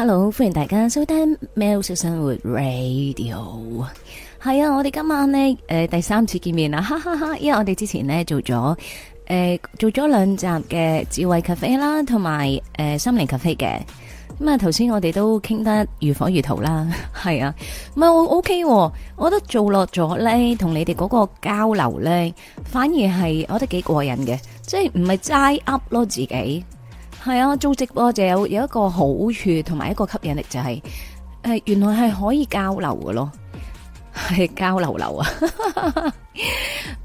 hello，歡迎大家收聽《喵式生活 Radio》。係啊，我哋今晚咧誒、呃、第三次見面啦，哈，哈哈哈！因為我哋之前咧做咗誒、呃、做咗兩集嘅智慧咖啡啦，同埋誒心靈咖啡嘅。咁啊，頭先我哋都傾得如火如荼啦，係啊，唔、嗯、係 OK，我覺得做落咗咧，同你哋嗰個交流咧，反而係我覺得幾過癮嘅，即係唔係齋 up 咯自己。係啊，做直播就有有一個好處同埋一個吸引力，就是，就係誒，原來係可以交流嘅咯，係交流流啊！誒、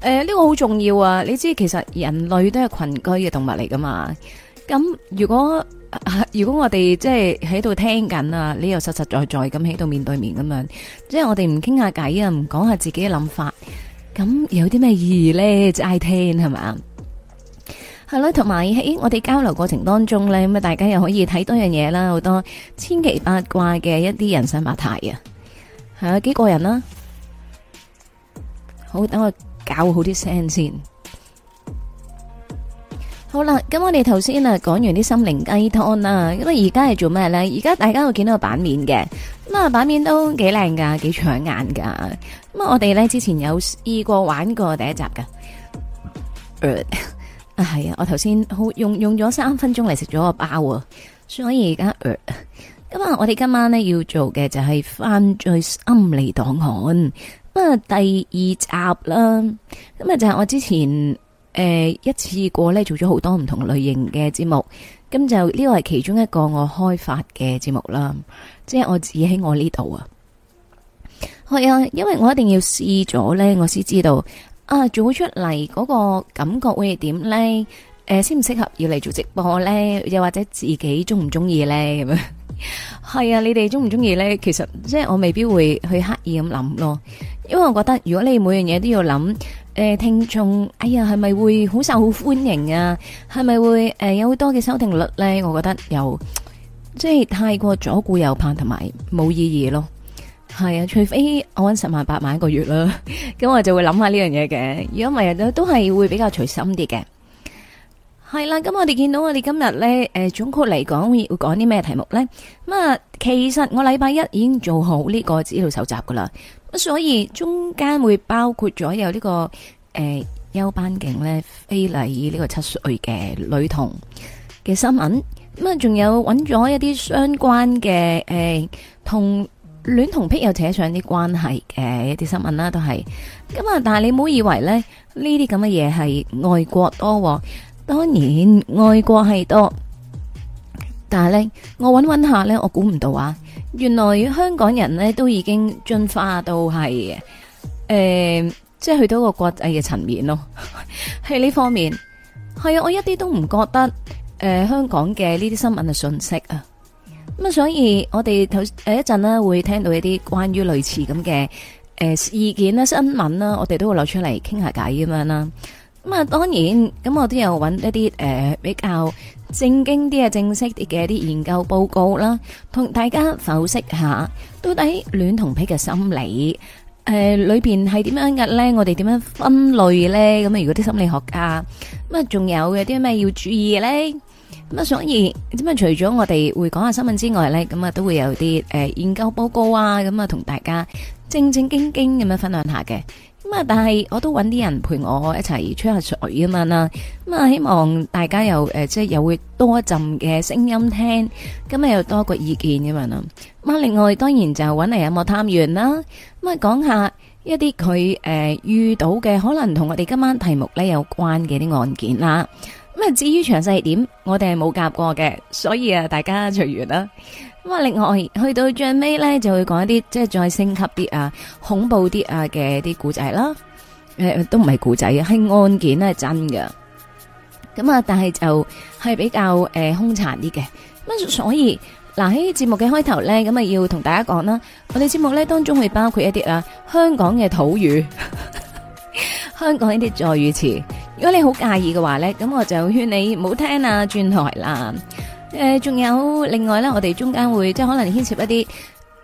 呃，呢、這個好重要啊！你知其實人類都係群居嘅動物嚟噶嘛？咁如果、呃、如果我哋即係喺度聽緊啊，你又實實在在咁喺度面對面咁樣，即係我哋唔傾下偈啊，唔講下自己嘅諗法，咁有啲咩意義呢？齋聽係咪？係啦，同埋喺我哋交流過程當中咧，咁啊大家又可以睇多樣嘢啦，好多千奇八怪嘅一啲人生百態啊，係啊，幾個人啦，好，等我搞好啲聲先。好啦，咁我哋頭先啊講完啲心靈雞湯啦，咁啊而家係做咩咧？而家大家會見到個版面嘅，咁啊版面都幾靚噶，幾搶眼噶。咁啊我哋咧之前有試過玩過第一集嘅。呃啊，係啊！我頭先好用用咗三分鐘嚟食咗個包啊，所以而家咁啊，呃、我哋今晚呢要做嘅就係、是、犯罪心理檔案。咁啊第二集啦，咁啊就係我之前誒、呃、一次過呢做咗好多唔同類型嘅節目，咁就呢、呢個係其中一個我開發嘅節目啦，即係我自己喺我呢度啊，我、哎、啊，因為我一定要試咗呢，我先知道。啊，做出嚟嗰個感覺會點呢？誒，適唔適合要嚟做直播呢？又或者自己中唔中意呢？咁樣係啊，你哋中唔中意呢？其實即係我未必會去刻意咁諗咯，因為我覺得如果你每樣嘢都要諗，誒、呃，聽眾，哎呀，係咪會好受歡迎啊？係咪會誒有好多嘅收聽率呢？我覺得又即係太過左顧右盼，同埋冇意義咯。係啊，除非我搵十萬八萬一個月啦，咁 我就會諗下呢樣嘢嘅。如果唔係咧，都係會比較隨心啲嘅。係啦、啊，咁我哋見到我哋今日咧，誒，總括嚟講會講啲咩題目咧？咁啊，其實我禮拜一已經做好呢個資料搜集噶啦，咁所以中間會包括咗有呢、這個誒，休、呃、班警咧非禮呢個七歲嘅女童嘅新聞，咁啊，仲有搵咗一啲相關嘅誒，同、呃。戀同癖又扯上啲關係嘅一啲新聞啦，都係咁啊！但係你唔好以為咧，呢啲咁嘅嘢係外國多、哦，當然外國係多，但係呢，我揾揾下呢，我估唔到啊！原來香港人呢，都已經進化到係誒、呃，即係去到個國際嘅層面咯，係 呢方面係啊！我一啲都唔覺得誒、呃，香港嘅呢啲新聞嘅信息啊。咁、嗯、所以我哋頭一陣呢會聽到一啲關於類似咁嘅誒意見啦、新聞啦，我哋都會攞出嚟傾下偈咁樣啦。咁、嗯、啊，當然咁、嗯、我都有搵一啲誒、呃、比較正經啲嘅、正式啲嘅一啲研究報告啦，同大家剖析下到底戀童癖嘅心理誒、呃、裏邊係點樣嘅咧？我哋點樣分類咧？咁、嗯、啊，如果啲心理學家咁啊，仲有嘅啲咩要注意咧？咁、嗯、啊，所以咁啊、嗯，除咗我哋會講下新聞之外咧，咁、嗯、啊，都會有啲誒、呃、研究報告啊，咁、嗯、啊，同大家正正經經咁樣分享一下嘅。咁、嗯、啊，但係我都揾啲人陪我一齊吹下水啊嘛啦。咁、嗯、啊、嗯，希望大家又誒、呃，即係又會多一陣嘅聲音聽，咁、嗯、啊，又多個意見咁樣啦。咁、嗯、啊，另外當然就揾嚟有冇探員啦，咁、嗯、啊，講下一啲佢誒遇到嘅可能同我哋今晚題目咧有關嘅啲案件啦。咁啊，至於詳細點，我哋係冇夾過嘅，所以啊，大家隨緣啦。咁啊，另外去到最尾咧，就會講一啲即係再升級啲啊、恐怖啲啊嘅啲古仔啦。誒、呃，都唔係古仔啊，係案件咧係真嘅。咁啊，但係就係比較誒凶殘啲嘅。咁、呃、所以嗱喺節目嘅開頭咧，咁啊要同大家講啦。我哋節目咧當中會包括一啲啊香港嘅土語，呵呵香港一啲助語詞。如果你好介意嘅話咧，咁我就勸你唔好聽啊，轉台啦。誒，仲有另外咧，我哋中間會即係可能牽涉一啲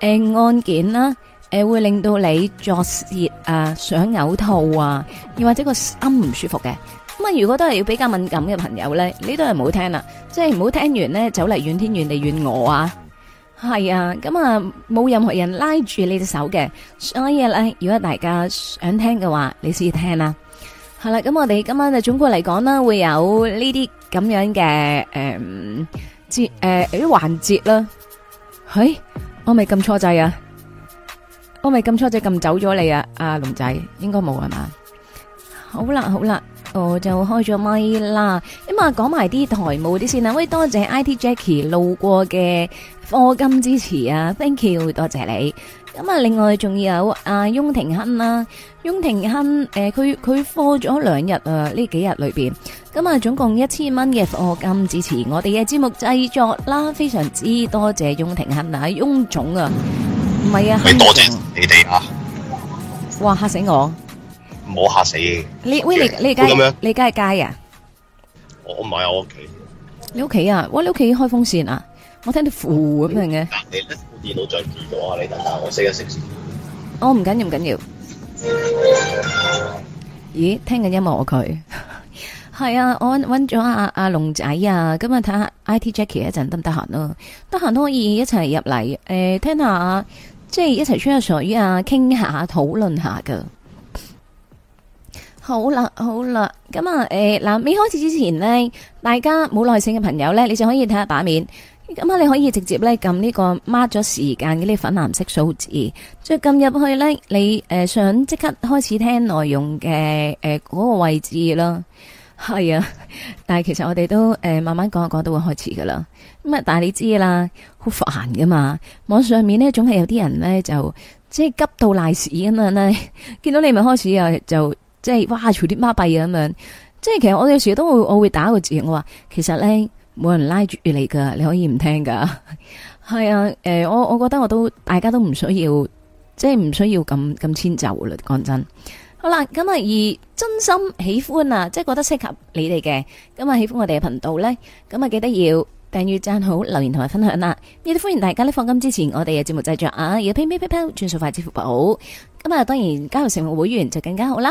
誒案件啦，誒會令到你作熱啊，想嘔吐啊，又或者個心唔舒服嘅。咁啊，如果都係要比較敏感嘅朋友咧，你都係唔好聽啦，即係唔好聽完咧，走嚟怨天怨地怨我啊。係啊，咁啊冇任何人拉住你隻手嘅。所以咧，如果大家想聽嘅話，你試試聽啦。係啦，咁我哋今晚就總括嚟講啦，會有呢啲咁樣嘅誒節誒一啲環節啦。嘿，我咪撳錯掣啊！我咪撳錯掣撳走咗你啊！阿龍仔，應該冇係嘛？好啦好啦，我就開咗咪啦。咁啊，講埋啲台務啲先啦。喂，多謝 IT Jackie 路過嘅課金支持啊！Thank you，多謝你。咁啊！另外仲有阿翁庭亨啦，翁庭亨誒，佢佢課咗兩日啊，呢幾日裏邊，咁啊，總共一千蚊嘅課金支持我哋嘅節目製作啦，非常之多謝翁庭亨啊，翁總啊，唔係啊，多謝你哋啊！哇嚇死我！唔好嚇死你！喂，你你而家你而家係街啊？我唔係我屋企。你屋企啊？哇，你屋企開風扇啊？我聽到符咁樣嘅，你咧用電腦再見咗啊！你等下我熄一熄先。我唔緊要，唔緊要。咦，聽緊音樂佢、啊，係 啊，我搵咗阿阿龍仔啊，咁啊睇下 IT Jackie 一陣得唔得閒咯？得閒都可以一齊入嚟，誒、呃，聽下即係、就是、一齊吹下水啊，傾下討論下噶。好啦好啦，咁啊誒嗱，未、呃、開始之前呢，大家冇耐性嘅朋友呢，你就可以睇下版面。咁啊，你可以直接咧撳呢個 mark 咗時間嘅呢粉藍色數字，即係撳入去咧，你誒想即刻開始聽內容嘅誒嗰個位置咯。係啊，但係其實我哋都誒慢慢講一講都會開始噶啦。咁啊，但係你知啦，好煩噶嘛。網上面咧總係有啲人咧就即係、就是、急到瀨屎咁樣咧，見到你咪開始呀就即係哇嘈啲孖閉咁樣。即係其實我有時都會我會打個字，我話其實咧。冇人拉住你噶，你可以唔聽噶。係 啊，誒、呃，我我覺得我都，大家都唔需要，即係唔需要咁咁遷就啦。講真的，好啦，咁啊，而真心喜歡啊，即係覺得適合你哋嘅，咁啊，喜歡我哋嘅頻道呢，咁啊，記得要訂閱、讚好、留言同埋分享啦。亦都歡迎大家咧，放金之前，我哋嘅節目製作啊，要 Pay Pay Pay Pay，轉數快，支付寶。咁啊，當然加入成為會員就更加好啦。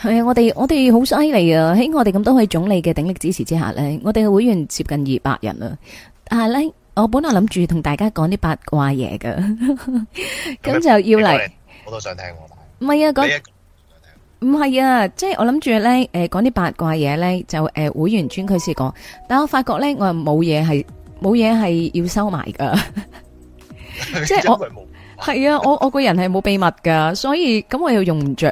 係啊！我哋我哋好犀利啊！喺我哋咁多位總理嘅鼎力支持之下咧，我哋嘅會員接近二百人啦。但係咧，我本來諗住同大家講啲八卦嘢嘅，咁就要嚟，我都想聽，我唔係啊，講唔係啊，即係我諗住咧，誒，講啲八卦嘢咧就誒會員專區先講，但係我發覺咧，我冇嘢係冇嘢係要收埋噶，即係我係啊，我我個人係冇秘密噶，所以咁我又用唔着，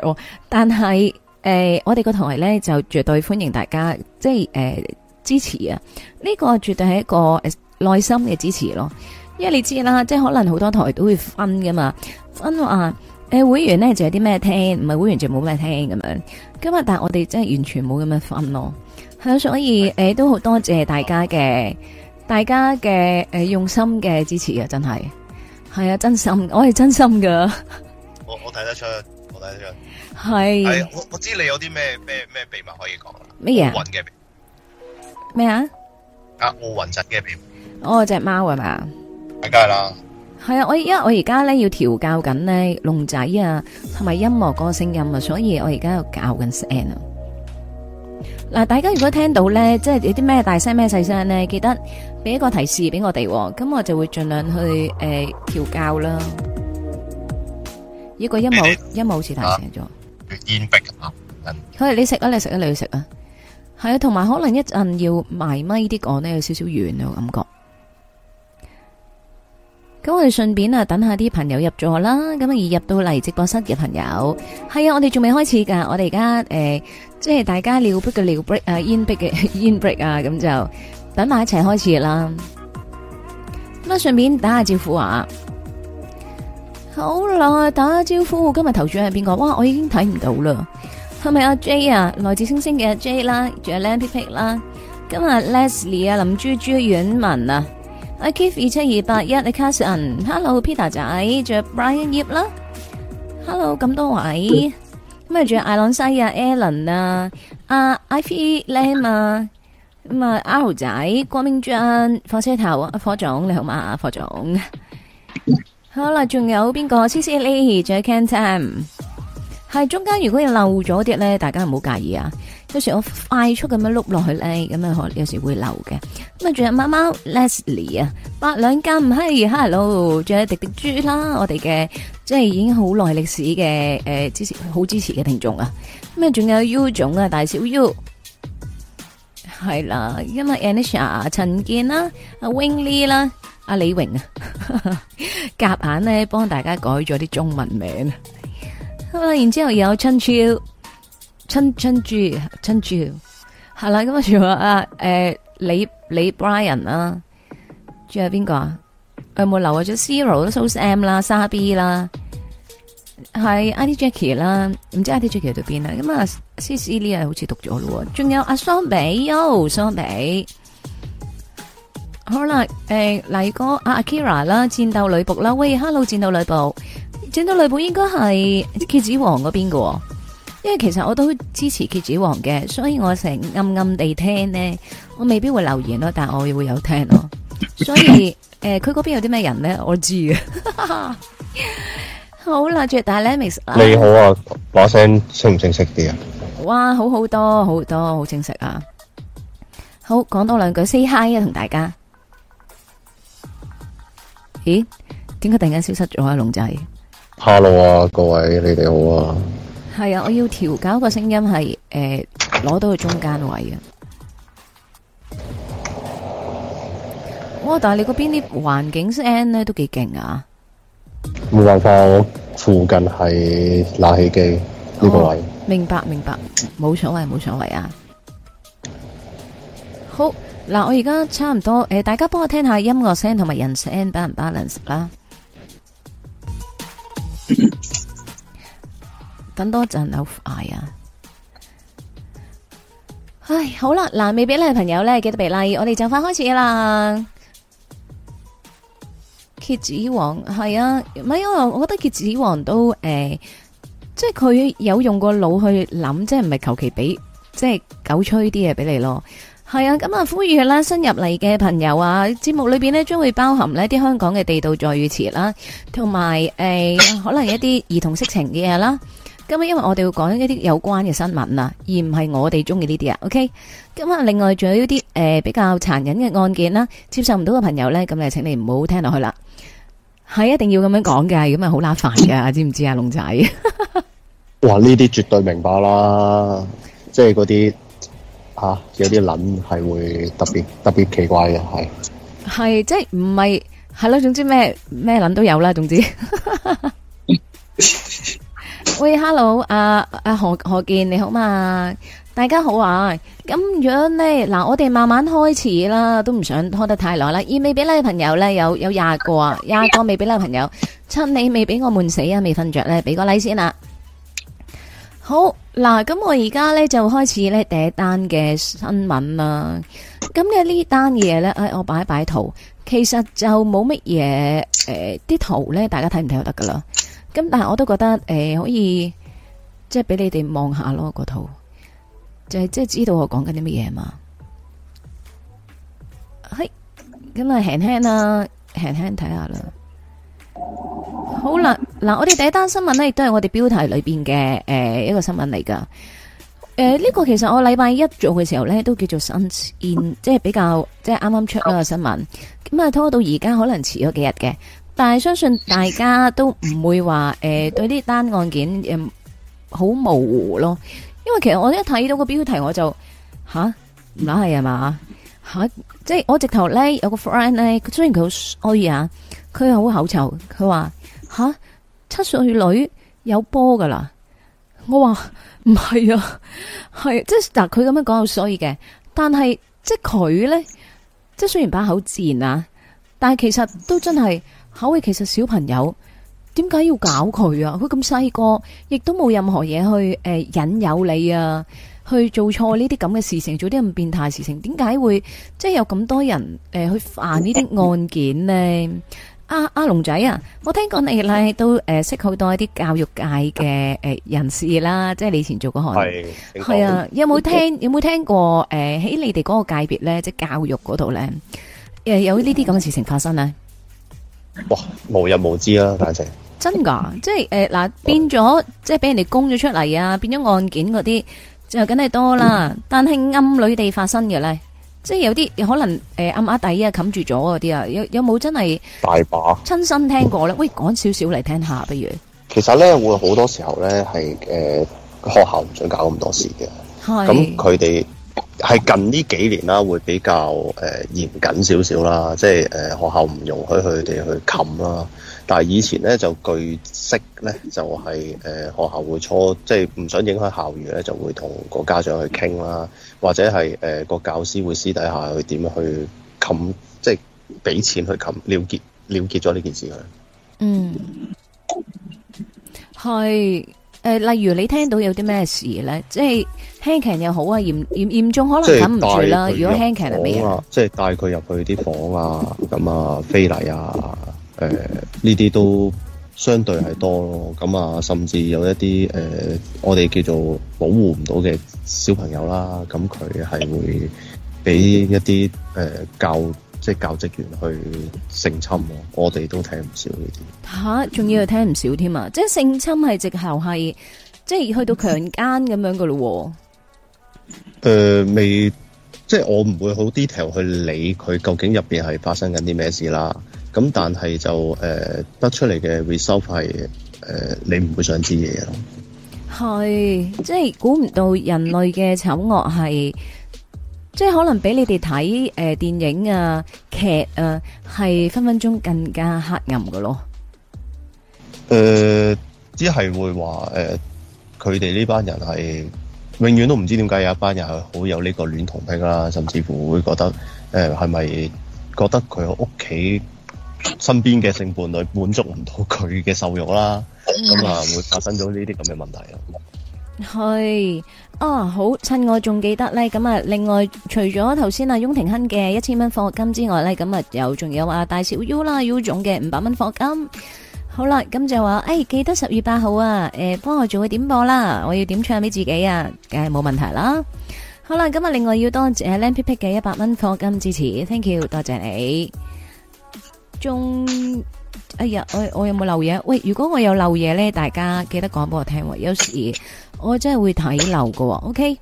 但係。誒、呃，我哋個台咧就絕對歡迎大家，即係誒、呃、支持啊！呢、這個絕對係一個誒耐心嘅支持咯。因為你知啦，即係可能好多台都會分噶嘛，分話誒、呃、會員咧就有啲咩聽，唔係會員就冇咩聽咁樣。今日但係我哋真係完全冇咁樣分咯。係啊，所以誒、呃、都好多謝大家嘅，大家嘅誒、呃、用心嘅支持啊，真係係啊，真心，我係真心噶。我我睇得出，我睇得出。係，係我我知你有啲咩咩咩秘密可以講啦？咩嘢？奧運嘅秘密咩啊？啊，奧運節嘅秘密。我隻貓係嘛？梗係啦。係啊，我而家我而家咧要調教緊咧龍仔啊，同埋音樂嗰個聲音啊，所以我而家要校緊聲啊。嗱，大家如果聽到咧，即係有啲咩大聲咩細聲咧，記得俾一個提示俾我哋，咁我就會盡量去誒調教啦。呢個音樂音樂好似彈成咗。煙 break、uh, 嗯嗯、啊！你食啊，你食啊，你去食啊，係啊，同埋可能一陣要埋咪啲講呢，有少少遠嘅感覺。咁我哋順便啊，等下啲朋友入座啦。咁而入到嚟直播室嘅朋友，係啊，我哋仲未開始噶。我哋而家誒，即係大家撩 break 嘅撩 break 啊，煙 break 嘅煙 break 啊，咁就等埋一齊開始啦。咁啊，順便打下招呼啊！好耐打招呼，今日頭像係邊個？哇，我已經睇唔到啦，係咪阿 J 啊，來自星星嘅 J 啦，仲有靚皮皮啦，今日 Leslie 啊，林珠珠軟文啊，阿 Keith 二七二八一，你 Casson，Hello Peter 仔，仲有 Brian 葉啦，Hello 咁多位，咁啊仲有艾朗西啊，Allen 啊，阿 Ivy Lam 啊，咁啊阿豪、啊、仔，郭明俊，火車頭啊，火總你好嘛，火總。好啦，仲有邊個？CC Lee，仲有 Cantam，係中間如果有漏咗啲咧，大家唔好介意啊。有時我快速咁樣碌落去咧，咁啊，可能有時會漏嘅。咁啊，仲有貓貓 Leslie 啊，八兩斤唔係，Hello，仲有迪迪豬啦，我哋嘅即係已經好耐歷史嘅誒、呃、支持，好支持嘅聽眾啊。咁啊，仲有 U 總啊，大小 U，係啦，因為，Anisha、陳健啦、阿 Wing Lee 啦。Wingley, 啊阿李榮啊，夾硬咧幫大家改咗啲中文名， 好好呃、Brian，啊，然之後有春超、春春柱、春柱，係啦，咁啊，仲有阿誒李李 Brian 啦，仲有邊個啊？有冇留啊？咗 Zero、Sosam 啦、沙 B 啦，係 I D Jackie 啦，唔知 I D Jackie 喺邊啦？咁啊，C C Lee 啊，好似讀咗咯喎，仲有阿桑比喲，桑比。好啦，誒、呃，黎哥阿 Akira 啦，戰鬥呂布啦，喂，Hello，戰鬥呂布，戰鬥呂布應該係蠍子王嗰邊噶，因為其實我都支持蠍子王嘅，所以我成日暗暗地聽呢。我未必會留言咯，但係我會有聽咯，所以誒，佢嗰邊有啲咩人咧，我知啊。 好啦，絕大 l e m i 你好啊，把聲清唔清晰啲啊？哇，好好多好多好清晰啊！好，講多兩句，say hi 啊，同大家。咦？點解突然間消失咗啊，龍仔？Hello 啊，各位，你哋好啊！係啊，我要調校個聲音係誒，攞、呃、到個中間位啊！哇！但係你嗰邊啲環境聲咧都幾勁啊！冇辦法，我附近係冷氣機呢個位。明白明白，冇所謂冇所謂啊！好。嗱，我而家差唔多。誒，大家幫我聽下音樂聲同埋人聲 balance 啦。等多陣，好快啊！唉，好啦，嗱，未必咧，朋友咧，記得俾 like，我哋就快開始啦。蠍子王係啊，唔係因為我覺得蠍子王都誒、欸，即係佢有用個腦去諗，即係唔係求其俾，即係狗吹啲嘢，俾你咯。係啊，咁啊，呼籲啦，新入嚟嘅朋友啊，節目裏邊呢將會包含呢啲香港嘅地道助語詞啦，同埋誒可能一啲兒童色情嘅嘢啦。咁啊，因為我哋會講一啲有關嘅新聞啊，而唔係我哋中意呢啲啊。OK，咁啊，另外仲有一啲誒比較殘忍嘅案件啦，接受唔到嘅朋友呢，咁啊，請你唔好聽落去啦。係一定要咁樣講嘅，咁啊好懶煩嘅，知唔知啊龍仔？哇，呢啲絕對明白啦，即係嗰啲。吓、啊，有啲人係會特別特別奇怪嘅，係係即係唔係係咯，總之咩咩人都有啦，總之。 喂，Hello，阿、啊、阿、啊、何何健你好嘛？大家好啊！咁樣咧，嗱，我哋慢慢開始啦，都唔想拖得太耐啦。而未俾拉嘅朋友咧，有有廿個啊，廿個未俾拉嘅朋友，趁你未俾我悶死啊，未瞓着咧，俾個禮先啦。好嗱，咁我而家咧就開始咧第一單嘅新聞啦。咁嘅呢單嘢咧，誒，我擺一擺圖，其實就冇乜嘢，誒、呃，啲圖咧，大家睇唔睇就得噶啦？咁但係我都覺得，誒、呃，可以即係俾你哋望下咯，個圖，就係即係知道我講緊啲乜嘢嘛？係，咁、嗯、啊，輕輕啦，輕輕睇下啦。好啦，嗱，我哋第一單新聞呢，亦都係我哋標題裏邊嘅誒一個新聞嚟噶。誒、呃，呢、這個其實我禮拜一做嘅時候呢，都叫做新鮮，即係比較即係啱啱出咗個新聞。咁、嗯、啊，拖到而家可能遲咗幾日嘅，但係相信大家都唔會話誒、呃、對呢單案件好模糊咯。因為其實我一睇到個標題我就吓，唔係呀嘛吓，即係我直頭呢，有個 friend 呢，雖然佢好衰啊。佢好口臭，佢話吓七歲女有波噶啦。我話唔係啊，係即係嗱，佢咁樣講有所以嘅，但係即係佢呢，即係雖然把口賤啊，但係其實都真係口味。其實小朋友點解要搞佢啊？佢咁細個，亦都冇任何嘢去誒、呃、引誘你啊，去做錯呢啲咁嘅事情，做啲咁變態事情，點解會即係有咁多人誒、呃、去犯呢啲案件呢？阿阿龍仔啊，我聽講你咧都誒、呃、識好多一啲教育界嘅誒人士啦， 即係你以前做過行業係 啊，有冇聽有冇聽過誒喺、呃、你哋嗰個界別咧，即係教育嗰度咧，誒有呢啲咁嘅事情發生啊？ 哇，無日無之啦、啊，大姐真噶、 呃，即係誒嗱，變咗即係俾人哋供咗出嚟啊，變咗案件嗰啲就梗係多啦， 但係暗裏地發生嘅咧。即係有啲可能誒、呃，暗啞底啊，冚住咗嗰啲啊，有有冇真係？大把親身聽過咧，喂，講少少嚟聽一下，不如。其實咧，會好多時候咧係誒，學校唔想搞咁多事嘅，咁佢哋係近呢幾年啦、啊，會比較誒嚴謹少少啦，即係誒、呃，學校唔容許佢哋去冚啦、啊。但係以前咧就據悉咧就係、是、誒、呃、學校會初即係唔想影響校譽咧，就會同個家長去傾啦，或者係誒個教師會私底下去點樣去冚，即係俾錢去冚了，了結了結咗呢件事佢。嗯，係、呃、例如你聽到有啲咩事咧，即係輕騎又好啊，嚴嚴嚴重可能忍唔住啦、啊。如果輕騎係咩啊？即係帶佢入去啲房啊，咁啊，非禮啊。誒、呃，呢啲都相對係多咯，咁啊，甚至有一啲誒、呃，我哋叫做保護唔到嘅小朋友啦，咁佢係會俾一啲誒、呃、教即係教職員去性侵，我哋都聽唔少呢啲吓，啊、仲要聽唔少添啊！即係性侵係直頭係即係去到強姦咁樣噶咯？誒、呃，未，即係我唔會好 detail 去理佢究竟入邊係發生緊啲咩事啦。咁但係就誒得出嚟嘅 result 係誒你唔會想知嘢咯，係即係估唔到人類嘅醜惡係，即係可能比你哋睇誒電影啊劇啊係分分鐘更加黑暗嘅咯。誒、呃，只係會話誒，佢哋呢班人係永遠都唔知點解有一班人係好有呢個戀童癖啦，甚至乎會覺得誒係咪覺得佢屋企？身邊嘅性伴侶滿足唔到佢嘅獸欲啦，咁 啊，會發生咗呢啲咁嘅問題咯。係 啊、哦，好，趁我仲記得咧，咁啊，另外除咗頭先啊翁廷亨嘅一千蚊課金之外咧，咁啊又仲有啊大小 U 啦 U 種嘅五百蚊課金。好啦，咁就話誒、哎、記得十月八號啊，誒、欸、幫我做個點播啦，我要點唱俾自己啊，梗係冇問題啦。好啦，咁啊，另外要多謝靚皮皮嘅一百蚊課金支持，thank you，多謝你。中哎呀，我我有冇漏嘢？喂，如果我有漏嘢咧，大家記得講俾我聽。有時我真係會睇漏嘅。OK，誒、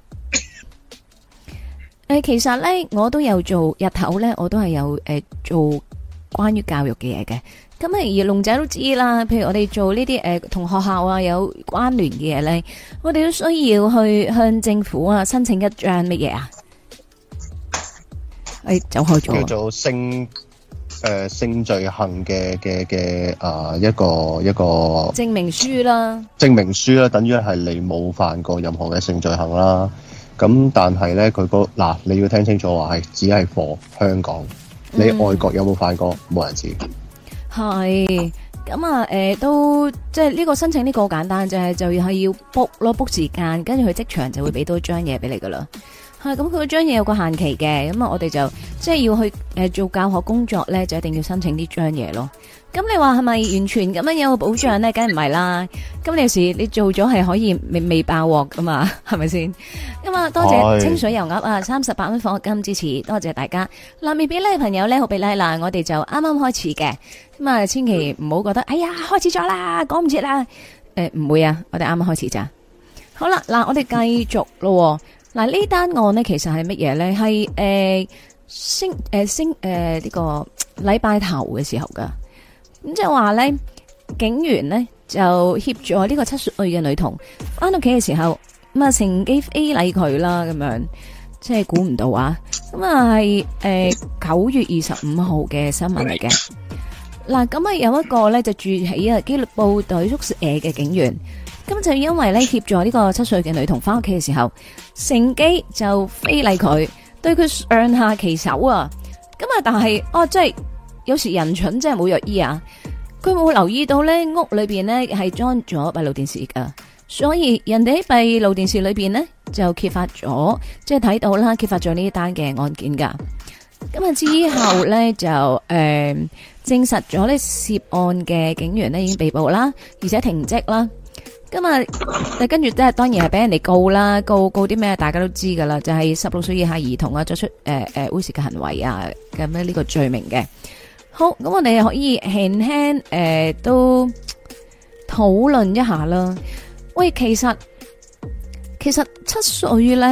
呃，其實咧我都有做日頭咧，我都係有誒、呃、做關於教育嘅嘢嘅。咁啊，而龍仔都知啦。譬如我哋做呢啲誒同學校啊有關聯嘅嘢咧，我哋都需要去向政府啊申請一張乜嘢啊？誒、哎，走開咗。叫做性誒、呃，性罪行嘅嘅嘅啊，一個一個證明書啦，證明書啦，等於係你冇犯過任何嘅性罪行啦。咁但係咧，佢、那個嗱，你要聽清楚話，係只係 for 香港，你外國有冇犯過？冇、嗯、人知。係咁啊，誒、呃，都即係呢個申請呢個簡單就係、是、就要係要 book 咯，book 時間，跟住佢即場就會俾到張嘢俾你噶啦。係咁，佢張嘢有個限期嘅，咁啊，我哋就即係要去誒、呃、做教學工作咧，就一定要申請啲張嘢咯。咁你話係咪完全咁樣有個保障咧？梗唔係啦。咁有時你做咗係可以未未爆鑊噶嘛，係咪先？咁、哎、啊，多謝清水油鴨啊，三十八蚊獎學金支持，多謝大家嗱。未、啊、必呢，朋友咧，好俾啦啦，我哋就啱啱開始嘅咁啊，千祈唔好覺得哎呀開始咗啦，講唔切啦。誒、欸，唔會啊，我哋啱啱開始咋好啦嗱、啊，我哋繼續咯。 嗱，呢單案咧，其實係乜嘢咧？係誒、呃、星誒、呃、星誒呢個禮拜頭嘅時候噶，咁即係話咧，警員咧就協助呢個七歲嘅女童翻屋企嘅時候，咁啊乘機非禮佢啦，咁樣即係估唔到啊！咁啊係誒九月二十五號嘅新聞嚟嘅。嗱，咁 啊、呃、有一個咧就住喺啊紀律部隊宿舍嘅警員。咁就因為咧協助呢個七歲嘅女童翻屋企嘅時候，乘機就非禮佢，對佢上下其手啊。咁啊，但係哦，即係有時人蠢，真係冇藥醫啊。佢冇留意到咧，屋裏邊咧係裝咗閉路電視噶，所以人哋喺閉路電視裏邊呢就揭發咗，即係睇到啦，揭發咗呢一單嘅案件噶。咁啊之後咧就誒、呃、證實咗呢涉案嘅警員呢已經被捕啦，而且停職啦。咁、嗯、啊，你跟住即係當然係俾人哋告啦，告告啲咩，大家都知噶啦，就係十六歲以下兒童啊作出誒誒猥褻嘅行為啊咁樣呢個罪名嘅。好，咁、嗯、我哋可以輕輕誒都討論一下啦。喂，其實。其實七歲咧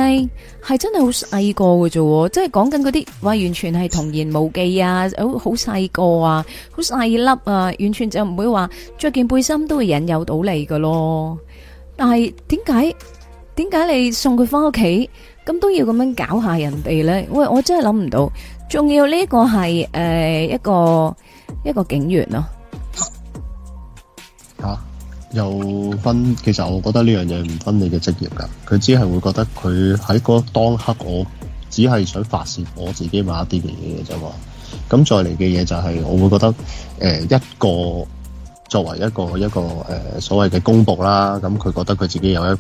係真係好細個嘅啫，即係講緊嗰啲話完全係童言無忌啊，好好細個啊，好細粒啊，完全就唔會話着件背心都會引誘到你嘅咯。但係點解點解你送佢翻屋企咁都要咁樣搞下人哋咧？喂，我真係諗唔到。仲要呢個係誒一個一個警員咯。啊！又分，其實我覺得呢樣嘢唔分你嘅職業㗎。佢只係會覺得佢喺嗰當刻，我只係想發泄我自己買一啲嘅嘢嘅啫嘛。咁再嚟嘅嘢就係、是，我會覺得誒、呃、一個作為一個一個誒、呃、所謂嘅公僕啦。咁佢覺得佢自己有一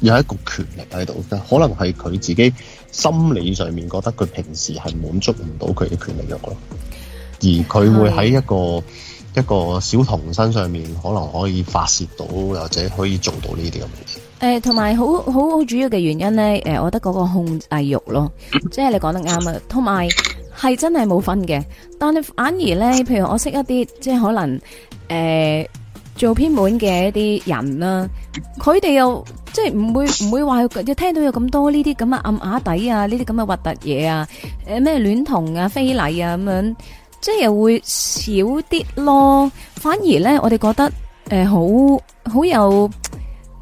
有一個權力喺度，可能係佢自己心理上面覺得佢平時係滿足唔到佢嘅權力慾咯。而佢會喺一個，嗯一個小童身上面可能可以發洩到，或者可以做到呢啲咁嘅嘢。誒，同埋好好主要嘅原因咧，誒，我覺得嗰個控制欲咯，即係你講得啱啊。同埋係真係冇分嘅，但係反而咧，譬如我識一啲即係可能誒做偏門嘅一啲人啦，佢哋又即係唔會唔會話要聽到有咁多呢啲咁嘅暗啞底啊，呢啲咁嘅核突嘢啊，誒咩戀童啊、非禮啊咁樣。即係又會少啲咯，反而呢，我哋覺得誒，好、呃、好有，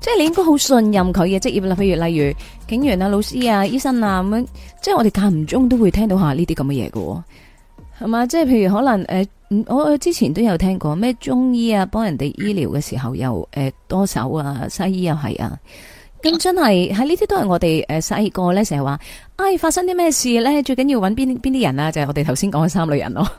即係你應該好信任佢嘅職業啦。譬如例如警員啊、老師啊、醫生啊咁樣，即係我哋間唔中都會聽到下呢啲咁嘅嘢喎，係、啊、嘛？即係譬如可能誒、呃，我之前都有聽過咩中醫啊，幫人哋醫療嘅時候又誒、呃、多手啊，西醫又係啊。咁真係喺呢啲都係我哋誒細個咧成日話，唉、哎，發生啲咩事咧，最緊要搵邊邊啲人啊，就係、是、我哋頭先講嘅三類人咯、啊。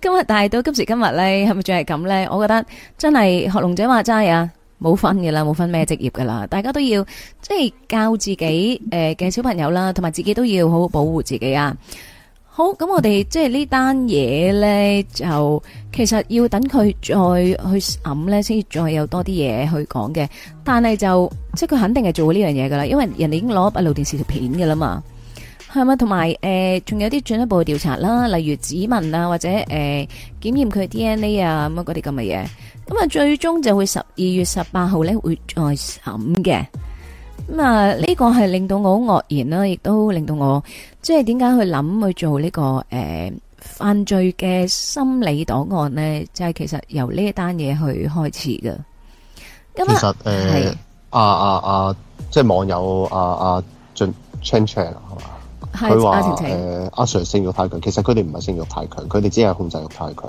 今 日但係到今時今日咧，係咪仲係咁咧？我覺得真係學龍仔話齋啊，冇分噶啦，冇分咩職業噶啦，大家都要即係、就是、教自己誒嘅小朋友啦，同埋自己都要好好保護自己啊！好，咁我哋即係呢單嘢咧，就其實要等佢再去審咧，先至再有多啲嘢去講嘅。但係就即係佢肯定係做呢樣嘢噶啦，因為人哋已經攞閉路電視條片噶啦嘛，係咪？同埋誒仲有啲進、呃、一,一步調查啦，例如指紋啊或者誒檢驗佢 DNA 啊咁嗰啲咁嘅嘢，咁啊最終就會十二月十八號咧會再審嘅。咁啊，呢、這個係令到我好愕然啦，亦都令到我即係點解去諗去做呢、這個誒、呃、犯罪嘅心理檔案咧？即、就、係、是、其實由呢一單嘢去開始㗎。咁、呃、啊，係啊啊啊，即係網友啊啊，俊 Change 係嘛？佢話誒阿 Sir 性慾太強，其實佢哋唔係性慾太強，佢哋只係控制欲太強。誒、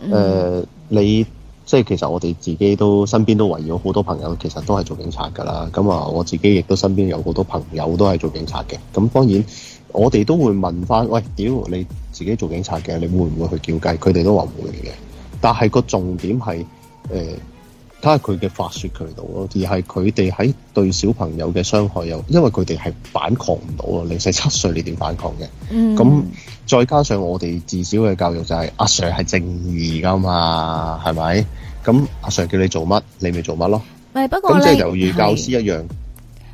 嗯呃，你。即係其實我哋自己都身邊都圍繞好多朋友，其實都係做警察㗎啦。咁啊，我自己亦都身邊有好多朋友都係做警察嘅。咁當然我哋都會問翻，喂，屌你自己做警察嘅，你會唔會去叫雞？佢哋都話唔會嘅。但係個重點係誒。睇下佢嘅發泄渠道咯，而係佢哋喺對小朋友嘅傷害又，因為佢哋係反抗唔到啊！零歲七歲你點反抗嘅？嗯，咁再加上我哋自小嘅教育就係阿 sir 係正義㗎嘛，係咪？咁阿 sir 叫你做乜，你咪做乜咯。係，不過咁即係猶如教師一樣，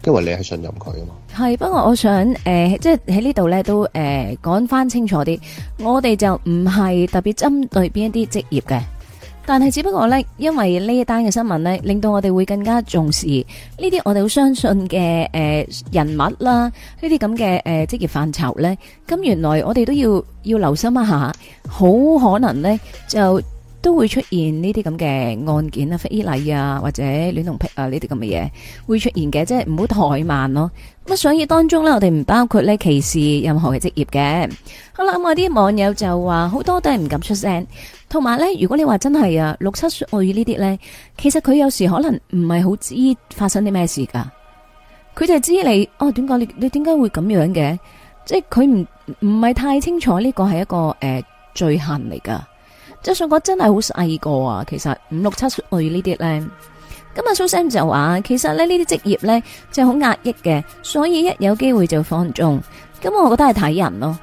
係因為你係信任佢啊嘛。係，不過我想誒，即係喺呢度咧都誒講翻清楚啲，我哋就唔係特別針對邊一啲職業嘅。但係只不過呢，因為呢一單嘅新聞呢，令到我哋會更加重視呢啲我哋好相信嘅誒人物啦，這這呢啲咁嘅誒職業範疇呢，咁原來我哋都要要留心一下，好可能呢就。都會出現呢啲咁嘅案件啊、非禮啊或者戀童癖啊呢啲咁嘅嘢會出現嘅，即係唔好怠慢咯。咁啊，所以當中呢，我哋唔包括呢歧視任何嘅職業嘅。好啦，咁啊啲網友就話好多都係唔敢出聲，同埋呢，如果你話真係啊六七歲呢啲呢，其實佢有時可能唔係好知發生啲咩事噶，佢就係知你哦，點解你你點解會咁樣嘅？即係佢唔唔係太清楚呢個係一個誒、呃、罪行嚟噶。就算我真係好細個啊，其實五六七歲呢啲咧，咁阿蘇 Sam 就話，其實咧呢啲職業咧，就係好壓抑嘅，所以一有機會就放縱。咁我覺得係睇人咯。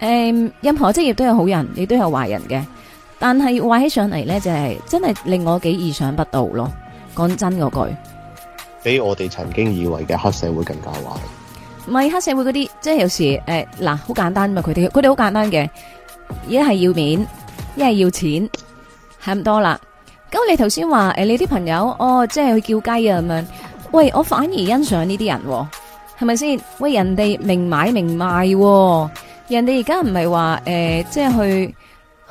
誒、嗯，任何職業都有好人，亦都有壞人嘅。但係壞起上嚟咧，就係、是、真係令我幾意想不到咯。講真嗰句，比我哋曾經以為嘅黑社會更加壞。唔係黑社會嗰啲，即係有時誒，嗱、呃，好簡單嘛，佢哋，佢哋好簡單嘅，一係要面。一係要錢，係咁多啦。咁你頭先話誒，你啲朋友哦，即係去叫雞啊咁樣。喂，我反而欣賞呢啲人喎，係咪先？喂，人哋明買明賣喎，人哋而家唔係話誒，即係去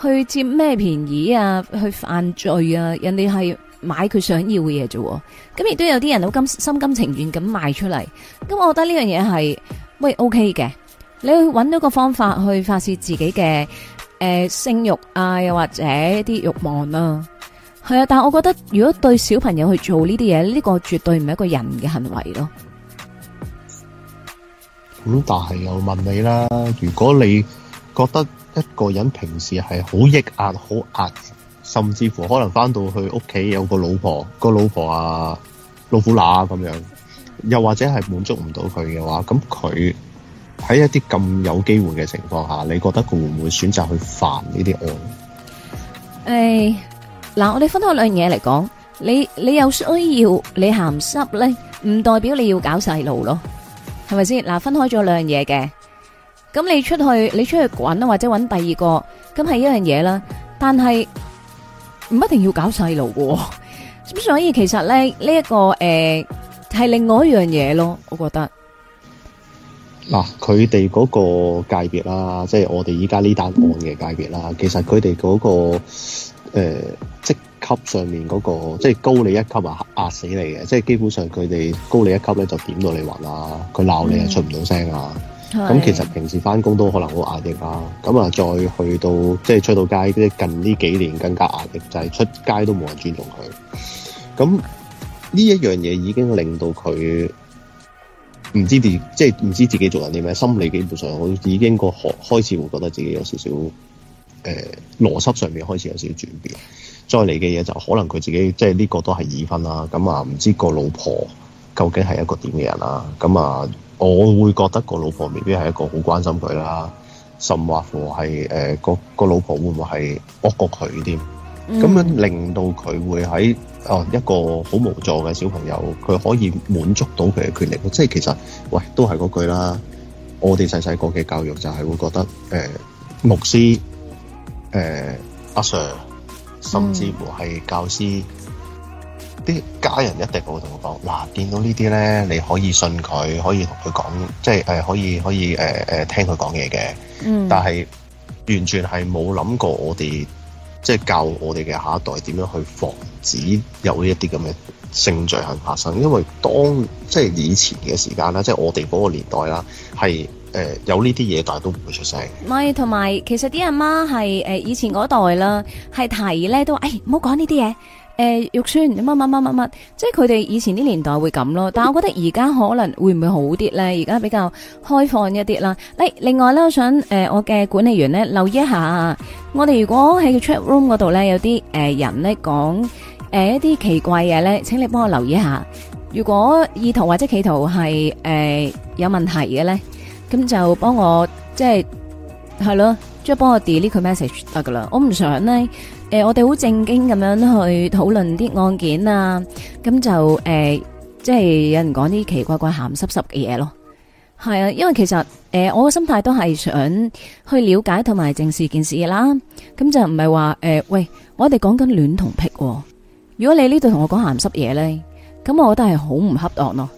去佔咩便宜啊？去犯罪啊？人哋係買佢想要嘅嘢啫。咁亦都有啲人好甘心甘情願咁賣出嚟。咁我覺得呢樣嘢係喂 OK 嘅。你去搵到個方法去發洩自己嘅。誒，性慾啊，又或者啲欲望啦、啊，係啊，但係我覺得如果對小朋友去做呢啲嘢，呢、呢個絕對唔係一個人嘅行為咯。咁、嗯、但係又問你啦，如果你覺得一個人平時係好抑壓、好壓，甚至乎可能翻到去屋企有個老婆，個老婆啊老虎乸咁樣，又或者係滿足唔到佢嘅話，咁佢。喺一啲咁有機會嘅情況下，你覺得佢會唔會選擇去犯呢啲案？誒，嗱，我哋分開兩樣嘢嚟講，你你有需要你鹹濕咧，唔代表你要搞細路咯，係咪先？嗱，分開咗兩樣嘢嘅，咁你出去你出去滾啊，或者揾第二個，咁係一樣嘢啦。但係唔一定要搞細路嘅，所以其實咧呢一個誒係另外一樣嘢咯，我覺得。嗱、啊，佢哋嗰個界別啦，即係我哋依家呢單案嘅界別啦、嗯。其實佢哋嗰個誒、呃、職級上面嗰、那個，即係高你一級啊，壓死你嘅。即係基本上佢哋高你一級咧，就點到你暈啦佢鬧你啊，出唔到聲啊。咁其實平時翻工都可能好壓力啊咁啊，再去到即係出到街，即近呢幾年更加壓力，就係、是、出街都冇人尊重佢。咁呢一樣嘢已經令到佢。唔知即係唔知自己做人啲咩，心理基本上我已經個學，開始會覺得自己有少少誒，邏輯上面開始有少少轉變。再嚟嘅嘢就可能佢自己即係呢個都係已婚啦，咁啊唔知個老婆究竟係一個點嘅人啦、啊，咁啊我會覺得個老婆未必係一個好關心佢啦，甚或乎係誒個個老婆會唔會係惡過佢添？咁樣令到佢會喺一個好無助嘅小朋友，佢可以滿足到佢嘅權力。即係其實，喂，都係嗰句啦。我哋細細個嘅教育就係會覺得，呃、牧師、呃、阿 Sir，甚至乎係教師，啲、嗯、家人一定會同我講：嗱，見到呢啲咧，你可以信佢，可以同佢講，即係、呃、可以可以、呃、聽佢講嘢嘅。但係完全係冇諗過我哋。即係教我哋嘅下一代點樣去防止有呢一啲咁嘅性罪行發生，因為當即係以前嘅時間啦，即係我哋嗰個年代啦，係、呃、有呢啲嘢，但係都唔會出聲。唔係，同埋其實啲阿媽係、呃、以前嗰代啦，係提咧都誒唔好講呢啲嘢。欸誒、呃，玉川，乜乜乜乜乜，即係佢哋以前啲年代會咁咯。但係我覺得而家可能會唔會好啲咧？而家比較開放一啲啦。誒，另外咧，我想誒、呃，我嘅管理員咧，留意一下。我哋如果喺個 chat room 嗰度咧，有啲誒、呃、人咧講誒一啲奇怪嘢咧，請你幫我留意一下。如果意圖或者企圖係誒、呃、有問題嘅咧，咁就幫我即係係咯，即係幫我 delete 佢 message 得噶啦。我唔想咧。誒、呃，我哋好正經咁樣去討論啲案件啊，咁就誒、呃，即係有人講啲奇怪怪咸濕濕嘅嘢咯。係啊，因為其實誒、呃，我個心態都係想去了解同埋正視件事啦。咁就唔係話誒，喂，我哋講緊戀童癖喎。如果你呢度同我講咸濕嘢呢，咁我覺得係好唔恰當咯、啊。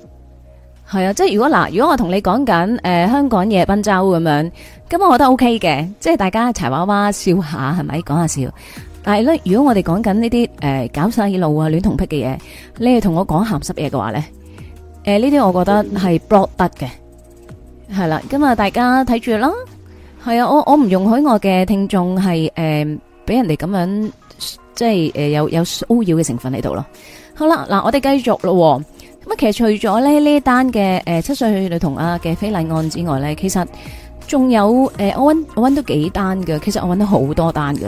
係啊，即係如果嗱、呃，如果我同你講緊誒香港夜賓州咁樣，咁我覺得 O K 嘅，即係大家柴娃娃笑下係咪，講下笑。但係如果我哋講緊呢啲誒搞細路啊、戀童癖嘅嘢，你哋同我講咸濕嘢嘅話咧，誒呢啲我覺得係 block 得嘅，係啦。咁啊，大家睇住啦，係啊，我我唔容許我嘅聽眾係誒俾人哋咁樣即係誒、呃、有有騷擾嘅成分喺度咯。好啦，嗱、呃，我哋繼續咯咁啊。其實除咗咧呢單嘅誒七歲女童阿嘅非禮案之外咧，其實仲有誒、呃、我搵我搵到幾單嘅。其實我搵到好多單噶。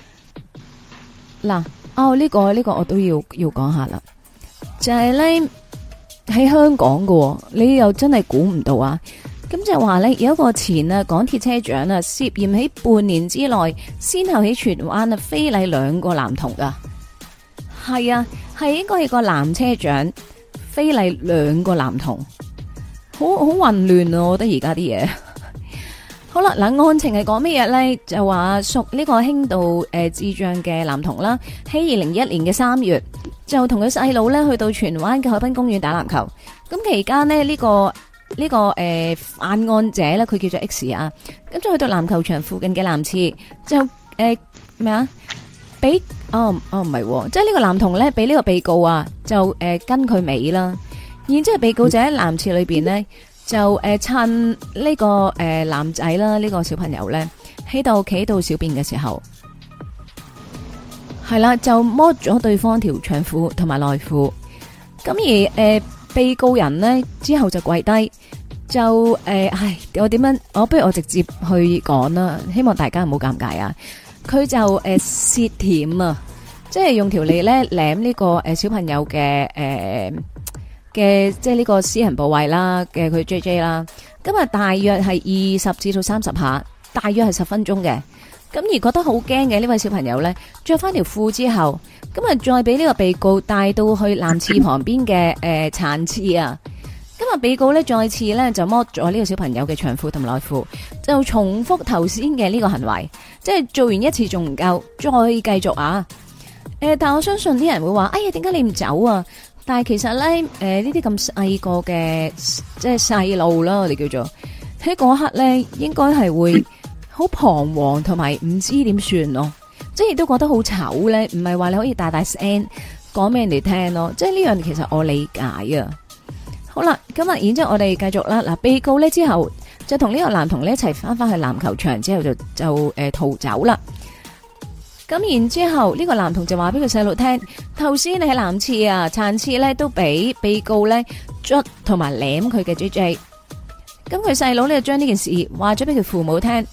嗱、啊，哦呢個呢個我都要要講下啦，就係呢，喺香港喎，哦，你又真係估唔到啊！咁就話呢，有一個前啊港鐵車長啊涉嫌喺半年之內先後喺荃灣啊非禮兩個男童㗎。係啊，係應該係個男車長非禮兩個男童，好好混亂啊！我覺得而家啲嘢。好啦，嗱，案情係講咩嘢咧？就話屬呢個輕度誒智障嘅男童啦，喺二零一年嘅三月就同佢細佬咧去到荃灣嘅海濱公園打籃球。咁期間呢呢、這個呢、這個誒、呃、犯案者咧佢叫做 X 啊。咁就去到籃球場附近嘅男廁就誒咩啊？俾、呃、哦哦唔係，即係、就是、呢個男童咧俾呢個被告啊就誒、呃、跟佢尾啦。然之後被告就喺男廁裏邊咧。就誒、呃、趁呢、這個誒、呃、男仔啦，呢、這個小朋友咧喺度企喺度小便嘅時候，係啦就摸咗對方條長褲同埋內褲，咁而誒、呃、被告人咧之後就跪低，就誒、呃，唉，我點樣？我、哦、不如我直接去講啦，希望大家唔好尷尬啊！佢就誒涉舔啊，即係用條脷咧舐呢、這個誒、呃、小朋友嘅誒。呃嘅即係呢個私人部位啦，嘅佢 J J 啦，今日大約係二十至到三十下，大約係十分鐘嘅。咁而覺得好驚嘅呢位小朋友呢，着翻條褲之後，咁啊再俾呢個被告帶到去男廁旁邊嘅誒殘廁啊。今日被告呢，再次呢就摸咗呢個小朋友嘅長褲同內褲，就重複頭先嘅呢個行為，即係做完一次仲唔夠，再繼續啊、呃。但我相信啲人會話，哎呀，點解你唔走啊？但係其實咧，誒呢啲咁細個嘅，即係細路啦，我哋叫做喺嗰刻咧，應該係會好彷徨同埋唔知點算咯，即係亦都覺得好醜咧，唔係話你可以大大聲講俾人哋聽咯，即係呢樣其實我理解啊。好啦，咁啊然之後我哋繼續啦，嗱，被告咧之後就同呢個男童咧一齊翻翻去籃球場，之後就就誒逃走啦。咁然之後呢、這個男童就話俾佢細路聽，頭先你喺男廁 啊、殘廁咧都俾被，被告咧捽同埋舐佢嘅 J J。咁佢細佬咧就將呢件事話咗俾佢父母聽。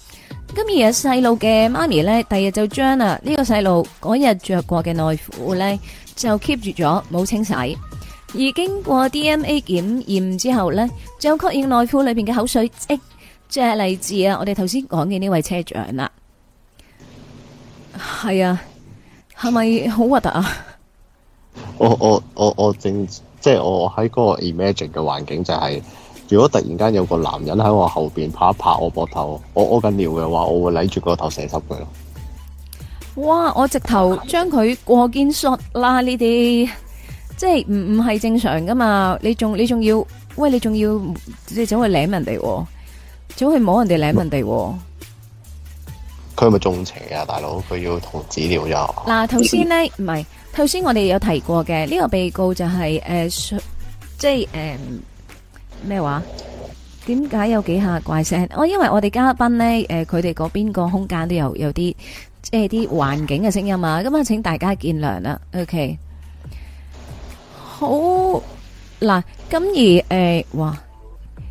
今日細路嘅媽咪咧，第日就將啊呢個細路嗰日着過嘅內褲咧就 keep 住咗冇清洗。而經過 D N A 檢驗之後咧，就確認內褲裏邊嘅口水即係嚟自啊我哋頭先講嘅呢位車長啦。係啊，係咪好核突啊？我我我我正即係我喺嗰個 imagine 嘅環境就係、是，如果突然間有個男人喺我後邊拍一拍我膊頭，我屙緊尿嘅話，我會舐住個頭射濕佢咯。哇！我直頭將佢過肩摔啦呢啲，即係唔唔係正常噶嘛？你仲你仲要喂？你仲要即係走去舐人哋，走去摸人哋舐人哋。佢咪仲邪啊，大佬！佢要同治療啫。嗱、啊，頭先咧唔係，頭先我哋有提過嘅呢、呢個被告就係、誒呃、即係誒咩話？點解有幾下怪聲？我、哦、因為我哋嘉賓咧佢哋嗰邊個空間都有有啲即係啲環境嘅聲音啊。咁啊，請大家見諒啦。OK，好嗱，咁而誒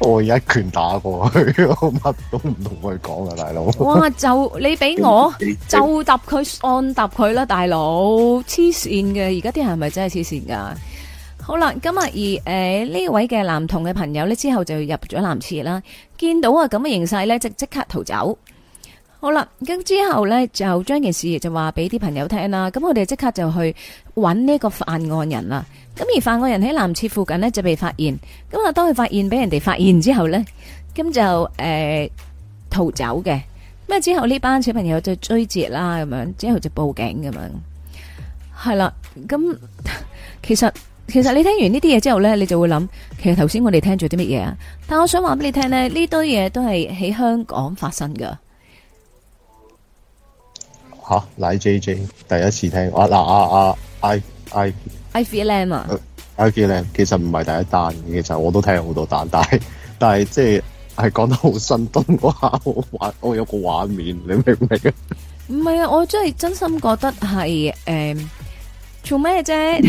我而家一拳打過去，我乜都唔同佢講啊，大佬！哇，就你俾我就答佢，按 答佢啦，大佬！黐線嘅，而家啲人係咪真係黐線噶？好啦，咁啊而誒呢、呃、位嘅男童嘅朋友呢，之後就入咗男廁啦，見到啊咁嘅形勢呢，即即刻逃走。好啦，咁之後呢，就將件事就話俾啲朋友聽啦，咁我哋即刻就去揾呢個犯案人啦。咁而犯案人喺男廁附近呢，就被發現，咁啊當佢發現俾人哋發現之後呢，咁就誒、呃、逃走嘅，咁之後呢班小朋友就追截啦，咁樣之後就報警咁樣，係啦，咁其實其實你聽完呢啲嘢之後呢，你就會諗，其實頭先我哋聽咗啲乜嘢啊？但我想話俾你聽呢，呢堆嘢都係喺香港發生㗎。吓、啊，奶 J J 第一次聽，啊嗱啊啊，I I。哎哎 I feel lame 啊！I, I feel lame，其實唔係第一單，其實我都聽好多單，但係但係，即係係講得好生動嗰下，畫我，我有個畫面，你明唔明啊？唔係啊，我真係真心覺得係誒做咩啫？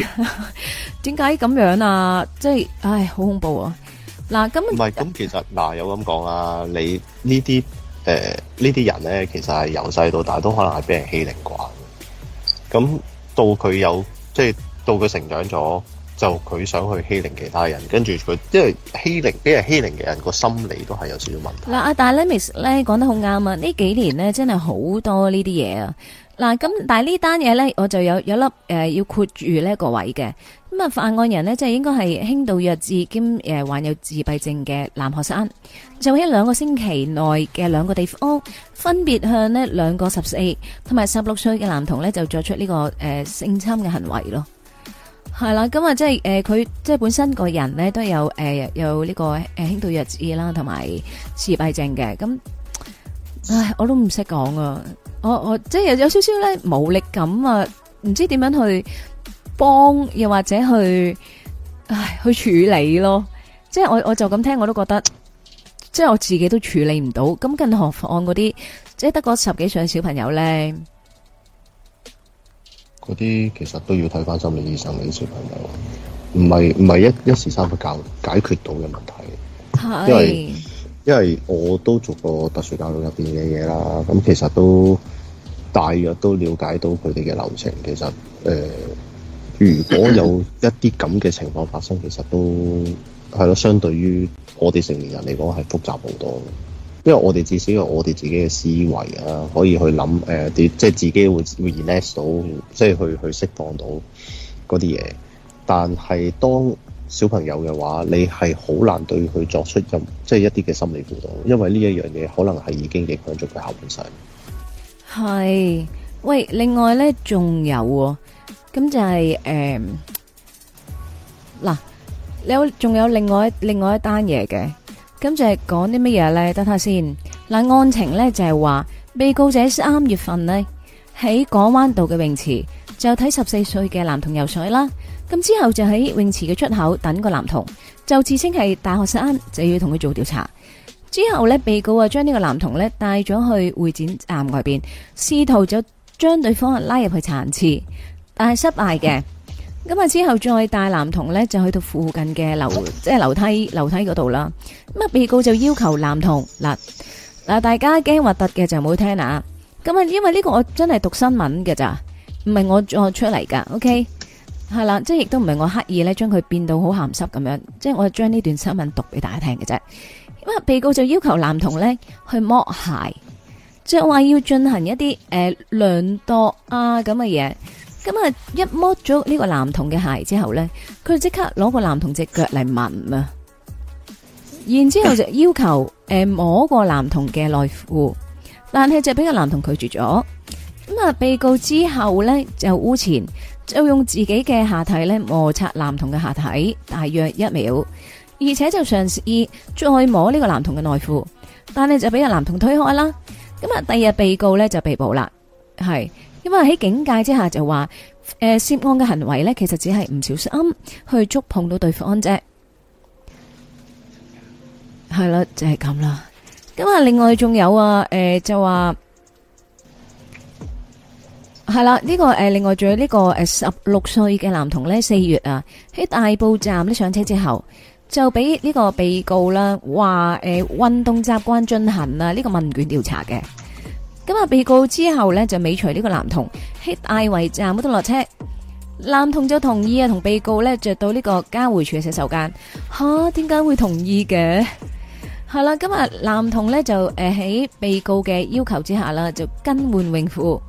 點解咁樣啊？即係，唉，好恐怖啊！嗱，咁唔係咁，其實嗱有咁講啊，你呢啲誒呢啲人咧，其實係由細到大都可能係俾人欺凌啩。咁到佢有即係。到佢成長咗，就佢想去欺凌其他人，跟住佢，因為欺凌，因為欺凌嘅人個心理都係有少少問題。嗱，阿戴 limits 咧講得好啱啊！呢幾年呢真係好多呢啲嘢啊！嗱，咁但係呢單嘢呢，我就有有粒誒、呃、要括住呢個個位嘅咁啊，犯案人呢，即係應該係輕度弱智兼、呃、患有自閉症嘅男學生，就在喺兩個星期內嘅兩個地方，哦、分別向呢兩個十四同埋十六歲嘅男童呢，就作出呢、呢個誒、呃、性侵嘅行為咯。係啦，咁 啊，即係誒，佢即係本身個人咧都有誒、呃，有呢個誒輕度弱智啦，同埋自閉症嘅，咁唉，我都唔識講啊，我我即係、就是、有有少少咧無力感啊，唔知點樣去幫，又或者去唉去處理咯，即、就、係、是、我我就咁聽，我都覺得即係、就是、我自己都處理唔到，咁更何況嗰啲即係得嗰十幾歲嘅小朋友咧。嗰啲其實都要睇翻心理醫生嘅啲小朋友，唔係唔係一一時三刻解決到嘅問題。係因為因為我都做過特殊教育入邊嘅嘢啦，咁其實都大約都了解到佢哋嘅流程。其實誒、呃，如果有一啲咁嘅情況發生， 其實都係咯，相對於我哋成年人嚟講係複雜好多。因為我哋至少有我哋自己嘅思維啊，可以去諗誒，啲、呃、即係自己會 release 到，即係去去釋放到嗰啲嘢。但係當小朋友嘅話，你係好難對佢作出任即係一啲嘅心理輔導，因為呢一樣嘢可能係已經影響咗佢後半世。係，喂，另外咧仲有、哦就是呃、有，咁就係誒，嗱，有仲有另外另外一單嘢嘅。咁就係講啲乜嘢呢？等下先看看。嗱，案情呢就係話，被告者三月份呢喺港灣道嘅泳池就睇十四歲嘅男童游水啦。咁之後就喺泳池嘅出口等個男童，就自稱係大學生，就要同佢做調查。之後呢，被告啊，將呢個男童呢帶咗去會展站外邊，試圖就將對方拉入去殘廁，但係失敗嘅。 咁啊之後再帶男童呢，就去到附近嘅樓，即係樓梯、樓梯嗰度啦。咁啊，被告就要求男童，嗱嗱，大家驚核突嘅就唔好聽啊。咁啊，因為呢個我真係讀新聞嘅咋，唔係我作出嚟噶，OK，係啦，即係亦都唔係我刻意呢，將佢變到好咸濕咁樣，即係我將呢段新聞讀俾大家聽嘅啫。咁啊，被告就要求男童呢去剝鞋，即係話要進行一啲誒、呃、量度啊咁嘅嘢。咁啊！一摸咗呢個男童嘅鞋之後呢，佢即刻攞個男童隻腳嚟聞啊！然之後就要求誒、呃、摸個男童嘅內褲，但係就俾個男童拒絕咗。咁啊，被告之後呢，就污前，就用自己嘅下體呢摩擦男童嘅下體大約一秒，而且就嘗試再摸呢個男童嘅內褲，但係就俾個男童推開啦。咁啊，第二日被告呢就被捕啦，係。因為喺警戒之下就話，誒，涉案嘅行為呢，其實只係唔小心去觸碰到對方啫，係啦，就係咁啦。咁啊，另外仲有啊，誒，就話係啦，呢個誒，另外仲有呢個誒，十六歲嘅男童呢，四月啊，喺大埔站呢上車之後，就俾呢個被告啦話，誒，運動習慣進行啊，呢個問卷調查嘅。咁啊！被告之後呢，就尾隨呢個男童喺大圍站冇得落車，男童就同意啊同被告呢，就到呢個交匯處嘅洗手間。吓、啊，點解會同意嘅？係啦，今日男童呢，就誒喺被告嘅要求之下啦，就更換泳褲。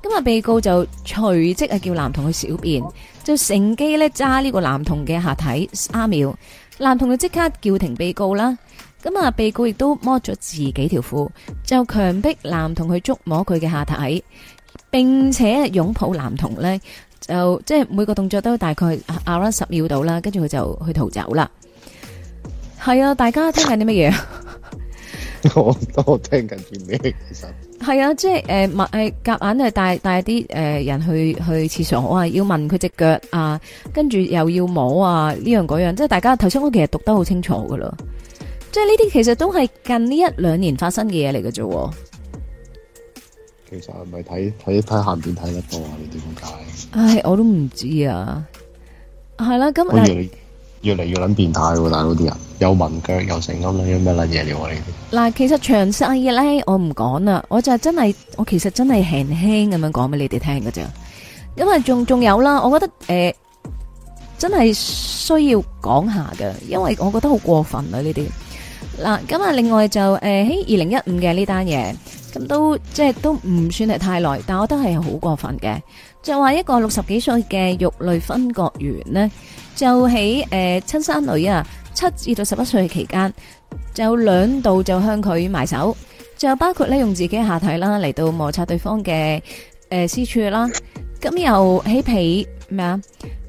今日被告就隨即啊叫男童去小便，就乘機呢揸呢個男童嘅下體。三秒，男童就即刻叫停被告啦。咁、嗯、啊！被告亦都摸咗自己條褲，就強迫男童去捉摸佢嘅下體，並且擁抱男童咧，就即係每個動作都大概 around 十秒到啦。跟住佢就去逃走啦。係啊！大家聽緊啲乜嘢？ 我都聽緊啲咩？其實係啊，即係誒，夾、呃、硬係帶帶啲誒人去去廁所，啊，要問佢隻腳啊，跟住又要摸啊呢樣嗰樣，即係大家頭先我其實讀得好清楚噶喇。即係呢啲其實都係近呢一兩年發生嘅嘢嚟嘅啫。其實係咪睇睇睇下邊睇得多啊？你點解？唉，我都唔知啊。係啦、啊，今日越嚟越撚變態咯，大嗰啲人有文腳又成咁樣咩撚嘢嚟啲嗱，其實詳細嘅咧，我唔講啦。我就真係我其實真係輕輕咁樣講俾你哋聽㗎咋！因為仲仲有啦，我覺得誒、呃，真係需要講下㗎，因為我覺得好過分啊呢啲。嗱，咁啊，另外就誒喺二零一五嘅呢單嘢，咁都即係都唔算係太耐，但我覺得係好過分嘅。就話一個六十幾歲嘅肉類分割員呢，就喺誒親生女啊七至到十一歲期間，就兩度就向佢埋手，就包括咧用自己下體啦嚟到摩擦對方嘅誒私處啦，咁又喺被咩啊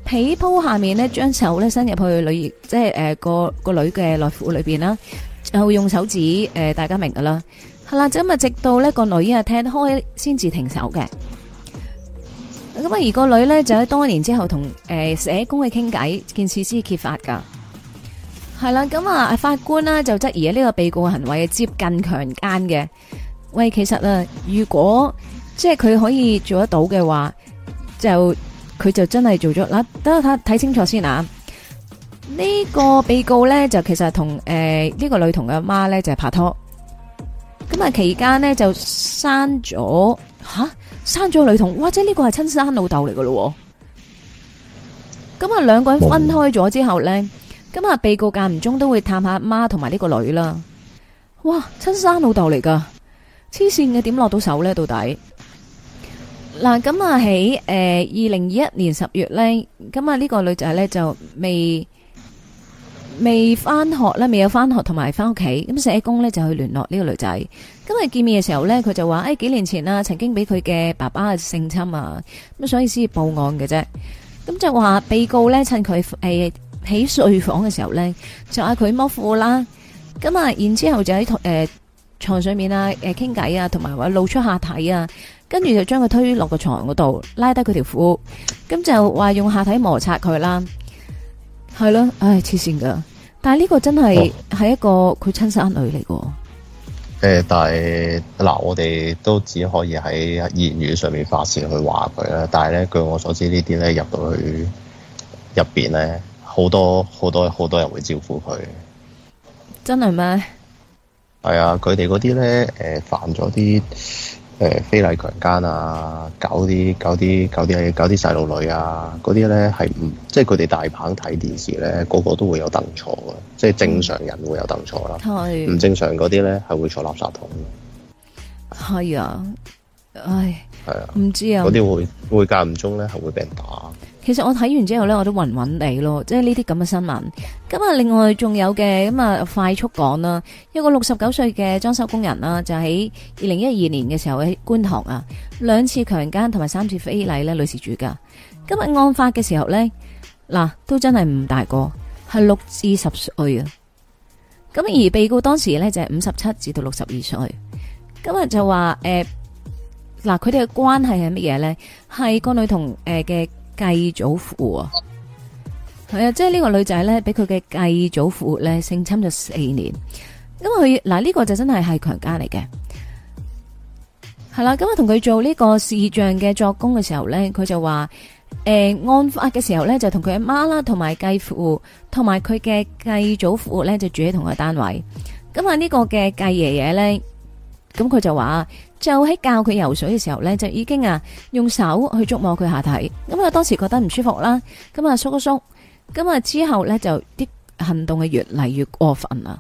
被鋪下面呢將手咧伸入去女即係誒個個女嘅內褲裏面啦。就用手指，誒、呃，大家明噶啦，係啦，咁啊，直到呢個女啊踢開先至停手嘅，咁啊，而個女呢，就喺多年之後同誒社工去傾偈，件事先揭發噶，係啦，咁啊，法官呢，就質疑呢個被告嘅行為接近強姦嘅，喂，其實啊，如果即係佢可以做得到嘅話，就佢就真係做咗，嗱、啊，等下睇睇清楚先啊。呢個被告咧，就其實同誒呢個女童嘅媽咧，就係拍拖，咁啊期間呢，就生咗吓生咗女童，哇！即係呢個係親生老豆嚟噶咯。咁啊兩個人分開咗之後呢，咁啊被告間唔中都會探下媽同埋呢個女啦，哇！親生老豆嚟噶，黐線嘅點落到手呢？到底嗱，咁啊喺誒二零二一年十月呢，咁啊呢個女仔咧，就未。未翻學咧，未有翻學，同埋翻屋企。咁社工咧就去聯絡呢個女仔。今日見面嘅時候咧，佢就話：，誒、哎，幾年前啊，曾經俾佢嘅爸爸性侵啊，咁所以先至報案嘅啫。咁就話被告咧趁佢誒、欸、起睡房嘅時候咧，就嗌佢剝褲啦。咁啊，然之後就喺誒床上面啦，誒傾偈啊，同埋話露出下體啊，跟住就將佢推落個床嗰度，拉低佢條褲，咁就話用下體摩擦佢啦。係咯，唉，黐線噶。但係呢個真係係一個佢親生女嚟嘅。誒、嗯呃，但係嗱，我哋都只可以喺言語上面發洩去話佢啦。但係咧，據我所知這些呢啲咧入到去入邊咧，好多好多好多人會招呼佢。真係咩？係啊，佢哋嗰啲咧，誒、呃，犯咗啲。誒，非禮強姦啊，搞啲搞啲搞啲搞啲細路女啊，嗰啲咧係唔即係佢哋大棒睇電視咧，個個都會有凳坐嘅，即係正常人會有凳坐啦。唔正常嗰啲咧係會坐垃圾桶嘅。係啊，啊，唉，係啊，唔知啊，嗰啲會會間唔中咧係會俾人打。其實我睇完之後呢，我都暈暈地咯，即係呢啲咁嘅新聞。咁啊，另外仲有嘅咁啊，快速講啦，一個六十九歲嘅裝修工人啦，就喺二零一二年嘅時候喺觀塘啊，兩次強姦同埋三次非禮咧，女事主噶。今日案發嘅時候呢，嗱都真係唔大個，係六至十歲啊。咁而被告當時呢，就係五十七至到六十二歲，今日就話誒，嗱佢哋嘅關係係乜嘢呢？係個女同誒嘅。呃繼祖父啊，係啊，即係呢個女仔咧，俾佢嘅繼祖父咧性侵咗四年，因為佢嗱呢個就真係係強姦嚟嘅，係啦。咁我同佢做呢個視像嘅作工嘅時候咧，佢就話誒、呃，案發嘅時候咧就同佢阿媽啦，同埋繼父，同埋佢嘅繼祖父咧就住喺同一個單位。咁啊，呢個嘅繼爺爺咧。咁佢就話，就喺教佢游水嘅時候呢，就已經啊用手去捉摸佢下體，咁佢當時覺得唔舒服啦，咁啊縮一縮，咁啊之後呢，就啲行動嘅越嚟越過分啦。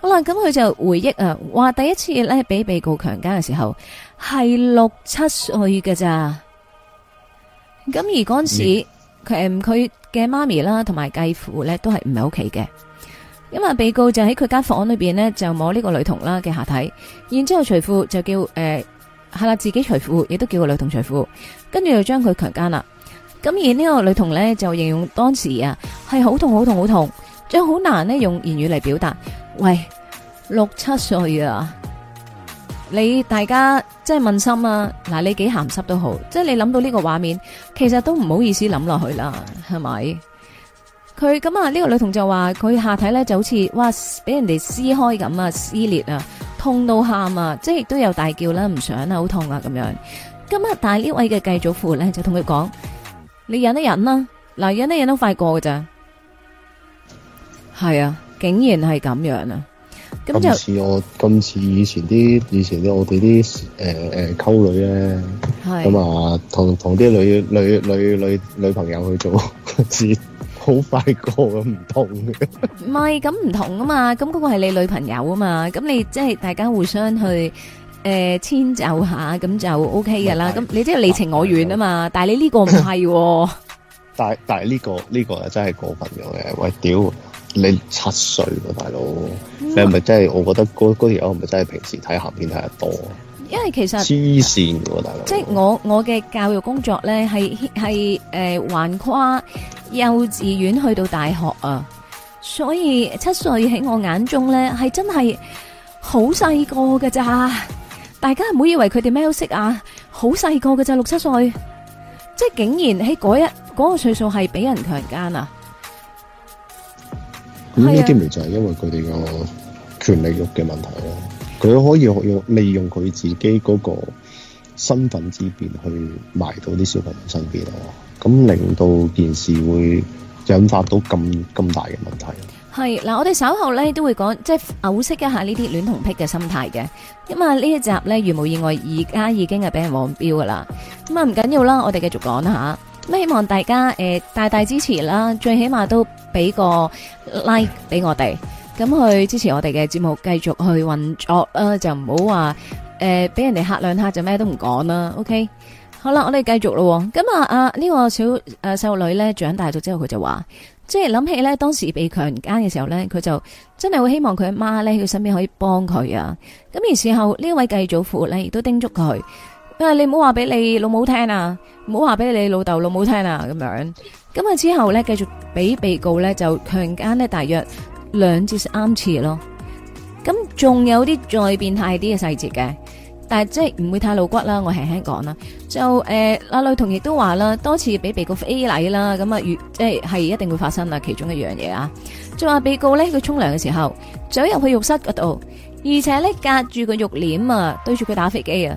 好啦，咁佢就回憶啊，話第一次呢，俾被告強姦嘅時候係六七歲嘅咋，咁而嗰陣時，佢佢嘅媽咪啦同埋繼父呢，都係唔喺屋企嘅。.因為，被告就喺佢間房裏邊呢，就摸呢個女童啦嘅下體，然之後除褲就叫誒，係、呃、啦自己除褲，亦都叫女個女童除褲，跟住就將佢強奸啦。咁而呢個女童呢，就形容當時啊係好痛好痛好痛，將好難呢，用言語嚟表達。喂，六七歲啊，你大家即係問心啊，嗱你幾鹹濕都好，即係你諗到呢個畫面，其實都唔好意思諗落去啦，係咪？佢咁啊，呢個女童就話佢下體咧就好似哇俾人哋撕開咁啊，撕裂啊，痛到喊啊，即係亦都有大叫啦，唔想啊，好痛啊咁樣。咁啊，但係呢位嘅繼祖父咧就同佢講：你忍一忍啦，嗱，忍一忍都快過噶咋。係啊，竟然係咁樣啊！咁就似我，咁似以前啲，以前啲我哋啲誒誒溝女咧，咁啊，同同啲女女女女女朋友去做。 好快過唔同嘅，唔係咁唔同啊嘛，咁嗰個係你女朋友啊嘛，咁你即係大家互相去誒遷、呃、就下，咁就 O K 噶啦，咁你即係你情我願啊嘛，但係你呢個唔係，但、喔、但係呢個呢個啊真係過分咗嘅，喂屌你七歲啊大佬、嗯，你係咪真係？我覺得嗰嗰條友係咪真係平時睇鹹片睇得多。因為其實黐線喎，大佬，即係我我嘅教育工作咧係係誒橫跨幼稚園去到大學啊，所以七歲喺我眼中咧係真係好細個㗎咋，大家唔好以為佢哋咩都識啊，好細個㗎咋。六七歲，即係竟然喺嗰一嗰、嗰個歲數係俾人強姦啊！咁呢啲咪就係因為佢哋個權力欲嘅問題咯、啊。佢可以用利用佢自己嗰個身份之便去埋到啲小朋友身邊咯，咁令到件事會引發到咁咁大嘅問題。係嗱，我哋稍後咧都會講，即係剖析一下呢啲戀童癖嘅心態嘅。咁、嗯、啊，呢一集咧如無意外，而家已經係俾人黃標噶啦。咁啊唔緊要啦，我哋繼續講下。咁、嗯、希望大家、呃、大大支持啦，最起碼都俾個 like 俾我哋。咁去支持我哋嘅節目，繼續去運作啦、啊,就唔好話誒，俾、呃、人哋吓兩吓就咩都唔講啦。OK，好啦，我哋繼續咯。咁啊，啊、這、呢個小誒細路女咧長大咗之後，佢就話即係諗起咧當時被強姦嘅時候咧，佢就真係好希望佢阿媽咧，喺佢身邊可以幫佢啊。咁而事後呢一位繼祖父咧亦都叮囑佢啊，你唔好話俾你老母聽啊，唔好話俾你老豆老母聽啊，咁樣。咁啊之後咧繼續俾被、被告咧就強姦呢，大約。兩至三次咯，咁仲有啲再變態啲嘅細節嘅，但係即係唔會太露骨啦，我輕輕講啦。就誒，阿、呃、女童亦都話啦，多次俾被，被告非禮啦，咁啊即係係一定會發生啦，其中一樣嘢啊。仲話被告咧，佢沖涼嘅時候走入去浴室嗰度，而且咧隔住個浴簾啊，對住佢打飛機啊。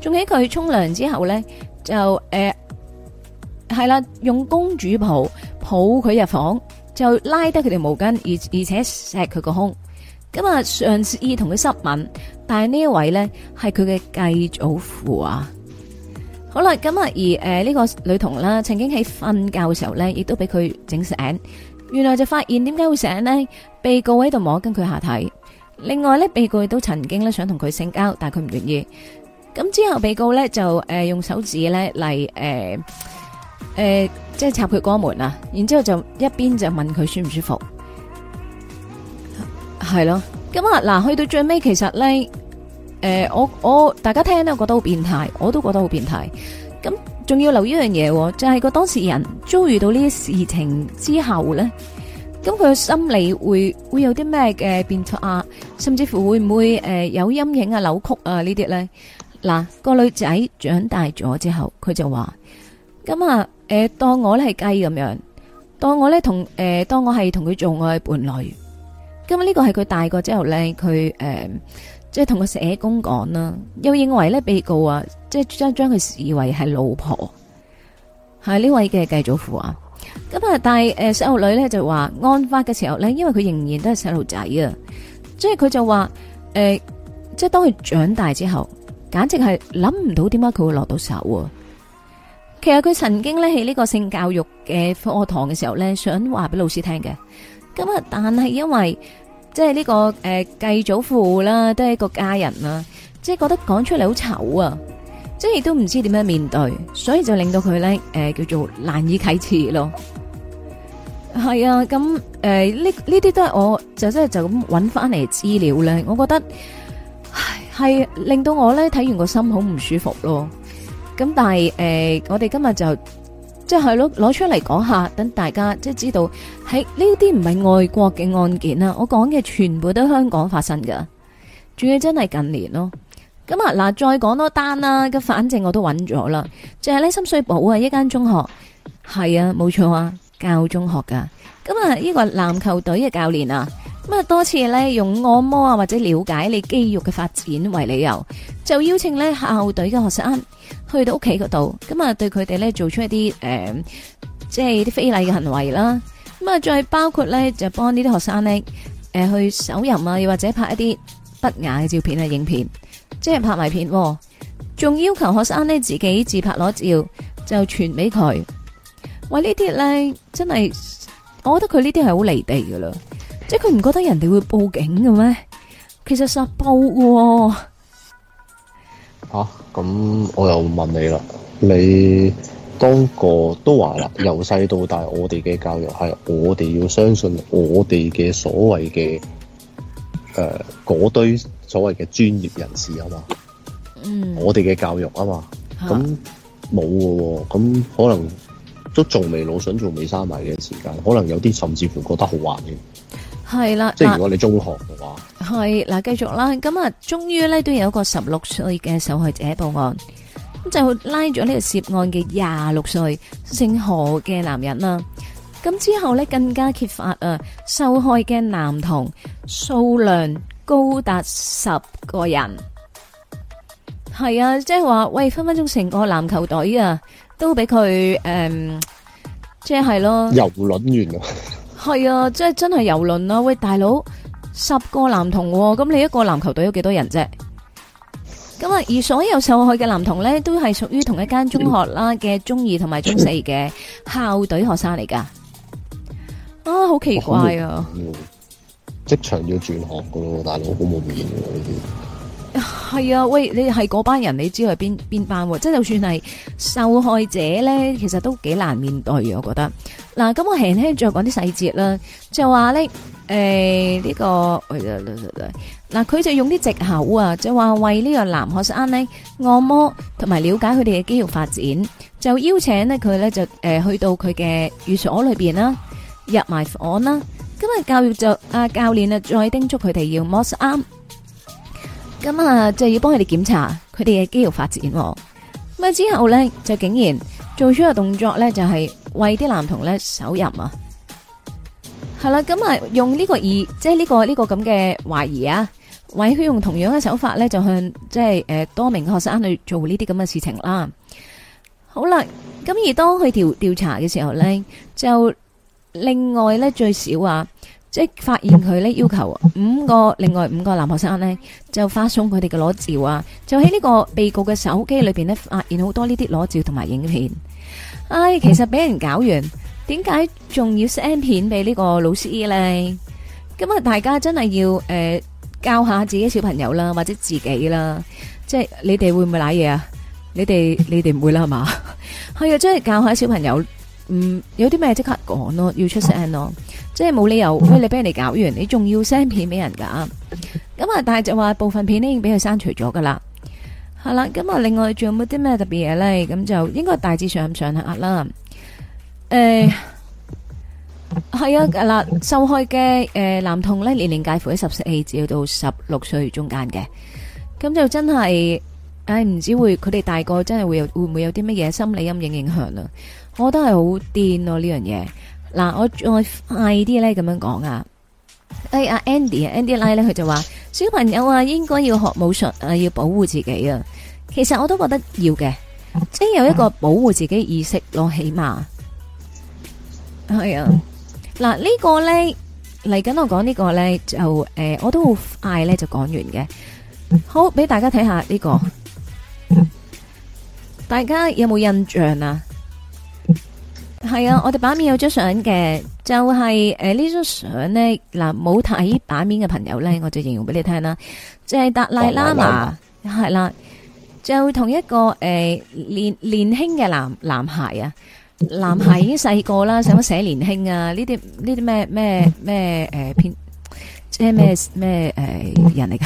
仲喺佢沖涼之後咧，就誒係、呃、啦，用公主抱抱佢入房。就拉低佢條毛巾，而而且錫佢個胸。咁啊，上次意同佢濕吻，但係呢一位咧係佢嘅繼祖父啊。好啦，咁啊而誒呢個女童啦，曾經喺瞓覺嘅時候咧，亦都俾佢整醒。原來就發現點解會醒咧？被告喺度摸緊佢下體。另外咧，被告亦都曾經咧想同佢性交，但係佢唔願意。咁之後被告咧就誒用手指咧嚟誒。誒、呃，即係插佢肛門啊！然之後就一邊就問佢舒唔舒服，係咯。咁、嗯、啊，嗱，去到最尾其實咧，誒、呃，我我大家聽都覺得好變態，我都覺得好變態。咁、嗯、仲要留一樣嘢，就係、是、個當事人遭遇到呢啲事情之後咧，咁佢嘅心理會會有啲咩嘅變化啊，甚至乎會唔會誒、呃、有陰影啊、扭曲啊呢啲咧？嗱、嗯，個女仔長大咗之後，佢就話，咁、嗯、啊。嗯誒，當我咧係雞咁樣，當我咧同誒，當我係同佢做我嘅伴侶，咁呢個係佢大個之後咧，佢、呃、誒，即係同個社工講啦，又認為咧被告啊，即係將將佢視為係老婆，係呢位嘅繼祖父啊，咁啊，但係誒細路女咧就話案發嘅時候咧，因為佢仍然都係細路仔啊，即係佢就話、是、誒，即、呃、係、就是、當佢長大之後，簡直係諗唔到點解佢會落到手。其實佢曾經咧喺呢個性教育嘅課堂嘅時候咧，想話俾老師聽嘅。咁啊，但係因為即係呢、這個誒、呃、繼祖父啦，都係一個家人啦，即係覺得講出嚟好醜啊，即係亦都唔知點樣面對，所以就令到佢咧誒叫做難以啟齒咯。係啊，咁誒呢呢啲都係我就真係就咁搵翻嚟資料咧，我覺得係令到我咧睇完個心好唔舒服咯。咁但係誒、呃，我哋今日就即係咯，攞、攞、出嚟講下，等大家即係知道喺呢啲唔係外國嘅案件啦。我講嘅全部都香港發生噶，仲要真係近年咯。咁啊嗱，再講多單啦。咁反正我都揾咗啦，就係、是、咧深水埗啊，一間中學，係啊，冇錯啊，教中學噶。咁啊呢個籃球隊嘅教練啊。咁啊，多次咧用按摩啊或者了解你肌肉嘅發展為理由，就邀請咧校隊嘅學生去到屋企嗰度，咁啊對佢哋咧做出一啲誒，即係啲非禮嘅行為啦。咁啊，再包括咧就幫呢啲學生咧誒、呃、去手淫啊，又或者拍一啲不雅嘅照片啊影片，即係拍埋片，仲要求學生咧自己自拍攞照就傳俾佢。哇！呢啲咧真係，我覺得佢呢啲係好離地噶啦。即係佢唔覺得人哋會報警嘅咩？其實實報嘅吓咁，我又問你啦。你當個都話啦，由細到大，我哋嘅教育係我哋要相信我哋嘅所謂嘅誒，嗰、呃、堆所謂嘅專業人士啊嘛。嗯，我哋嘅教育啊嘛，咁冇喎。咁可能都仲未老，笋，仲未閂埋嘅時間，可能有啲甚至乎覺得好玩嘅。係啦，即係如果你中學嘅話，係、啊、嗱，繼續啦。咁啊，終於咧都有一個十六歲嘅受害者報案，咁就拉咗呢個涉案嘅廿六歲姓何嘅男人啦。咁之後咧更加揭發啊，受害嘅男童數量高達十個人，係啊，即係話喂，分分鐘成個籃球隊啊，都俾佢誒，即、嗯、係、即係、咯，游輪完啊！係啊，即係真係遊輪啊！喂，大佬，十個男童，哦，咁你一個籃球隊有幾多人啫？咁啊，而所有受害嘅男童咧，都係屬於同一間中學啦嘅中二同埋中四嘅校隊學生嚟噶。 啊，好奇怪啊！職場要轉學噶咯，大佬好冇面嘅呢啲。係啊，喂，你係嗰班人，你知係邊邊班，啊？即係就算係受害者咧，其實都幾難面對嘅，我覺得。嗱，咁我輕輕再講啲細節啦，就話咧，誒呢個，嗱佢就用啲藉口啊，就話為呢個男學生咧按摩，同埋了解佢哋嘅肌肉發展，就邀請咧佢咧就誒去到佢嘅寓所裏邊啦，入埋房啦。咁啊教育就啊教練啊再叮囑佢哋要摸實啱，咁啊就要幫佢哋檢查佢哋嘅肌肉發展。咁啊之後咧就竟然。做出嘅動作咧，就係為啲男童咧手淫啊，係啦，咁啊用呢個、這個這個、這疑，即係呢個呢個咁嘅懷疑啊，為佢用同樣嘅手法咧，就向即係誒、呃、多名學生去做呢啲咁嘅事情啦。好啦，咁而當佢調調查嘅時候咧，就另外咧最少啊。即係發現佢咧，要求五個另外五個男學生咧，就發送佢哋嘅裸照啊，就喺呢個被告嘅手機裏邊咧，發現好多呢啲裸照同埋影片。唉，其實俾人搞完，點解仲要 send 片俾呢個老師咧？咁啊，大家真係要誒、呃、教下自己小朋友啦，或者自己啦，即係你哋會唔會瀨嘢啊？你哋你哋唔會啦係嘛？係啊， 即係教下小朋友，嗯，有啲咩即刻講咯，要出 send 咯。即係冇理由，喂！你俾人哋搞完，你仲要 send 片俾人噶？咁啊，但係就話部分片咧已經俾佢刪除咗噶啦。係啦，咁啊，另外仲有冇啲咩特別嘢咧？咁就應該大致上上下呃啦。誒、哎，係啊，嗱，受害嘅誒男童咧年齡介乎喺十四至到十六歲中間嘅，咁就真係，誒、哎、唔知會佢哋大個真係會有會唔會有啲乜嘢心理陰影影響啊？我覺得係好癲咯呢樣嘢。嗱，我再快啲咧咁樣講啊！誒、哎，阿 Andy, Andy，Andy 拉，咧，佢就話小朋友啊，應該要學武術啊，要保護自己啊。其實我都覺得要嘅，即係有一個保護自己意識咯、啊，起碼係啊。嗱、哎，來這個、呢個咧嚟，緊我講這個呢個咧就誒、呃，我都好快咧就講完嘅。好，俾大家睇下呢、這個，大家有冇印象啊？係啊，我哋版面有張相嘅，就係誒呢張相咧，嗱冇睇版面嘅朋友咧，我就形容俾你聽啦，就係達賴喇嘛係啦，就同一個誒年年輕嘅男男孩啊，男孩已經細個啦，想乜寫年輕啊，呢啲呢啲咩咩咩誒編，即係咩咩誒人嚟噶，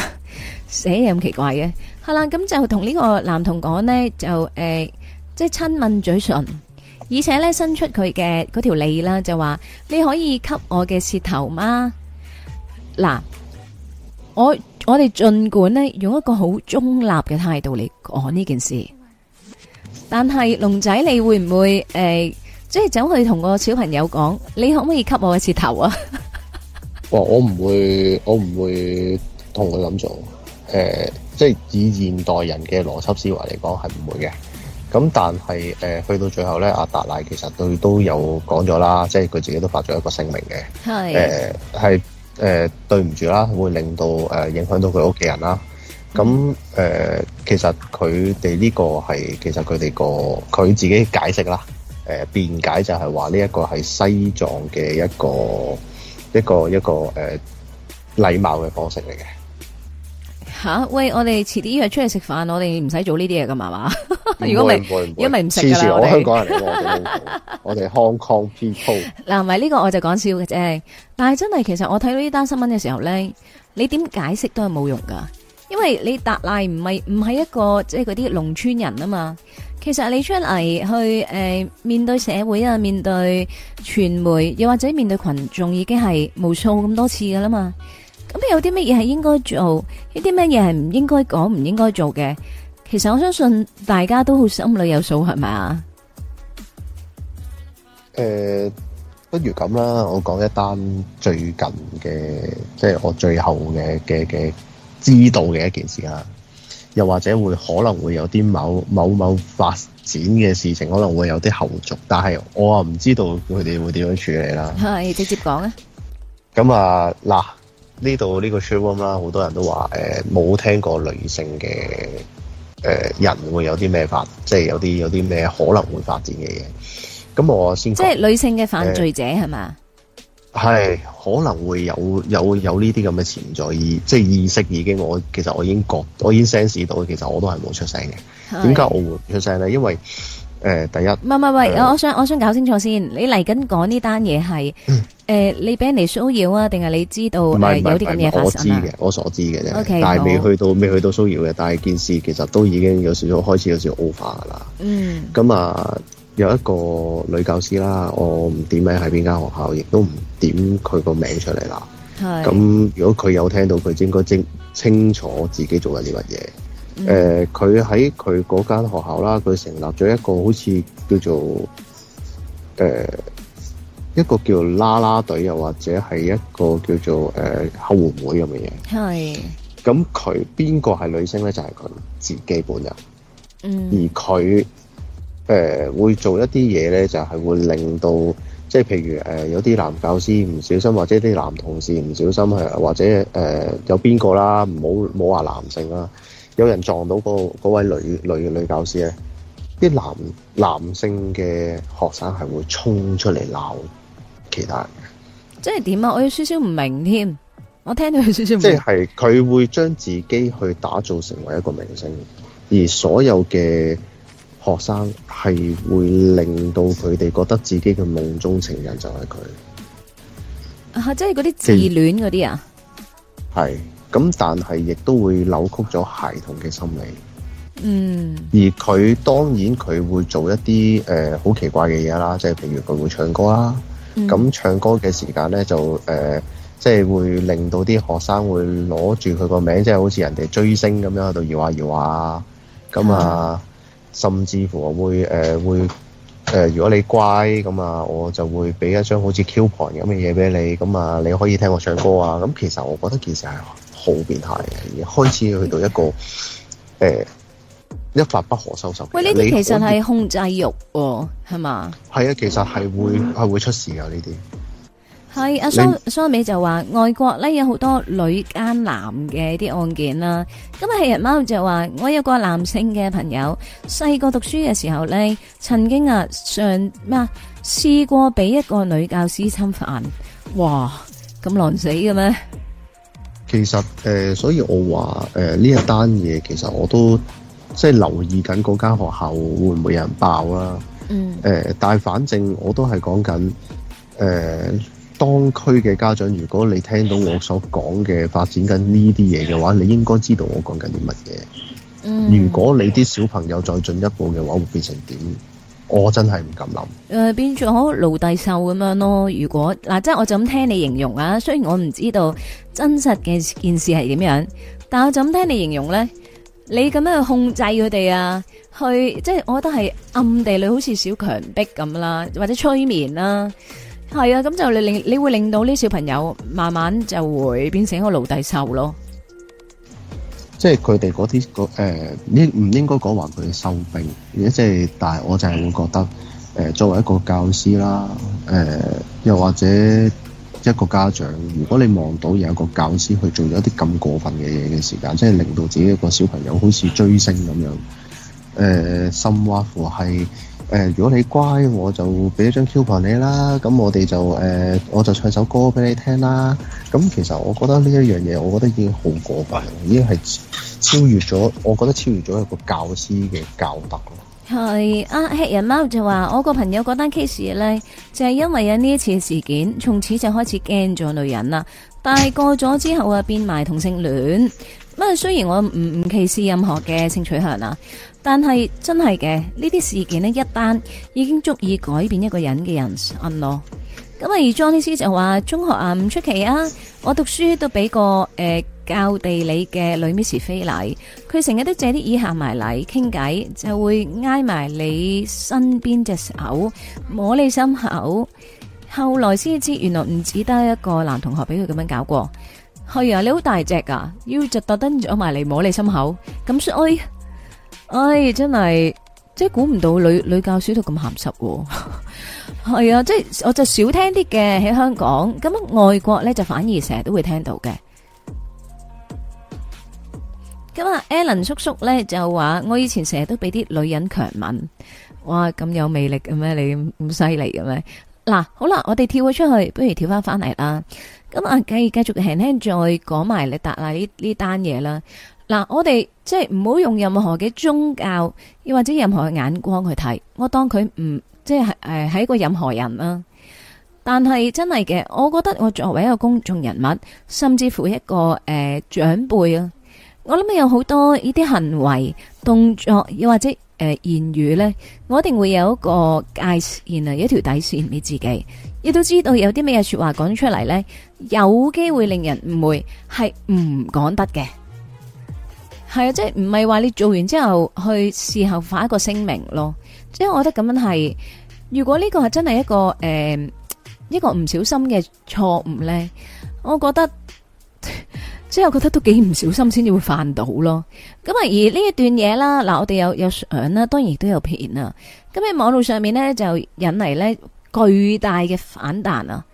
寫嘢咁奇怪嘅。係啦，咁就同呢個男童講咧，就誒即係親吻嘴唇。而且咧，伸出佢嘅嗰條脷啦，就話你可以吸我嘅舌頭嗎？嗱，我我哋盡管咧用一個好中立嘅態度嚟講呢件事，但係龍仔你會唔會誒，即係走去同個小朋友講，你可唔可以吸我嘅舌頭啊？哇！我唔會，我唔會同佢咁做。誒，即係以現代人嘅邏輯思維嚟講，係唔會嘅。咁但係誒、呃、去到最後咧，阿達賴其實佢都，都有講咗啦，即係佢自己都發咗一個聲明嘅，誒係誒對唔住啦，會令到誒、呃、影響到佢屋企人啦。咁、嗯、誒、呃、其實佢哋呢個係其實佢哋個佢自己解釋啦，誒、呃、辯解就係話呢一個係西藏嘅一個一個一個誒禮貌嘅方式嚟嘅。吓、啊！喂，我哋遲啲約出嚟食飯，我哋唔使做呢啲嘢噶嘛嘛。 如果唔係，如果唔係唔食噶我香港人嚟嘅 我哋 Hong Kong People。嗱、啊，唔係呢個我就講笑嘅啫。但係真係，其實我睇到呢單新聞嘅時候咧，你點解釋都係冇用噶。因為你達賴唔係唔係一個即係嗰啲農村人啊嘛。其實你出嚟去誒、呃、面對社會啊，面對傳媒，又或者面對群眾，已經係無數咁多次噶啦嘛。咁有啲乜嘢係應該做，呢啲咩嘢係唔應該講、唔應該做嘅？其實我相信大家都好心裏有數，係咪啊？誒、呃，不如咁啦，我講一單最近嘅，即係我最後嘅嘅嘅知道嘅一件事啦。又或者會可能會有啲某某某發展嘅事情，可能會有啲後續，但係我啊唔知道佢哋會點樣處理啦。係直接講啊！咁啊嗱。呢度呢個 show 啦，好多人都話冇、呃、聽過女性嘅、呃、人會有啲咩發，即係有啲有啲咩可能會發展嘅嘢。咁我先即係女性嘅犯罪者係嘛？係、呃、可能會有有有呢啲咁嘅潛在，意，即係意識已經我。我其實我已經覺，我已經 sense 到，其實我都係冇出聲嘅。點解我會出聲咧？因為誒、呃，第一唔唔喂，我想我想搞清楚先，你嚟緊講呢單嘢係誒，你俾人哋騷擾啊，定係你知道誒、呃、有啲咁嘢發生？啊，我知嘅，我所知嘅啫。Okay, 但係未去到未去到騷擾嘅，但係件事其實都已經有少少開始有少少 over 噶啦。嗯，咁啊有一個女教師啦，我唔點名喺邊間學校，亦都唔點佢個名出嚟啦。係，咁如果佢有聽到，佢應該清清楚自己做緊啲乜嘢。誒、呃，佢喺佢嗰間學校啦，佢成立咗一個好似叫做誒、呃、一個叫做啦啦隊，又或者係一個叫做誒後援會咁嘅嘢。係。咁佢邊個係女星咧？就係、是、佢自己本人。嗯。而佢誒、呃、會做一啲嘢咧，就係、是、會令到即係、就是、譬如、呃、有啲男教師唔小心，或者啲男同事唔小心係，或者、呃、有邊個啦，唔好冇話男性啦。有人撞到、嗰個嗰位女女女教師咧，啲男男性嘅學生係會衝出嚟鬧其他人。即係點啊？我有少少唔明添，我聽到佢有少少唔明，即係佢會將自己去打造成為一個明星，而所有嘅學生係會令到佢哋覺得自己嘅夢中情人就係佢。嚇、啊！即係嗰啲自戀嗰啲啊？係。咁，但係亦都會扭曲咗孩童嘅心理。嗯，而佢當然佢會做一啲誒好奇怪嘅嘢啦，即係譬如佢會唱歌啦、啊。咁、嗯、唱歌嘅時間呢，就誒、呃、即係會令到啲學生會攞住佢個名，即、就、係、是、好似人哋追星咁樣喺度搖下、啊、搖下、啊啊。咁、嗯、啊、嗯，甚至乎會誒、呃、會誒、呃呃，如果你乖咁啊，我就會俾一張好似 coupon 咁嘅嘢俾你。咁啊，你可以聽我唱歌啊。咁其實我覺得件事係，好變態嘅，開始去到一個誒、欸欸、一發不可收拾。喂，呢啲其實係控制欲係、哦、嘛？係啊，其實係會係會出事㗎啊。呢啲。係阿蘇蘇美就話外國咧有好多女奸男嘅一啲案件啦。咁啊，棄人貓就話我有個男性嘅朋友，細個讀書嘅時候咧，曾經啊上咩啊、試過俾一個女教師侵犯。哇！咁狼死嘅咩？其實誒、呃，所以我話誒呢一單嘢，其實我都即係留意緊嗰間學校會唔會有人爆啦、啊。嗯。誒、呃，但係反正我都係講緊誒當區嘅家長，如果你聽到我所講嘅發展緊呢啲嘢嘅話，你應該知道我講緊啲乜嘢。嗯。如果你啲小朋友再進一步嘅話，會變成點？我真係唔敢諗，誒，變咗好奴隸獸咁樣咯。如果嗱、啊，即係我就咁聽你形容啊。雖然我唔知道真實嘅件事係點樣，但我就咁聽你形容咧，你咁樣去控制佢哋啊，去即係，我覺得係暗地裏好似少強迫咁啦，或者催眠啦，係啊，咁、啊、就你令你會令到呢小朋友慢慢就會變成一個奴隸獸咯。即係佢哋嗰啲個應唔應該講話佢收兵，而即係，但係我就係會覺得誒、呃，作為一個教師啦，誒、呃，又或者一個家長，如果你望到有一個教師去做咗啲咁過分嘅嘢嘅時間，即係令到自己一個小朋友好似追星咁樣，誒、呃，心挖苦係。誒、呃，如果你乖，我就俾一張 coupon 你啦。咁我哋就誒、呃，我就唱首歌俾你聽啦。咁其實我覺得呢一樣嘢，我覺得已經好過分，已經係超越咗。我覺得超越咗一個教師嘅教德咯。係啊，黑人貓就話：我個朋友嗰單 case 咧，就係、是、因為有呢一次事件，從此就開始驚咗女人啦。但係過咗之後啊，變埋同性戀。乜雖然我唔唔歧視任何嘅性取向啊。但係真係嘅呢啲事件，呢一單已經足以改變一個人嘅人生咯。咁、嗯、啊，而 johnny 師就話：中學啊唔出奇啊，我讀書都俾個誒、呃、教地理嘅女 Miss 非禮，佢成日都借啲椅，行埋嚟傾偈，就會挨埋你身邊，隻手摸你心口。後來先知，原來唔止得一個男同學俾佢咁樣搞過。係啊，你好大隻噶要就特登咗埋嚟摸你心口。咁所以。哎，真係，即係估唔到女女教師都咁鹹濕喎，係啊，即 係、啊、我就少聽啲嘅喺香港，咁啊外國呢，就反而成日都會聽到嘅。咁啊 ，Alan 叔叔呢，就話我以前成日都俾啲女人強吻，哇咁有魅力嘅咩？你咁犀利嘅咩？嗱，好啦，我哋跳咗出去，不如跳翻翻嚟啦。咁、嗯、啊，繼繼續輕輕再講埋你達賴呢呢單嘢啦。嗱，我哋即係唔好用任何嘅宗教，又或者任何嘅眼光去睇。我當佢唔即係誒，呃、係一個任何人啦、啊。但係真係嘅，我覺得我作為一個公眾人物，甚至乎一個誒、呃、長輩啊，我諗有好多呢啲行為、動作，又或者誒、呃、言語咧，我一定會有一個界線啊，一條底線俾自己。亦都知道有啲咩嘢說話講出嚟咧，有機會令人誤會，係唔講得嘅。係啊，即係唔係話你做完之後去事後發一個聲明咯，即係我覺得咁樣係。如果呢個係真係一個誒、呃、一個唔小心嘅錯誤呢，我覺得即係我覺得都幾唔小心先至會犯到咯。咁啊，而呢一段嘢啦，嗱我哋有有相啦，當然都有片啊。咁喺網絡上面呢，就引嚟呢巨大嘅反彈啊。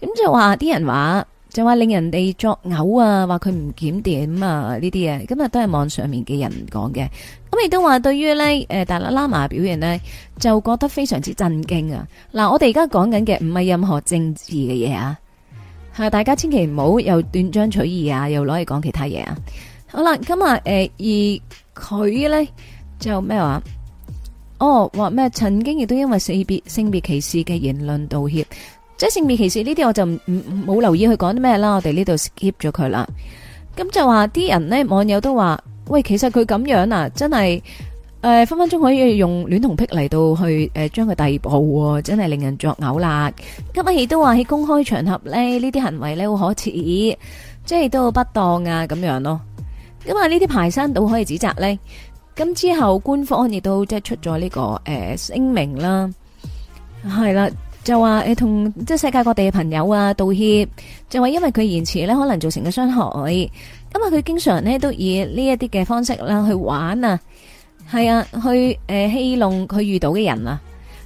咁就話啲人話。就話令人哋作嘔啊，話佢唔檢點啊，呢啲啊，今日都係網上面嘅人講嘅。咁亦都話對於呢誒、呃，達賴喇嘛表現呢，就覺得非常之震驚啊！嗱，我哋而家講緊嘅唔係任何政治嘅嘢啊，係大家千祈唔好又斷章取義啊，又攞嚟講其他嘢啊。好啦，今日誒，而佢呢，就咩話？哦，話咩？曾經亦都因為性別性別歧視嘅言論道歉。即係性別歧視呢啲我就唔唔冇留意佢講啲咩啦，我哋呢度 skip 咗佢啦。咁就話啲人呢，網友都話，喂，其實佢咁樣啊，真係誒、呃、分分鐘可以用戀童癖嚟到去誒、呃、將佢逮捕喎，真係令人作嘔啦。咁而亦都話喺公開場合呢，呢啲行為呢，好可恥，即係都好不當啊咁樣咯。咁啊呢啲排山倒海嘅指責呢，咁之後官方亦都即係出咗呢、這個誒、呃、聲明啦，係啦。就話誒，同即係世界各地嘅朋友啊，道歉就話因為佢延遲咧，可能造成嘅傷害。咁啊，佢經常咧都以呢一啲嘅方式啦去玩啊，係啊，去誒呃、戲弄佢遇到嘅人啊。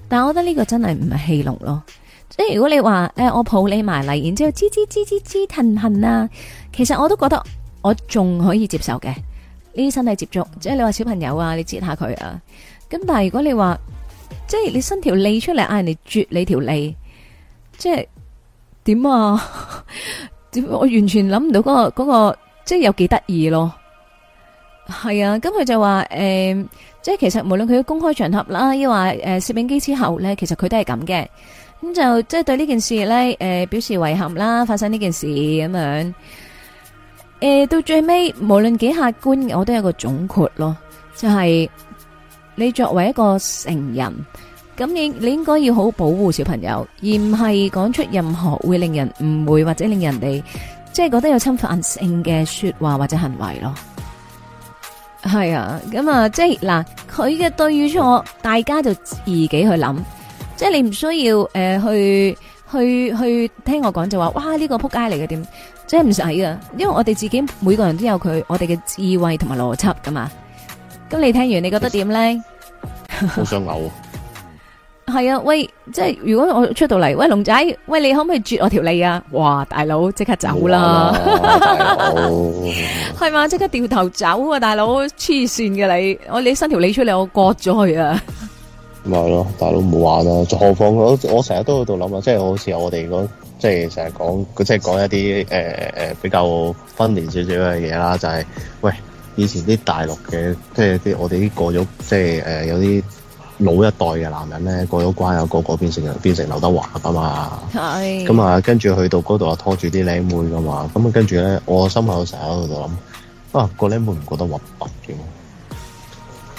但係我覺得呢個真係唔係戲弄咯。即係如果你話誒、呃，我抱你埋嚟，然之後吱吱吱吱吱騰騰啊，其實我都覺得我仲可以接受嘅呢啲身體接觸。即係你話小朋友啊，你接下佢啊。咁但係如果你話，即係你伸條脷出嚟嗌人哋啜你條脷，即係點啊？點 我完全諗唔到嗰、嗰個、嗰個，即係有幾得意咯？係啊，咁佢就話誒、呃，即係其實無論佢喺公開場合啦，抑或誒攝影機之後咧，其實佢都係咁嘅。咁就即係對呢件事咧，誒、呃、表示遺憾啦，發生呢件事咁樣。誒、呃，到最尾無論幾客觀，我都有個總括咯，就係、是。你作為一個成人，咁你你應該要好保護小朋友，而唔係講出任何會令人誤會或者令人哋即係覺得有侵犯性嘅說話或者行為咯。係啊，咁啊，即係嗱，佢嘅對與錯，大家就自己去諗，即係你唔需要誒、呃、去去去聽我講就話，哇呢、呢個扑街嚟嘅點，即係唔使啊，因為我哋自己每個人都有佢我哋嘅智慧同埋邏輯噶嘛。咁你聽完你覺得點咧？好 想嘔吐、啊！係 啊，喂，即係如果我出到嚟，喂，龍仔，喂，你可唔可以絕我條脷啊？哇，大佬，即刻走啦！係嘛、啊，即 刻掉頭走啊！大佬，黐線嘅你，我你伸條脷出嚟，我割咗佢 啊！咪係咯，大佬唔好玩啦！何況我我成日都喺度諗啊，即係好似我哋嗰即係成日講，佢即係講一啲誒誒比較分裂少少嘅嘢啦，就係喂。以前啲大陸嘅，即係啲我哋啲過咗，即係誒、呃、有啲老一代嘅男人咧，過咗關又個個變成變成劉德華噶嘛，係咁、嗯嗯、啊，跟住去到嗰度啊，拖住啲靚妹噶嘛，咁啊跟住咧，我心口成日喺度度諗，啊個靚妹唔覺得核突嘅？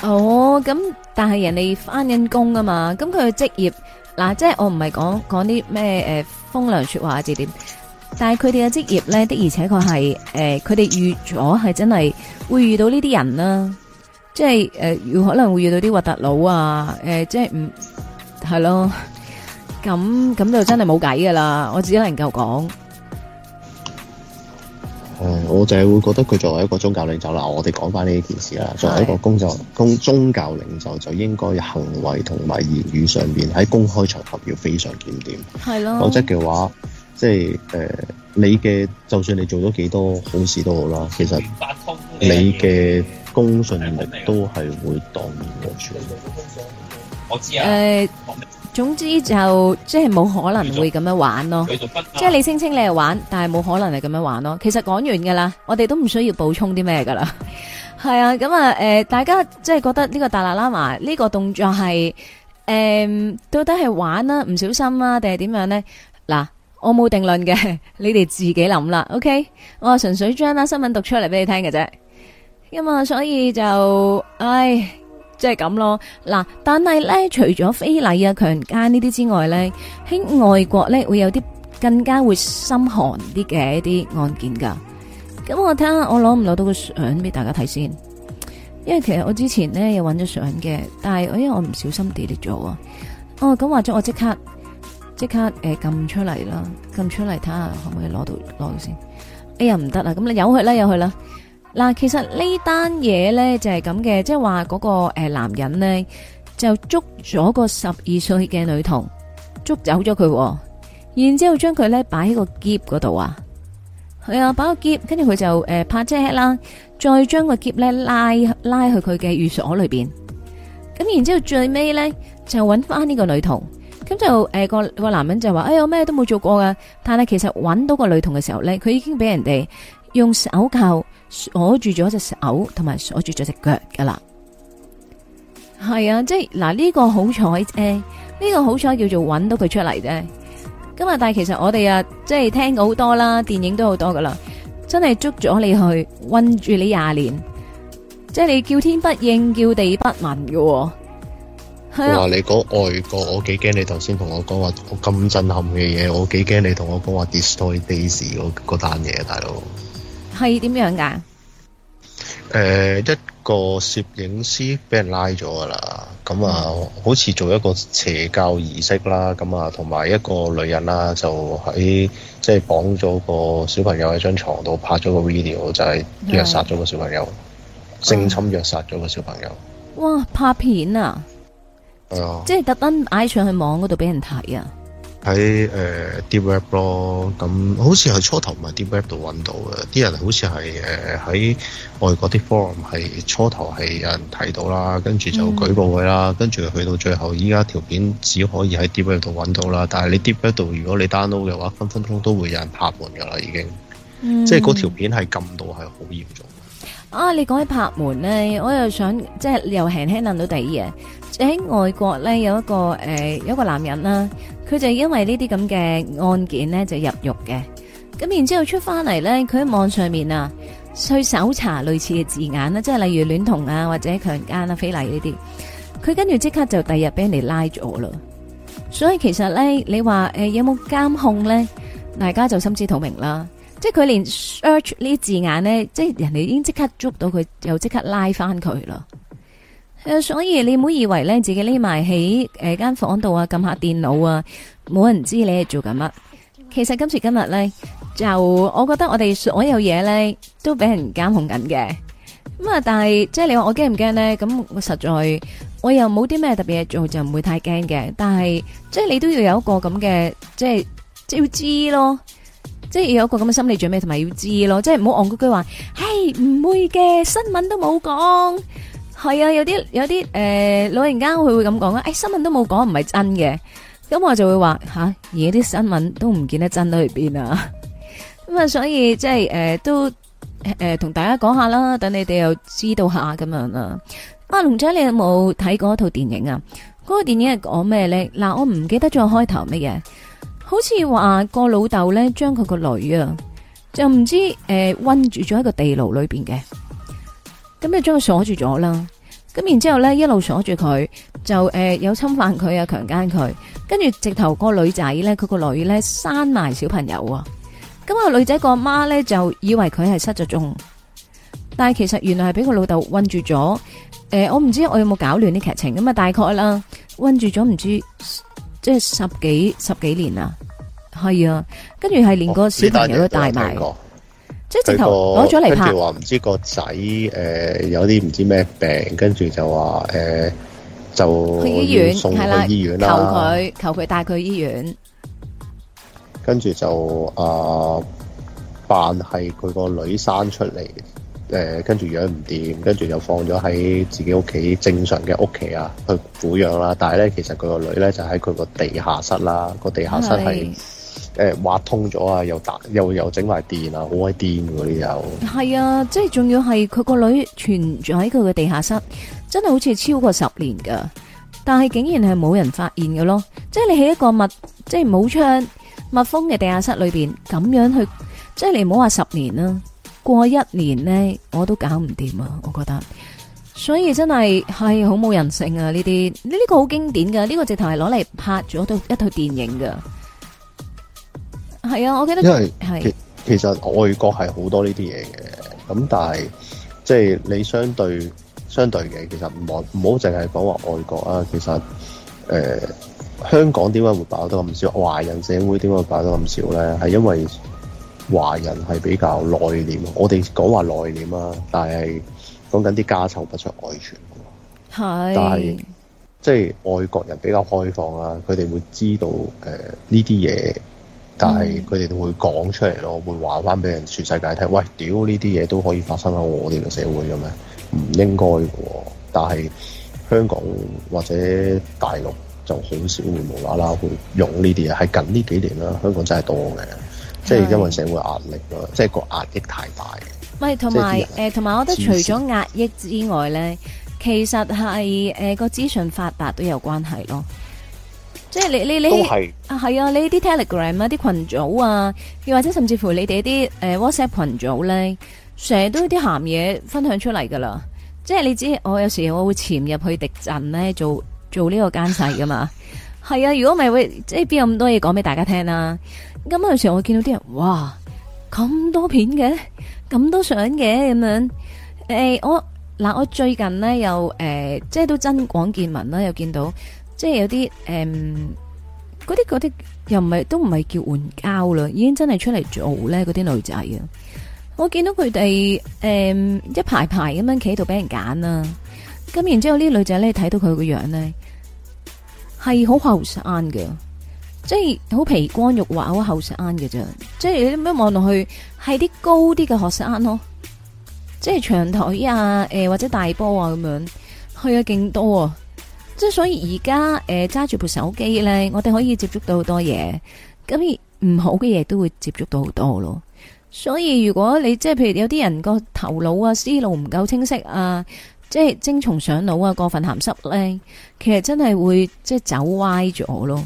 哦，咁但係人哋翻緊工啊嘛，咁佢嘅職業嗱、啊，即係我唔係講講啲咩誒風涼説話之類。但係佢哋嘅職業咧，的而且確係，誒、呃，佢哋預咗係真係會遇到呢啲人啦、啊，即係，誒、呃，可能會遇到啲核突佬啊，誒、呃，即係唔係咯，咁咁就真係冇計噶啦，我只能夠講。誒、嗯，我就係會覺得佢作為一個宗教領袖，嗱，我哋講翻呢件事啦，作為一個公宗教領袖就應該行為同埋言語上面喺公開場合要非常檢點，係咯，否則嘅話。即係誒、呃，你嘅就算你做咗幾多好事都好啦，其實你嘅公信力都係會當面嘅處理。我知啊。誒，總之就即係冇可能會咁樣玩咯。即係你聲稱你係玩，但係冇可能係咁樣玩咯。其實講完㗎啦，我哋都唔需要補充啲咩㗎啦。係 啊，咁啊誒，大家即係覺得呢個達賴喇嘛呢、呢個動作係誒、呃，到底係玩啦、啊、唔小心啊，定係點樣咧？嗱。我冇定論嘅，你哋自己諗啦。OK，我純粹將啲新聞讀出嚟俾你聽嘅啫。咁啊，所以就，唉，即係咁咯。嗱，但係咧，除咗非禮啊、強奸呢啲之外咧，喺外國咧會有啲更加會心寒啲嘅一啲案件噶。咁我睇下我攞唔攞到個相俾大家睇先。因為其實我之前咧有揾咗相嘅，但係、哎、我因為我唔小心 delete 咗。哦，咁話咗我即刻。即刻誒撳、呃、出嚟啦，撳出嚟睇下可唔可以攞到攞到先。哎呀唔得啦，咁你由佢啦由佢啦。嗱，其實呢單嘢咧就係咁嘅，即係話嗰個、呃、男人咧就捉咗個十二歲嘅女童，捉走咗佢、哦，然之後將佢咧擺喺個篋嗰度啊。係、嗯、啊，擺個篋，跟住佢就誒、呃、拍車啦，再將個篋咧拉拉去佢嘅寓所裏面。咁然之後最尾咧就揾翻呢個女童。咁就誒個、呃，那個男人就話呀、哎，我咩都冇做過噶，但係其實揾到個女童嘅時候咧，佢已經俾人哋用手銬鎖住咗隻手，同埋鎖住咗隻腳噶啦。係啊，即係嗱呢個好彩誒、呢、欸這個好彩叫做揾到佢出嚟啫。今日但係其實我哋啊，即係聽過好多啦，電影都好多噶啦，真係捉咗你去韞住你廿年，即係你叫天不應叫地不聞噶、哦。話、啊、你講外國，我幾驚你頭先同我講話咁震撼嘅嘢，我幾驚你同我講話 Destroy Days 嗰嗰單嘢，大佬係點樣噶？誒、呃，一個攝影師俾人拉咗噶啦，咁啊，嗯、好似做一個邪教儀式啦，咁啊，同埋一個女人啦、啊，就喺即係綁咗個小朋友喺張床度拍咗個 video，就係虐殺咗個小朋友，性、啊、侵虐殺咗個小朋友、哦。哇！拍片啊！啊、即係特登嗌上去網嗰度俾人睇啊！喺誒 Deep Web 咯，咁好似係初頭唔係 Deep Web 度揾到嘅，啲人好似係誒喺外國啲 Forum 係初頭係有人睇到啦，跟住就舉報佢啦、嗯，跟住去到最後依家條片只可以喺 Deep Web 度揾到啦，但係你 Deep Web 度如果你 download 嘅話，分分鐘都會有人拍門噶啦，已經，嗯、即係嗰條片係禁到係好嚴重。啊，你講起拍門咧，我又想即係又輕輕諗到第二嘢。喺外國咧，有一個誒、呃、有一個男人啦，佢就因為呢啲咁嘅案件咧就入獄嘅，咁然之後出翻嚟咧，佢喺網上面啊去搜查類似嘅字眼啦，即係例如戀童啊或者強姦啊非禮呢啲，佢跟住即刻就第日俾人哋拉咗喇。所以其實咧，你話誒，有冇監控咧，大家就心知肚明啦。即係佢連 search 呢啲字眼咧，即係人哋已經即刻捉到佢，又即刻拉翻佢喇。誒，所以你唔好以為咧，自己匿埋喺誒間房度啊，撳下電腦啊，冇人知你係做緊乜。其實今時今日咧，就我覺得我哋所有嘢咧，都俾人監控緊嘅。咁啊，但係即係你話我驚唔驚咧？咁我實在我又冇啲咩特別嘢做，就唔會太驚嘅。但係即係你都要有一個咁嘅，即係即係要知咯。即係要有一個咁嘅心理準備，同埋要知咯。即係唔好戇居居話，係唔會嘅，新聞都冇講。係啊，有啲有啲誒、呃、老人家佢會咁講啊，誒、哎、新聞都冇講，唔係真嘅，咁、嗯、我就會話吓、啊、而家啲新聞都唔見得真到去邊啊，咁、嗯、啊所以即係誒、呃、都誒同、呃、大家講下啦，等你哋又知道下咁樣啊。阿龍仔，你有冇睇過一套電影，電影啊？嗰個電影係講咩咧？嗱，我唔記得咗開頭乜嘢，好似話個老豆咧將佢個女啊，就唔知誒温、呃、住咗一個地牢裏邊嘅。咁就將佢鎖住咗啦，咁然之後咧一路鎖住佢，就誒、呃、有侵犯佢啊，強奸佢，跟住直頭個女仔咧，佢、個女咧生埋小朋友啊，咁啊女仔個阿媽咧就以為佢係失咗蹤，但係其實原來係俾個老豆韫住咗，誒、呃、我唔知我有冇搞亂啲劇情咁啊大概啦韫住咗唔知即係十,十幾十幾年啊，係啊，跟住係連個小朋友都帶埋。哦即係直頭攞咗嚟拍，跟住話唔知個仔誒有啲唔知咩病，跟住就話誒、呃、就去醫院，送去醫院啦，求佢求佢帶佢去醫院，跟住就啊扮係佢個女生出嚟，誒跟住養唔掂，跟住就放咗喺自己屋企正常嘅屋企啊去撫養啦，但係咧其實佢個女咧就喺佢個地下室啦，個地下室係。誒、欸、挖通咗啊！又打又又整埋電啊！好鬼癲嗰啲又係啊！即係仲要係佢個女存在喺佢嘅地下室，真係好似超過十年㗎。但係竟然係冇人發現嘅咯！即係你喺一個密即係冇窗密封嘅地下室裏面咁樣去，即係你唔好話十年啦，過一年呢，我都搞唔掂啊！我覺得，所以真係係好冇人性啊！呢啲呢個好經典㗎。呢、呢個直頭係攞嚟拍咗套一套電影㗎。係啊，我記得，因為其其實外國係好多呢啲嘢嘅，咁但係即係你相對相對嘅，其實唔好唔好淨係講話外國啊。其實誒、呃，香港點解會爆得咁少？華人社會點解會爆得咁少咧？係因為華人係比較內斂，我哋講話內斂啊，但係講緊啲家醜不出外傳。係，但係即係外國人比較開放啊，佢哋會知道誒呢啲嘢。呃但係佢哋會講出嚟咯、嗯，會話翻俾人全世界聽。喂，屌呢啲嘢都可以發生喺我哋嘅社會㗎咩？唔應該喎！但係香港或者大陸就好少會無啦啦會用呢啲嘢。喺近呢幾年啦，香港真係多嘅，即係因為社會壓力啦，即係個壓力太大。唔係同埋誒，同埋、就係呃、我覺得除咗壓抑之外咧，其實係誒個資訊發達都有關係咯。即係你你你啊係啊，你啲 Telegram 啊啲群組啊，又或者甚至乎你哋啲誒 WhatsApp 群組咧，成日都有啲鹹嘢分享出嚟噶啦。即係你知，我有時我會潛入去敵陣咧做做呢個奸細噶嘛。係 啊，如果咪係會即係邊有咁多嘢講俾大家聽啦，啊。咁有時我會見到啲人，哇，咁多片嘅，咁多相嘅，咁樣。誒、欸，我嗱我最近咧又誒，即係都增廣見聞啦，又見到。即係有啲誒，嗰啲啲又唔係都唔係叫援交啦，已經真係出嚟做咧。嗰啲女仔啊，我見到佢哋誒一排排咁樣企喺度俾人揀啊。咁然之後啲女仔咧睇到佢個樣咧，係好後生㗎，即係好皮光肉滑好後生㗎啫。即係你咁樣望落去係啲高啲嘅學生咯，即係長腿啊，誒、呃、或者大波啊咁樣去嘅勁多、啊。即所以而家誒揸住部手機咧，我哋可以接觸到好多嘢，咁唔好嘅嘢都會接觸到好多咯。所以如果你即係譬如有啲人個頭腦啊，思路唔夠清晰啊，即係精蟲上腦啊過分咸濕咧，其實真係會即係走歪咗咯。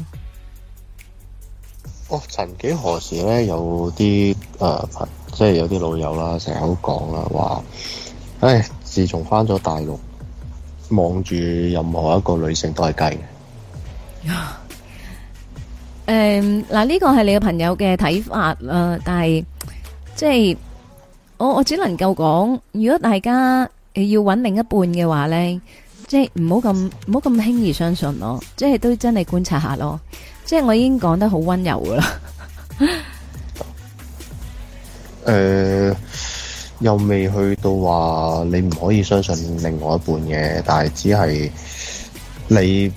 哦，曾幾何時咧，有啲誒、呃、即係有啲老友啦成日講啦，話，唉自從翻咗大陸。望住任何一個女性都係雞嘅。誒、嗯，嗱，呢個係你嘅朋友嘅睇法啊，但係即係我我只能夠講，如果大家要揾另一半嘅話呢，即係唔好咁，唔好咁輕易相信咯，即、就、係、是、都真係觀察下咯。即、就、係、是、我已經講得好温柔噶啦。誒、 嗯。又未去到話，你唔可以相信另外一半嘅，但係只係你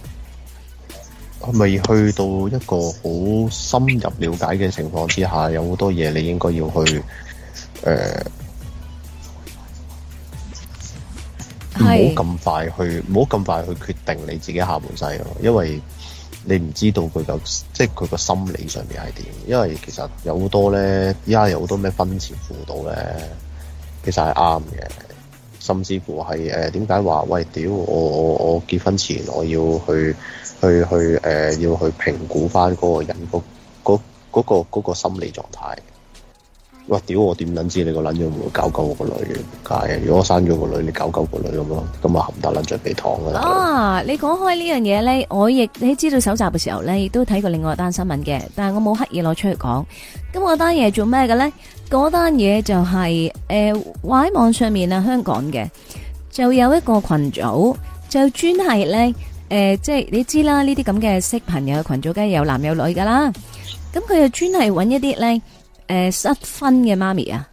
未去到一個好深入了解嘅情況之下，有好多嘢，你應該要去誒，唔好咁快去，唔好咁快去決定你自己下半世，咯，因為你唔知道佢個即係佢個心理上面係點。因為其實有好多咧，依家有好多咩婚前輔導咧。其實係啱嘅，甚至乎係誒點解話，喂屌我我我結婚前我要去去去誒、呃、要去評估翻嗰個人嗰、嗰個嗰、嗰個嗰個心理狀態。哇！屌我點撚知你個撚樣會搞鳩我個女嘅？假啊！如果我生咗個女，你搞鳩個女咁樣，咁啊含得撚著鼻糖噶啦！啊！你講開呢樣嘢咧，我亦喺資料蒐集嘅時候咧，亦都睇過另外單新聞嘅，但係我冇刻意攞出去講。咁我單嘢做咩嘅咧？嗰單嘢就係、是、誒，喺、呃、網上面啊，香港嘅就有一個群組，就專係咧誒，即、呃、係、就是、你知啦，呢啲咁嘅識朋友嘅群組，梗係有男有女噶啦。咁佢就專係揾一啲咧。誒，失婚嘅媽咪啊，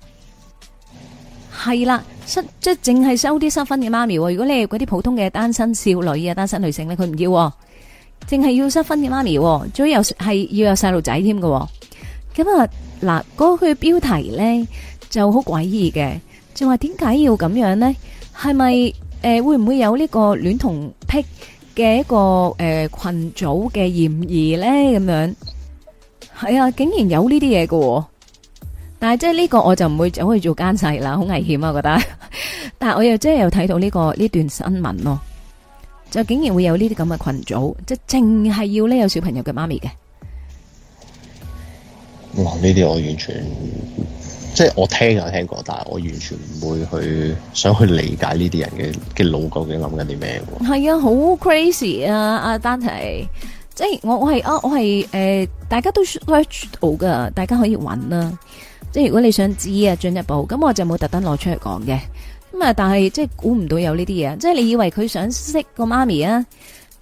係啦，失即係淨係收啲失婚嘅媽咪喎。如果你係嗰啲普通嘅單身少女啊，單身女性咧，佢唔要，淨係要失婚嘅媽咪，仲要有係要有細路仔添㗎。咁啊，嗱嗰個標題咧就好詭異嘅，就話點解要咁樣咧？係咪誒會唔會有呢個戀童癖嘅一個誒群組嘅嫌疑咧？咁樣係啊，竟然有呢啲嘢㗎。但係即係呢個我就唔會走去做奸細啦，好危險啊！我覺得， 但係我又真係有睇到呢、這個呢段新聞咯，就竟然會有呢啲咁嘅群組，即係淨係要呢有小朋友嘅媽咪嘅。哇！呢啲我完全即係我聽又聽過，但係我完全唔會去想去理解呢啲人嘅嘅腦究竟諗緊啲咩。係啊，好、啊、crazy 啊！阿丹提，即係我我係啊，我係誒、呃，大家都 search 到噶，大家可以揾啦、啊。即係如果你想知啊進一步，咁我就冇特登攞出嚟講嘅。咁啊，但係即係估唔到有呢啲嘢。即係你以為佢想識個媽咪啊，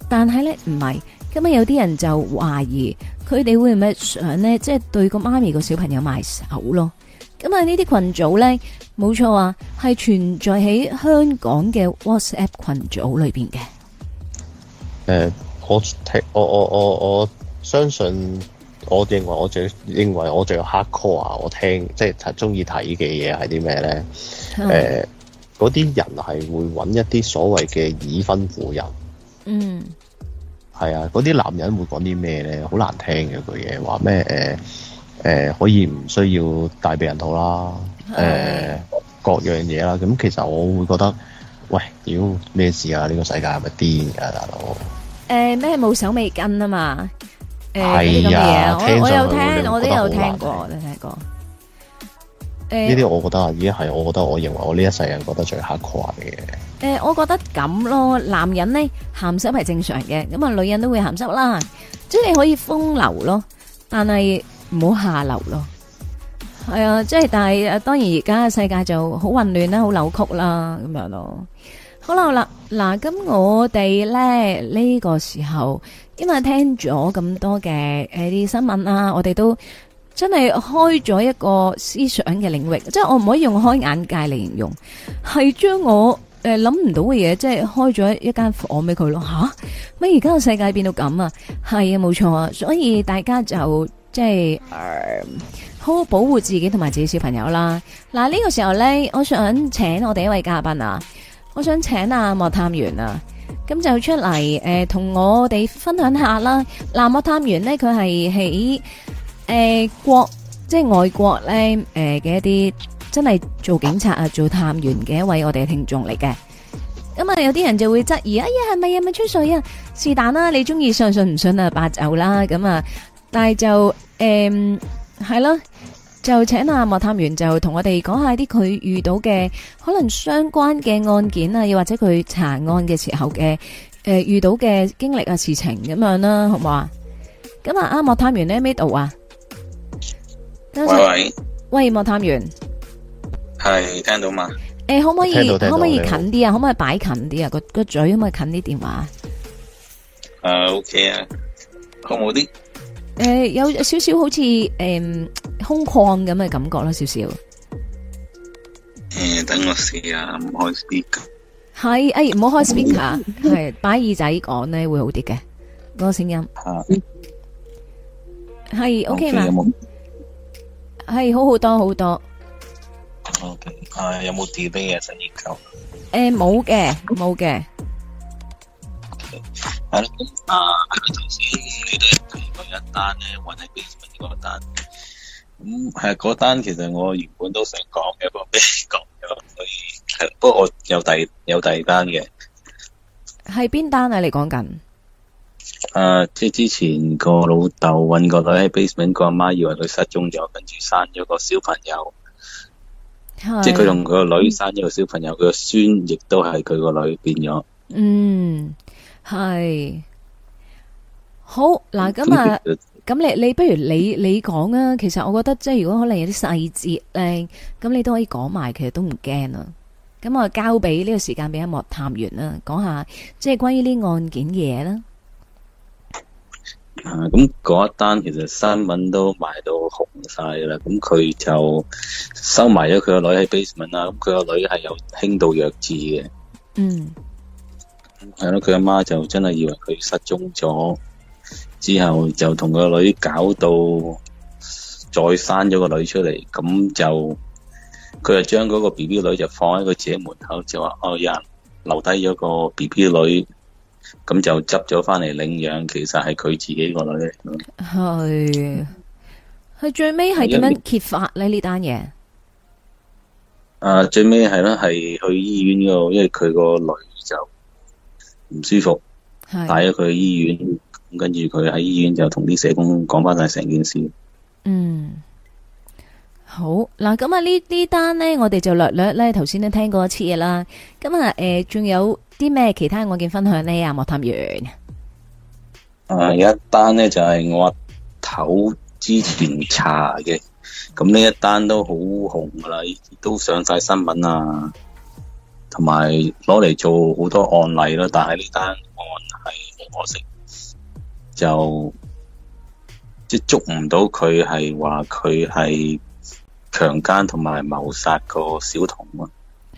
但係咧唔係。咁啊，有啲人就懷疑佢哋會唔會想咧，即係對個媽咪個小朋友賣手咯。咁啊，呢啲群組咧，冇錯啊，係存在喺香港嘅 WhatsApp 群組裏邊嘅。誒、呃，我我我我我相信。我認為我最認為我最有 hardcore 啊！我聽即係中意睇嘅嘢係啲咩咧？誒，嗰、uh、啲 -huh. 呃、人係會揾一啲所謂嘅已婚婦人。嗯，係啊，嗰啲男人會講啲咩咧？好難聽嘅句嘢，話咩誒誒可以唔需要戴避孕套啦，誒、呃 uh -huh. 各樣嘢啦。咁其實我會覺得，喂，屌、呃、咩事啊？呢、這個世界係咪癲㗎，大佬？誒咩冇手尾跟啊嘛？係呀，我有聽，我都有聽過，都聽過。誒，呢啲我覺得啊，依家係我覺得我認為我呢一世人覺得最黑怪嘅。誒，我覺得咁咯，男人咧鹹濕係正常嘅，咁啊女人都會鹹濕啦，即係你可以風流咯，但係唔好下流咯。係啊，即係但係當然而家嘅世界就好混亂啦，好扭曲啦，咁樣咯。好啦好啦，嗱咁我哋咧呢，這個時候，因為聽咗咁多嘅誒啲新聞啦，啊，我哋都真係開咗一個思想嘅領域，即係我唔可以用開眼界嚟形容，係將我誒諗唔到嘅嘢，即係開咗一間房俾佢咯吓。咪而家個世界變到咁啊，係啊冇錯啊，所以大家就即係誒，呃，好，好保護自己同埋自己小朋友啦。嗱呢個時候咧，我想請我哋一位嘉賓啊。我想請阿莫探員啊，咁就出嚟誒，同、呃、我哋分享下啦。嗱，莫探員咧，佢係喺誒國，即係外國咧誒嘅一啲真係做警察啊，做探員嘅一位我哋嘅聽眾嚟嘅。咁啊，有啲人就會質疑，哎呀，係咪啊咪吹水啊？是但啦，你中意相信唔信啊？八九、呃、啦，咁啊，但係就誒，係咯。就請阿、啊、莫探員就同我哋講下啲佢遇到嘅可能相關嘅案件啊，又或者佢查案嘅時候嘅誒、呃、遇到嘅經歷啊、事情咁樣啦、啊，好唔好啊？咁啊，阿莫探員咧喺呢度啊。喂喂，喂莫探員係聽到嘛？誒、欸，可唔可以可唔可以近啲啊？可唔可以擺近啲啊？個個嘴可唔可以近啲電話？啊、uh,，OK 啊，好唔好啲？誒，有少少好似誒空曠咁嘅感覺啦，少少。誒，等我試下唔開 speaker。係，哎唔好開 speaker，係擺耳仔講咧會好啲嘅，嗰個聲音。啊。係，OK 嘛？係好好多好多。OK，啊有冇 display 嘅新要求？誒，冇嘅，冇嘅。係啦，咁 啊頭先你哋提過一單咧，揾喺 basement 嗰單，咁係啊嗰單其實我原本都想講嘅，講嘅，所以係不過我有第有第二單嘅，係邊單啊？你講緊？誒、啊，即係之前個老豆揾個女喺 basement，個阿媽以為佢失蹤咗，跟住生咗個小朋友，即係佢同佢個女生咗個小朋友，佢個孫亦都係佢個女變咗，嗯。係好嗱，咁咪咁你你不如你你講啊。其實我覺得即係如果可能有啲細節咧，咁你都可以講埋，其實都唔驚啊。咁我交俾呢個時間俾阿莫探員啦，講下即係、就是、關於呢案件嘅嘢啦。啊，咁嗰一單其實新聞都埋到紅晒啦。咁佢就收埋咗佢個女喺 basement 啦。咁佢個女係有輕度弱智嘅。嗯。係咯，佢阿媽就真係以為佢失蹤咗，之後就同個女搞到再生咗個女出嚟，咁就佢就將嗰個 BB 女就放喺佢自己門口，就話哦呀，留低咗個 BB 女，咁就執咗翻嚟領養，其實係佢自己個女。係，佢最尾係點樣揭發咧？呢單嘢？啊，最尾係咯，係去醫院個，因為佢個女就。唔舒服，帶咗佢去醫院，跟住佢喺醫院就同啲社工講翻晒成件事。嗯，好嗱，咁啊呢呢單咧，我哋就略略咧，頭先都聽過一次嘅啦。咁啊，誒、呃，仲有啲咩其他案件分享呢？啊？莫探員，誒、啊，有一單咧就係、是、我頭之前查嘅，咁呢一單都好紅噶啦，都上晒新聞啊！同埋攞嚟做好多案例咯，但係呢單案係冇可惜，就即係捉唔到佢，係話佢係強姦同埋謀殺個小童啊。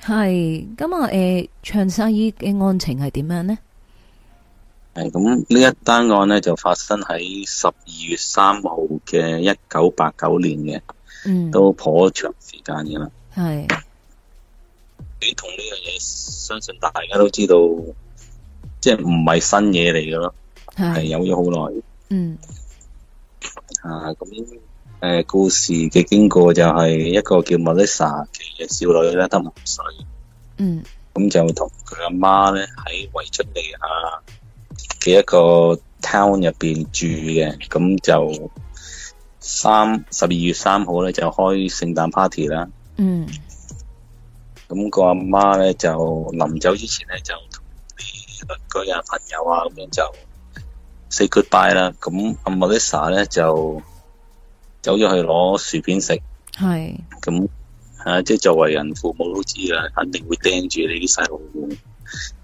係咁啊，誒、呃，長沙爾嘅案情係點樣呢？係，咁呢一單案咧就發生喺十二月三號嘅一九八九年嘅，嗯，都頗長時間噶啦。係。同呢樣嘢，相信大家都知道，嗯、即係唔係新嘢嚟嘅咯，係有咗好耐。嗯。啊，咁誒、呃，故事嘅經過就係一個叫 Melissa 嘅少女咧，得五歲。嗯。咁就同佢阿媽咧喺維吉尼亞嘅一個 town 入邊住嘅，咁就三十二月三號咧就開聖誕 party 啦。嗯。咁、那個阿媽咧就臨走之前咧就同啲鄰居啊、朋友啊咁樣就 say goodbye 啦。咁 Amelia 咧就走咗去攞薯片食。係。咁啊，即係作為人父母都知啦，肯定會盯住你啲細路。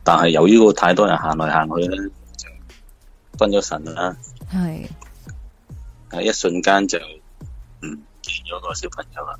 但係由於個太多人行來行去咧，就分咗神啦。係。喺、啊、一瞬間就唔、嗯、見咗個小朋友啦。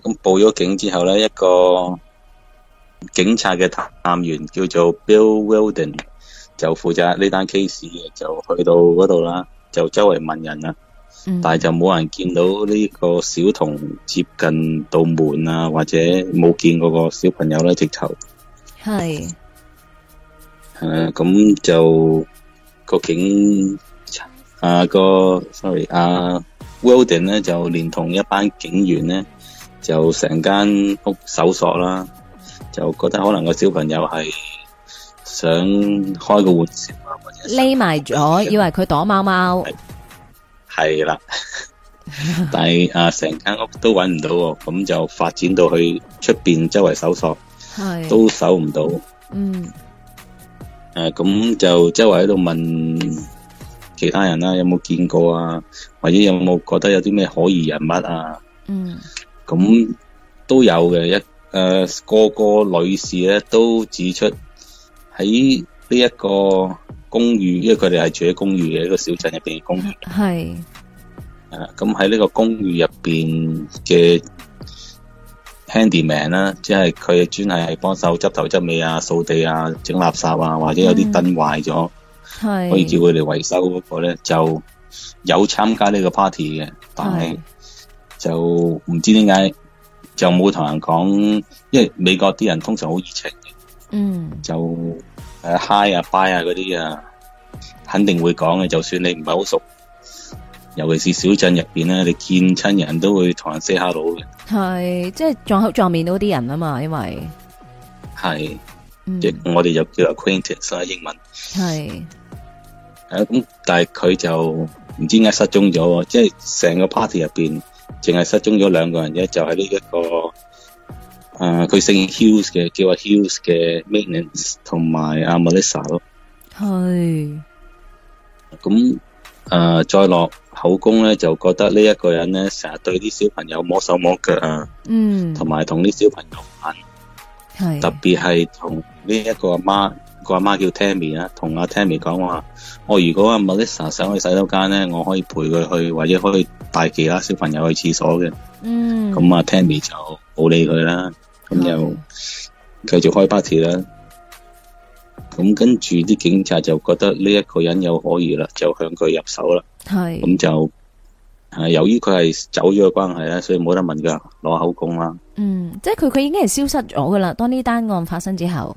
咁報咗警之後咧，一個警察嘅探員叫做 Bill Weldon 就負責呢單 case，就去到嗰度啦，就周圍問人啦，但係就冇人見到呢個小童接近到門啊，或者冇見過個小朋友咧直頭係，誒，咁就個警啊個 sorry 啊 Weldon 咧，就連同一班警員咧。就成間屋搜索啦，就覺得可能個小朋友係想開個活線匿埋咗，以為佢躲貓貓。係啦， 但係啊，成間屋都揾唔到，咁就發展到去出邊周圍搜索，係，都搜唔到。嗯，誒、啊，咁就周圍喺度問其他人啦，有冇見過啊？或者有冇覺得有啲咩可疑人物啊？嗯。咁都有嘅一，誒個個女士咧，都指出喺呢一個公寓，因為佢哋係住喺公寓嘅一個小鎮入邊嘅公寓係。啊，咁喺呢個公寓入邊嘅 handyman 啦，即係佢專係係幫手執頭執尾啊、掃地啊、整垃圾啊，或者有啲燈壞咗，係可以叫佢哋維修嗰個咧，就有參加呢個 party 嘅，但係。就唔知點解就冇同人講，因為美國啲人通常好熱情嘅，嗯，就誒 hi 啊 bye 啊嗰啲啊，肯定會講嘅，就算你唔係好熟，尤其是小鎮入邊咧，你見親人都會同人 say hello 嘅。係，即係撞口撞面到啲人啊嘛，因為係、嗯啊，即我哋又叫 acquainted 啊，英文係，誒，咁，但係佢就唔知點解失蹤咗，即係成個 party 入邊。淨係失蹤咗兩個人啫，就係呢一個誒，佢姓 Hughes 嘅，叫阿 Hughes 嘅 Maintenance，同埋阿 Melissa 咯。係咁誒，再落口供咧，就覺得呢一個人咧，成日對啲小朋友摸手摸腳啊，嗯，同埋同啲小朋友玩，係特別係同呢一個阿媽。那個阿媽叫 Tammy 啊，同阿 Tammy 講話，我如果阿 Melissa 想去洗手間咧，我可以陪佢去，或者可以帶其他小朋友去廁所嘅。嗯，咁啊，Tammy 就冇理佢啦，咁又繼續開 party 啦。咁跟住啲警察就覺得呢一個人有可疑啦，就向佢入手啦。係，咁就啊，由於佢係走咗嘅關係咧，所以冇得問噶，攞口供啦。嗯，即係佢佢已經係消失咗噶啦。當呢單案發生之後。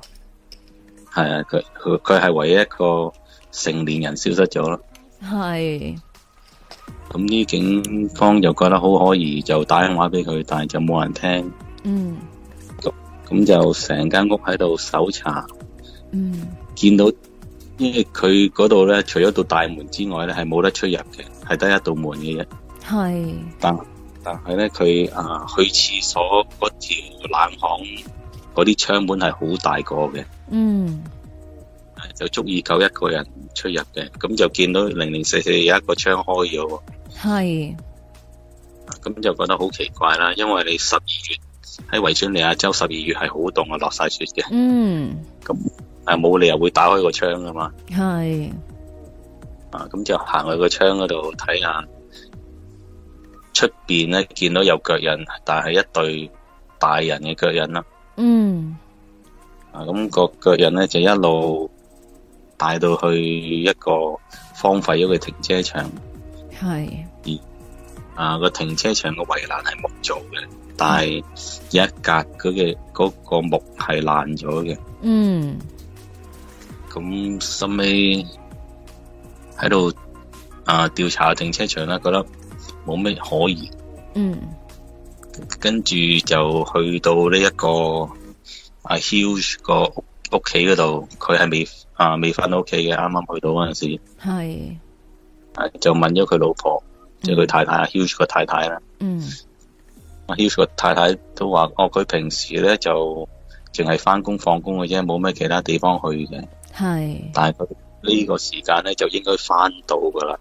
係啊，佢佢佢係唯一一個成年人消失咗咯。係。咁啲警方又覺得好可疑，就打電話俾佢，但係就冇人聽。嗯。咁就成間屋喺度搜查。嗯。見到因為佢嗰度咧，除咗道大門之外咧，係冇得出入嘅，係得一道門嘅啫。係。但但係咧，佢啊去廁所嗰條冷巷，嗰啲窗門係好大個嘅，嗯，就足以夠一個人出入嘅，咁就見到零零四四有一個窗開咗，係，咁就覺得好奇怪啦，因為你十二月喺維珍尼亞州十二月係好凍啊，落晒雪嘅，嗯，咁係冇理由會打開個窗噶嘛，係，啊咁就行去個窗嗰度睇下，出邊咧見到有腳印，但係一對大人嘅腳印啦。嗯，啊咁個腳印咧就一路帶到去一個荒廢咗嘅停車場，係，啊個停車場個圍欄係木造嘅，但係有一格嗰嘅嗰個木係爛咗嘅，嗯，咁後尾喺度啊調查停車場啦，覺得冇咩可疑，嗯。跟住就去到呢一個阿 Huge 個屋屋企嗰度，佢係未啊未翻到屋企嘅，啱啱去到嗰陣時係，就問咗佢老婆，即係佢太太阿 Huge 個太太啦。嗯，阿 Huge 個太太都話，哦，佢平時咧就淨係翻工放工嘅啫，冇咩其他地方去嘅。係，但係佢呢個時間咧就應該翻到噶啦。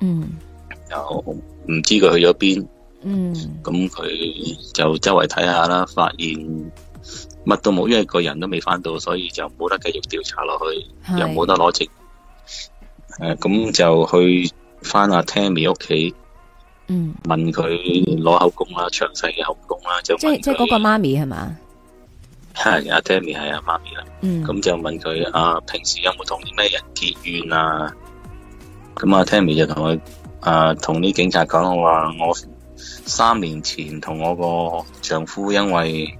嗯，就唔知佢去咗邊。嗯，咁佢就周圍睇下啦，發現乜都冇，因為個人都未翻到，所以就冇得繼續調查落去，又冇得攞證。誒、呃，咁就去翻阿 Tammy 屋企，嗯，問佢攞口供啦，詳細嘅口供啦，即係即係嗰個媽咪係嘛？係阿 Tammy 係阿媽咪啦。咁就問佢、那個嗯、啊，平時有冇同啲咩人結怨啊？咁啊，Tammy 就同佢啊，同啲警察講話我，三年前同我個丈夫因為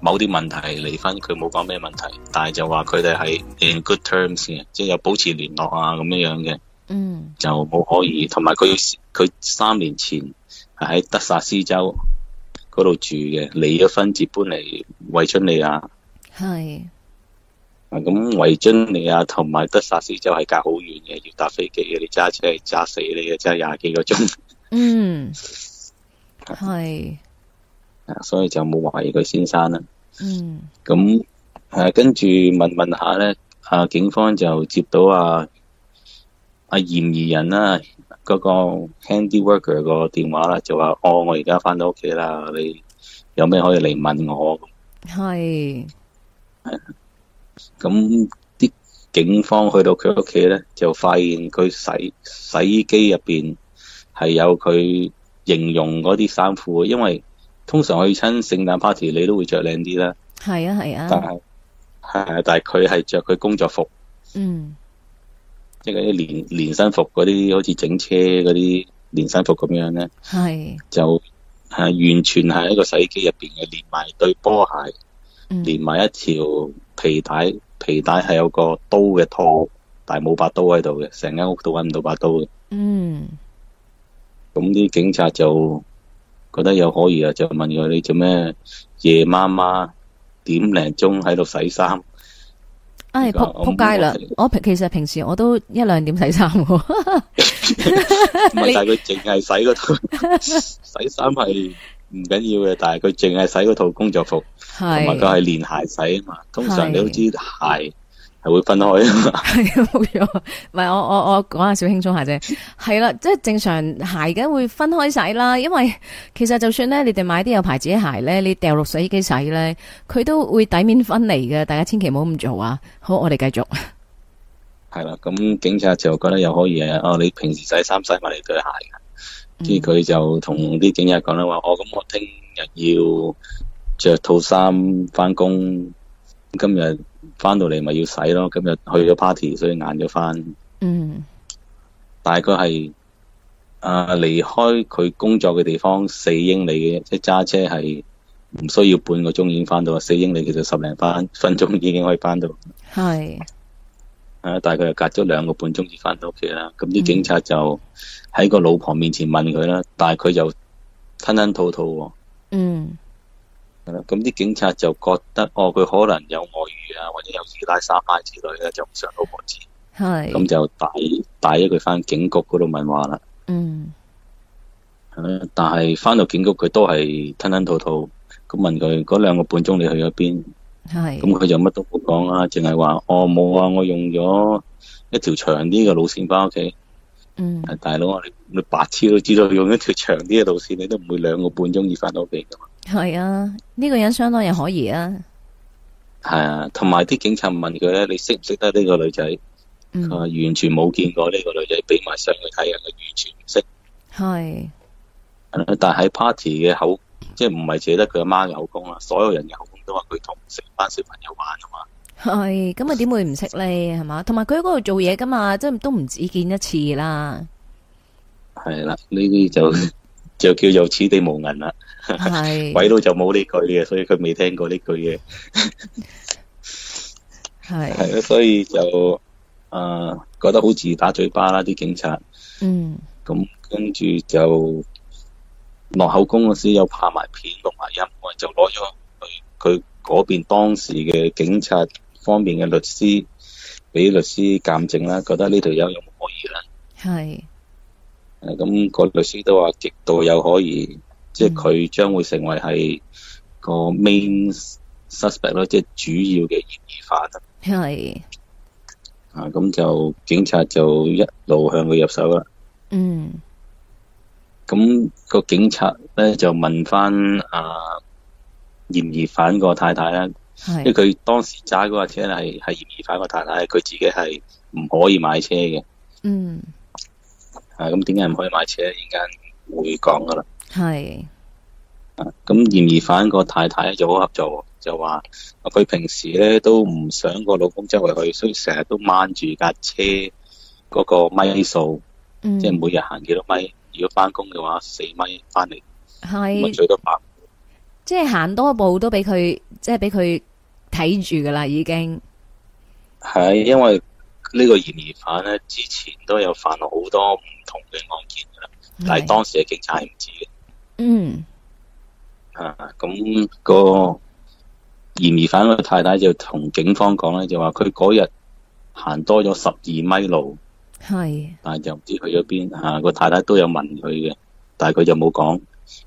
某啲問題離婚，佢冇講咩問題，但係就話佢哋係 in good terms 嘅，即係有保持聯絡啊咁樣樣嘅。嗯、mm.，就冇可以。同埋佢佢三年前係喺德薩斯州嗰度住嘅，離咗婚接搬嚟維珍尼亞。係啊，咁維珍尼亞同埋德薩斯州係隔好遠嘅，要搭飛機嘅，你揸車揸死你嘅，揸廿幾個鐘。 嗯，係，啊，所以就冇懷疑佢先生啦。嗯，咁誒，跟、啊、住問問下咧，啊，警方就接到啊，啊，嫌疑人啦、啊，嗰、嗰個 handy worker 個電話啦，就話：哦，我而家返到屋企啦，你有咩可以嚟問我？係，係、啊，咁啲警方去到佢屋企咧，就發現佢洗洗衣機入邊。係有佢形容嗰啲衫褲，因為通常去親聖誕 party 你都會着靚啲啦。係啊係啊，啊，但係係啊，但係佢係着佢工作服。嗯，即係嗰啲連連身服嗰啲，好似整車嗰啲連身服咁樣咧。係就係、啊、完全係一個洗衣機入邊嘅，連埋對波鞋，嗯、連埋一條皮帶，皮帶係有個刀嘅套，但係冇把刀喺度嘅，成間屋都搵唔到把刀嘅。嗯。咁啲警察就覺得有可疑啊，就問佢，你做咩夜媽媽點零鐘喺度洗衫？哎，撲撲街啦！我其實平時我都一兩點洗衫。唔係，但係佢淨係洗嗰套。洗衫係唔緊要嘅，但係佢淨係洗嗰套工作服，同埋佢係連鞋洗啊嘛。通常你都知鞋。係會分開啊嘛， 係冇錯，唔係我我我講下笑輕鬆下啫，係啦，即係正常鞋梗會分開洗啦，因為其實就算咧，你哋買啲有牌子嘅鞋咧，你掉落洗衣機洗咧，佢都會底面分離嘅，大家千祈唔好咁做啊！好，我哋繼續。係啦，咁警察就覺得又可以啊，哦，你平時洗衫洗埋你對鞋，嗯、然後跟住佢就同啲警察講啦話，咁、哦、我聽日要着套衫翻工，今日。翻到嚟咪要洗咯，今日去咗 party，所以晏咗翻。嗯，大概係誒離開佢工作嘅地方四英里嘅，即係揸車係唔需要半個鐘已經翻到啦，四英里其實十零分分鐘已經可以翻到。係，誒，但係佢又隔咗兩個半鐘至翻到屋企啦。咁啲警察就喺個老婆面前問佢啦，但係佢就吞吞吐吐啊。嗯。咁啲警察就覺得哦，佢可能有外遇啊，或者有事拉沙拉之類咧，就唔想老婆知。係，咁就帶帶咗佢翻警局嗰度問話啦。嗯。誒，但係翻到警局佢都係吞吞吐吐，咁問佢嗰兩個半鐘你去咗邊？係。咁佢就乜都冇講啊，淨係話我冇啊，我用咗一條長啲嘅路線翻屋企。嗯。大佬，啊，你白痴都知道佢用一條長啲嘅路線，你都唔會兩個半鐘而翻到屋企噶嘛？係啊，呢、這個人相當可疑啊。係啊，同埋啲警察問佢咧，你識唔識得呢個女仔？佢、嗯、話、啊、完全冇見過呢個女仔，俾埋上去睇人嘅完全唔識。係、嗯，但係喺 party 嘅口，即係唔係只得佢阿媽嘅口供啊，所有人嘅口供都話佢同成班小朋友玩啊嘛。係，咁啊點會唔識咧？係嘛，同埋佢喺嗰度做嘢㗎嘛，即係都唔只見一次啦。係啦、啊，呢啲就就叫做此地無銀啦。係，鬼佬就冇呢句嘅，所以佢未聽過呢句嘢。係，係啦，所以就誒、啊、覺得好似打嘴巴啦，啲警察。嗯。咁跟住就落口供嗰時又拍埋片錄埋音，就攞咗佢佢嗰邊當時嘅警察方面嘅律師俾律師鑑證啦，覺得呢條友有冇可疑啦。係。誒，咁個律師都話極度有可疑。即係佢將會成為係個 main suspect 咯，即係主要嘅嫌疑犯。因、really? 為啊，咁就警察就一路向佢入手啦。Mm. 嗯，咁、個警察咧就問翻啊嫌，嫌疑犯個太太啦，因為佢當時揸嗰架車係係嫌疑犯個太太，佢自己係唔可以買車嘅。嗯、mm. 啊，啊咁點解唔可以買車？而家會講噶啦。係，咁嫌疑犯個太太就好合作，就話佢平時咧都唔想個老公周圍去，所以成日都掹住架車嗰個米數、嗯，即係每日行幾多米。如果翻工嘅話，四米翻嚟，唔最多百步，即係行多一步都俾佢，即係俾佢睇住噶啦，已經。係，因為呢個嫌疑犯咧之前都有犯好多唔同嘅案件噶啦，但係當時嘅警察係唔知嘅。嗯，咁、啊個嫌疑犯個太太就同警方講咧，就話佢嗰日行多咗十二米路，係，但係就唔知去咗邊。啊，個太太都有問佢嘅，但係佢就冇講，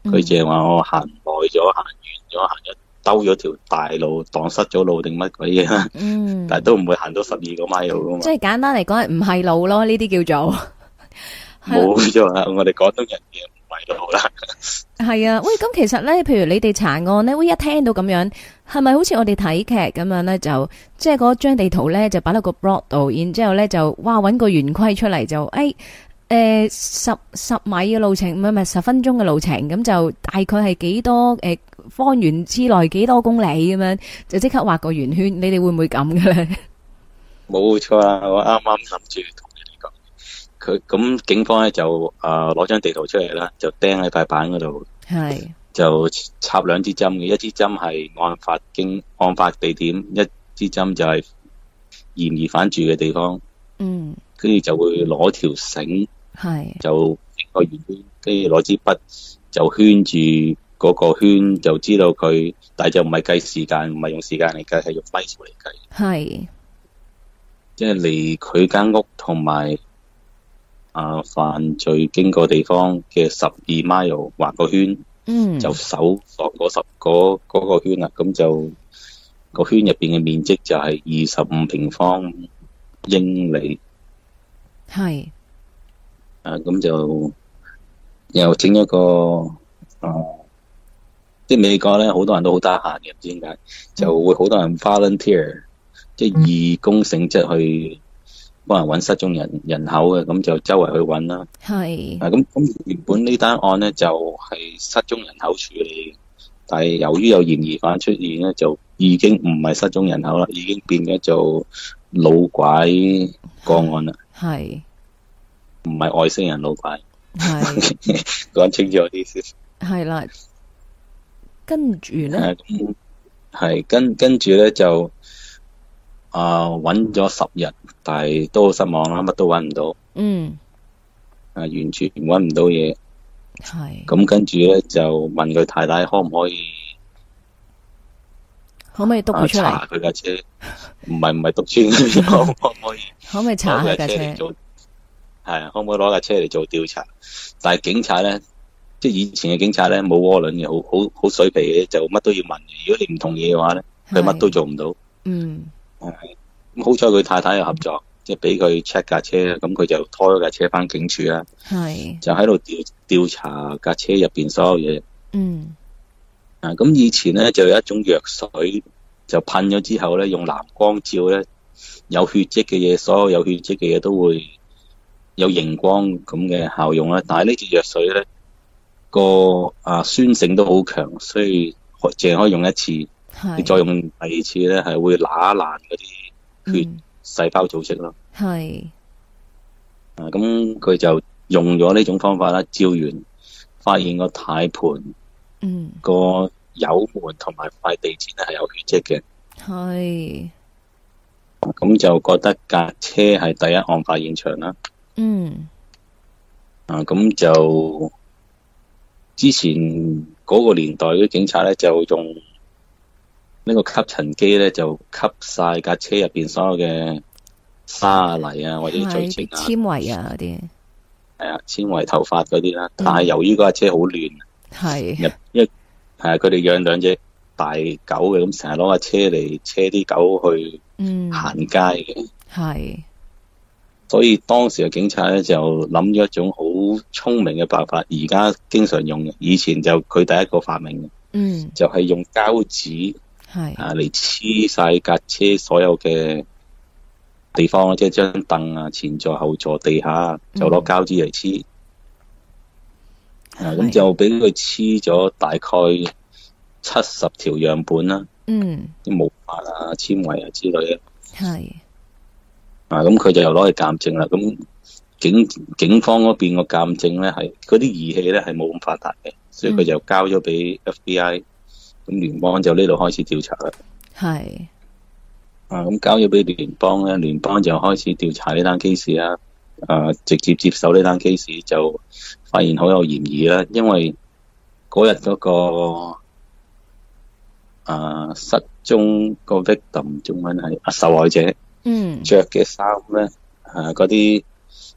佢淨係話我行耐咗，行遠咗，行咗兜咗條大路，蕩失咗路定乜鬼嘢、啊嗯、但係都唔會行多十二個米路噶、嗯、嘛。嗯、即係簡單嚟講，係唔係路咯？呢啲叫做冇錯啦，我哋廣東人嘅。係啦，係啊，喂，咁其實呢，譬如你哋查案呢，喂，一聽到咁樣，係咪好似我哋睇劇咁樣呢？就即係嗰張地圖呢，就擺落個 blog 度，然之後呢就哇，搵個圓規出嚟就誒誒、哎、呃、十十米嘅路程，唔係唔係十分鐘嘅路程，咁就大概係幾多誒、呃、方圓之內幾多公里咁樣，就即刻畫個圓圈，你哋會唔會咁嘅呢？冇錯啊，我啱啱諗住。佢咁警方咧就啊攞張地圖出嚟啦，就釘喺塊板嗰度，係就插兩支針嘅，一支針係案發經案發地點，一支針就係嫌疑犯住嘅地方，嗯，跟住就會攞條繩，係就個圓，跟住攞支筆就圈住嗰個圈，就知道佢，但係就唔係計時間，唔係用時間嚟計，係用 mile 嚟計，係即係離佢間屋同埋。啊！犯罪經過地方嘅十二 mile 畫個圈，嗯、mm.，就搜索嗰十、嗰個圈啊，咁就、嗰個圈入邊嘅面積就係二十五平方英里，係、mm. 啊，啊咁就又整一個啊，即、就、係、是、美國咧，好多人都好得閒嘅，唔知點解就會好多人 volunteer，即係義工性質去。幫人揾失蹤人人口嘅，咁就周圍去揾啦。係，啊咁咁原本呢單案咧就係失蹤人口處理，但係由於有嫌疑犯出現咧，就已經唔係失蹤人口啦，已經變咗做老鬼個案啦。係，唔係外星人老鬼。係，講清楚啲先。係啦，跟住咧，係跟跟住咧就。啊！揾咗十日，但係都好失望啦，乜都揾唔到。嗯，啊，完全揾唔到嘢。係。咁、啊、跟住咧，就問佢太太可唔可以？可唔可以篤佢出嚟、啊？查佢架車，唔係唔係篤穿？村 可唔可以？可唔可以查下架車？做係，可唔可以攞架車嚟做調查，查，查？但係警察咧，即係以前嘅警察咧，冇渦輪嘅，好好好水皮嘅，就乜都要問。如果你唔同意嘅話咧，佢乜都做唔到。嗯。係咁，好彩佢太太有合作，即係俾佢 check 架車，咁佢就拖架車翻警署啦。係就喺度調調查架車入邊所有嘢。嗯啊，咁以前咧就有一種藥水，就噴咗之後咧，用藍光照咧，有血跡嘅嘢，所有有血跡嘅嘢都會有熒光咁嘅效用啦。但係呢支藥水咧個啊酸性都好強，所以淨可以用一次。你再用第二次咧，係會拿爛嗰啲血細胞組織咯。係啊，咁佢就用咗呢種方法啦。照完發現個軚盤，嗯、嗰個油門同埋塊地氈咧，係有血跡嘅。係咁、啊、就覺得架車係第一案發現場啦。嗯啊，咁就之前嗰個年代嗰啲警察咧，就用。呢、這個吸塵機咧，就吸晒架車入邊所有嘅沙泥啊，或者最纖維啊嗰啲係啊，纖維、啊啊、頭髮嗰啲啦。嗯、但係由於嗰架車好亂，係、嗯、因為佢哋養兩隻大狗嘅，咁成日攞架車嚟車啲狗去行街嘅，係、嗯、所以當時嘅警察咧就諗咗一種好聰明嘅辦法，而家經常用嘅。以前就佢第一個發明嘅，嗯，就係用膠紙。係啊，嚟黐晒架車所有嘅地方，即係張凳啊、前座、後座、地下就膠，就攞膠紙嚟黐。啊，咁就俾佢黐咗大概七十條樣本啦。嗯，啲毛髮啊、纖維啊之類嘅。係啊，咁佢就又攞去鑒證啦。咁警警方嗰邊個鑒證咧，係嗰啲儀器咧係冇咁發達嘅，所以佢就交咗俾 FBI、嗯。咁聯邦就呢度開始調查啦。係，啊咁交咗俾聯邦咧，聯邦就開始調查呢單 case 啦。啊，直接接手呢單 case 就發現好有嫌疑啦，因為嗰日嗰個啊失蹤個 victim 中文係啊受害者，嗯，着嘅衫咧啊嗰啲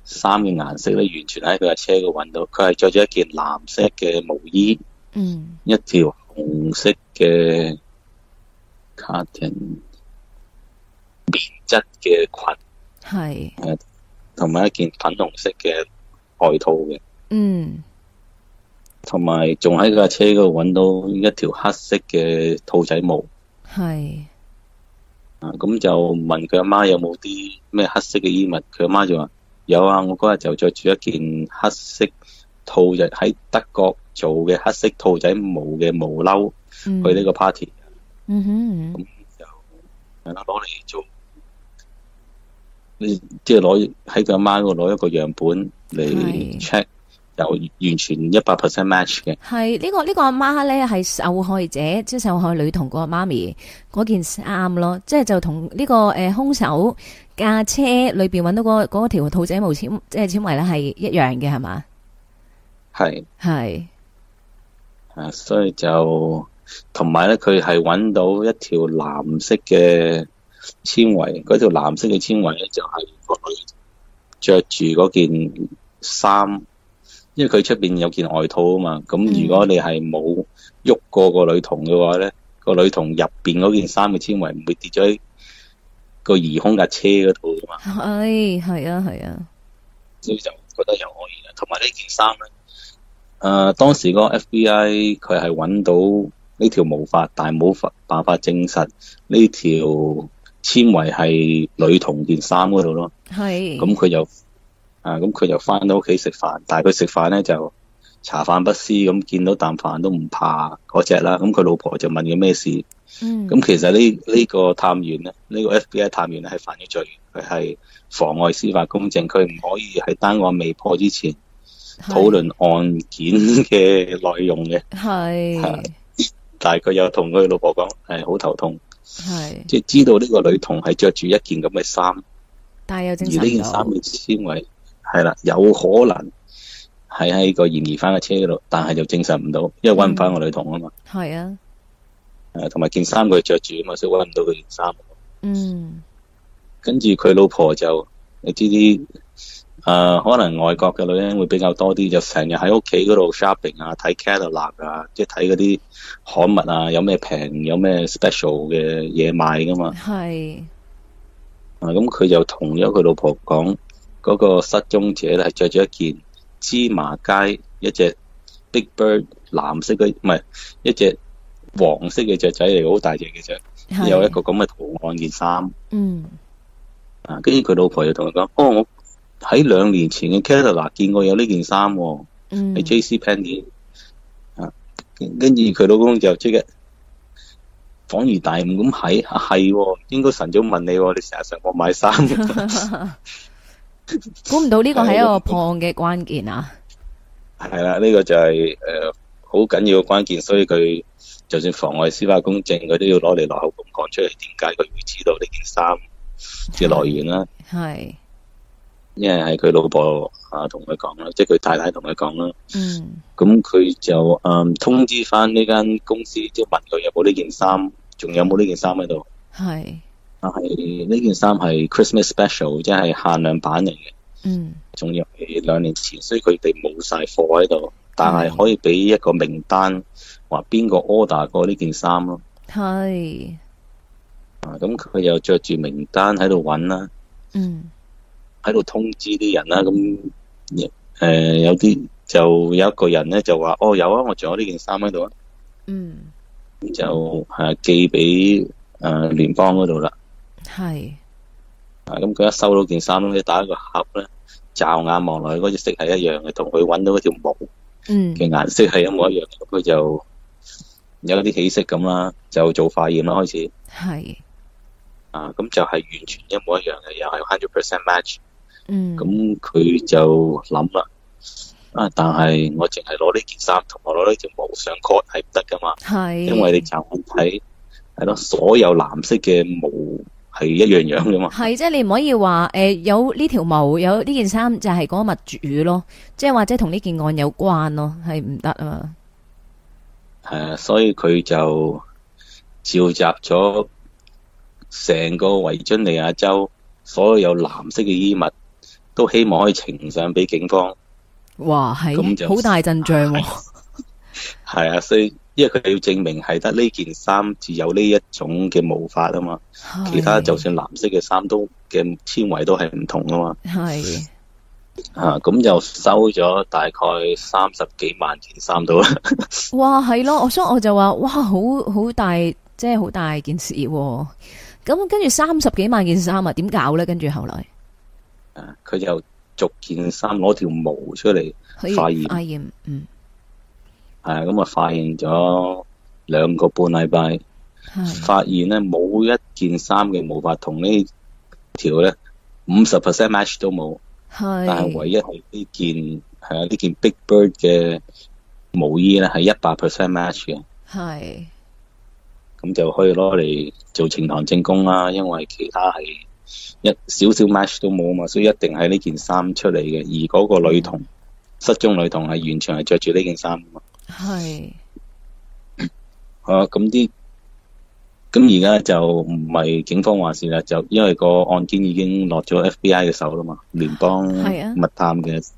衫嘅顏色咧，完全喺佢架車度揾到，佢係着咗一件藍色嘅毛衣，嗯，一條。紅色嘅卡廷棉質嘅裙，係，同埋一件粉紅色嘅外套嘅，嗯，同埋仲喺架車嗰度揾到一條黑色嘅兔仔毛，係，啊咁就問佢阿媽有冇啲咩黑色嘅衣物，佢阿媽就話有啊，我嗰日就着住一件黑色。兔就喺德國做嘅黑色兔仔毛嘅毛褸去呢個 party，嗯哼咁就係啦，攞、嗯、嚟、嗯、做呢，即係攞喺佢阿媽嗰度攞一個樣本嚟 check，有完全一百 percent match 嘅。係、這個這個、呢個呢個阿媽咧係受害者，即、就、係、是、受害女童個媽咪嗰件衫咯，即係就同呢個誒凶手駕車裏邊揾到嗰嗰條兔仔毛纖，即係纖維咧係一樣嘅，係嘛？係係啊，所以就同埋咧，佢係揾到一條藍色嘅纖維，嗰條藍色嘅纖維咧就係個女着住嗰件衫，因為佢出邊有件外套啊嘛。咁如果你係冇喐過個女童嘅話咧，個女童入邊嗰件衫嘅纖維唔會跌咗喺個疑兇架車嗰度啊嘛。係係啊係啊，啊，所以就覺得又可以啦。同埋呢件衫咧。誒、呃、當時嗰 FBI 佢係揾到呢條毛髮，但係冇法辦法證實呢條纖維係女童件衫嗰度咯。係，咁佢就誒，咁、呃、佢就翻到屋企食飯，但係佢食飯咧就茶飯不思，咁見到啖飯都唔怕嗰隻啦。咁佢老婆就問佢咩事？咁、嗯、其實呢呢、呢個探員咧，呢、呢個 FBI 探員係犯咗罪，佢係妨礙司法公正，佢唔可以喺單案未破之前，討論案件嘅內容嘅係，但係佢又同佢老婆講，係、哎、好頭痛，係即係知道呢個女童係着住一件咁嘅衫，但係又而呢件衫嘅纖維係啦，有可能係喺個嫌疑犯嘅車度，但係就證實唔到，因為搵唔返個女童啊嘛，係、嗯、啊，誒，同埋件衫佢着住啊嘛，所以搵唔到佢件衫。嗯，跟住佢老婆就你知啲。誒、呃，可能外國嘅女人會比較多啲，就成日喺屋企嗰度 shopping 啊，睇 catalog 啊，即係睇嗰啲刊物啊，有咩平，有咩 special 嘅嘢賣噶嘛。係。啊，咁佢就同咗佢老婆講，嗰、嗰個失蹤者咧係着住一件芝麻街一隻 big bird 藍色嘅，唔係一隻黃色嘅雀仔嚟，好大隻嘅雀，有一個咁嘅圖案件衫。嗯。啊，跟住佢老婆就同佢講，哦我。喺兩年前嘅 Catalina 見過有呢件衫，係、嗯、J.C.Penney 啊，跟住佢老公就即刻恍如大悟咁喺，係、哦、應該晨早問你，你成日上網買衫，估 唔到呢個係一個破案嘅關鍵啊！係 啦，呢、呢個就係誒好緊要嘅關鍵，所以佢就算妨礙司法公正，佢都要攞嚟落口咁講出嚟，點解佢會知道呢件衫嘅來源啦？係。因為係佢老婆啊，同佢講啦，即係佢太太同佢講啦。嗯。咁佢就誒、嗯、通知翻呢間公司，即係問佢有冇呢件衫，仲有冇呢件衫喺度。係。但係呢件衫係 Christmas special，即係限量版嚟嘅。嗯。仲有係兩年前，所以佢哋冇晒貨喺度，但係可以俾一個名單，話邊個 order 過呢件衫咯。係。啊，咁佢又着住名單喺度揾啦。嗯。喺度通知啲人啦、啊，咁誒、嗯呃、有啲就有一個人咧就話：哦有啊，我仲有呢件衫喺度啊。嗯，就係寄俾誒、呃、聯邦嗰度啦。係。啊，咁佢一收到件衫咧，打一個盒咧，驟眼望落去嗰隻、那個、色係一樣嘅，同佢揾到嗰條毛，嗯嘅顏色係一模一樣，佢就有啲起色咁啦，就做化驗啦開始。係。啊，咁就係完全一模一樣嘅，又係 hundred percent match。嗯，咁佢就諗啦，啊！但係我淨係攞呢件衫同我攞呢條毛上 cut 係唔得噶嘛，係，因為你就睇係咯，所有藍色嘅毛係一樣樣噶嘛，係即係你唔可以話誒有呢條毛有呢件衫就係嗰個物主咯，即係或者同呢件案有關咯，係唔得啊嘛，係啊，所以佢就召集咗成個維珍尼亞州所有藍色嘅衣物。都希望可以呈上俾警方。哇，係咁好大陣仗。係啊，所以因為佢要證明係得呢件衫，只有呢一種嘅毛髮啊嘛。其他就算藍色嘅衫都嘅纖維都係唔同啊嘛。係啊，咁就收咗大概三十幾萬件衫到啦。哇，係咯，所以我就話哇，好好大，即係好大件事。咁跟住三十幾萬件衫啊，點搞咧？跟住後來。佢就逐件衫攞條毛出嚟化驗，化、哎、驗、哎，嗯，係咁啊，化驗咗兩個半禮拜，發現咧冇一件衫嘅毛髮同呢條咧五十 percent match 都冇，係，但係唯一係呢件係啊呢件 Big Bird 嘅毛衣咧係一百 percent match 嘅，係，咁就可以攞嚟做呈堂證供啦，因為其他係。一少少 match 都冇啊嘛，所以一定係呢件衫出嚟嘅。而嗰個女童失蹤女童係完全係着住呢件衫啊嘛。係，啊咁啲，咁而家就唔係警方話事啦，就因為個案件已經落咗 FBI 嘅手啦嘛，聯邦密探嘅，係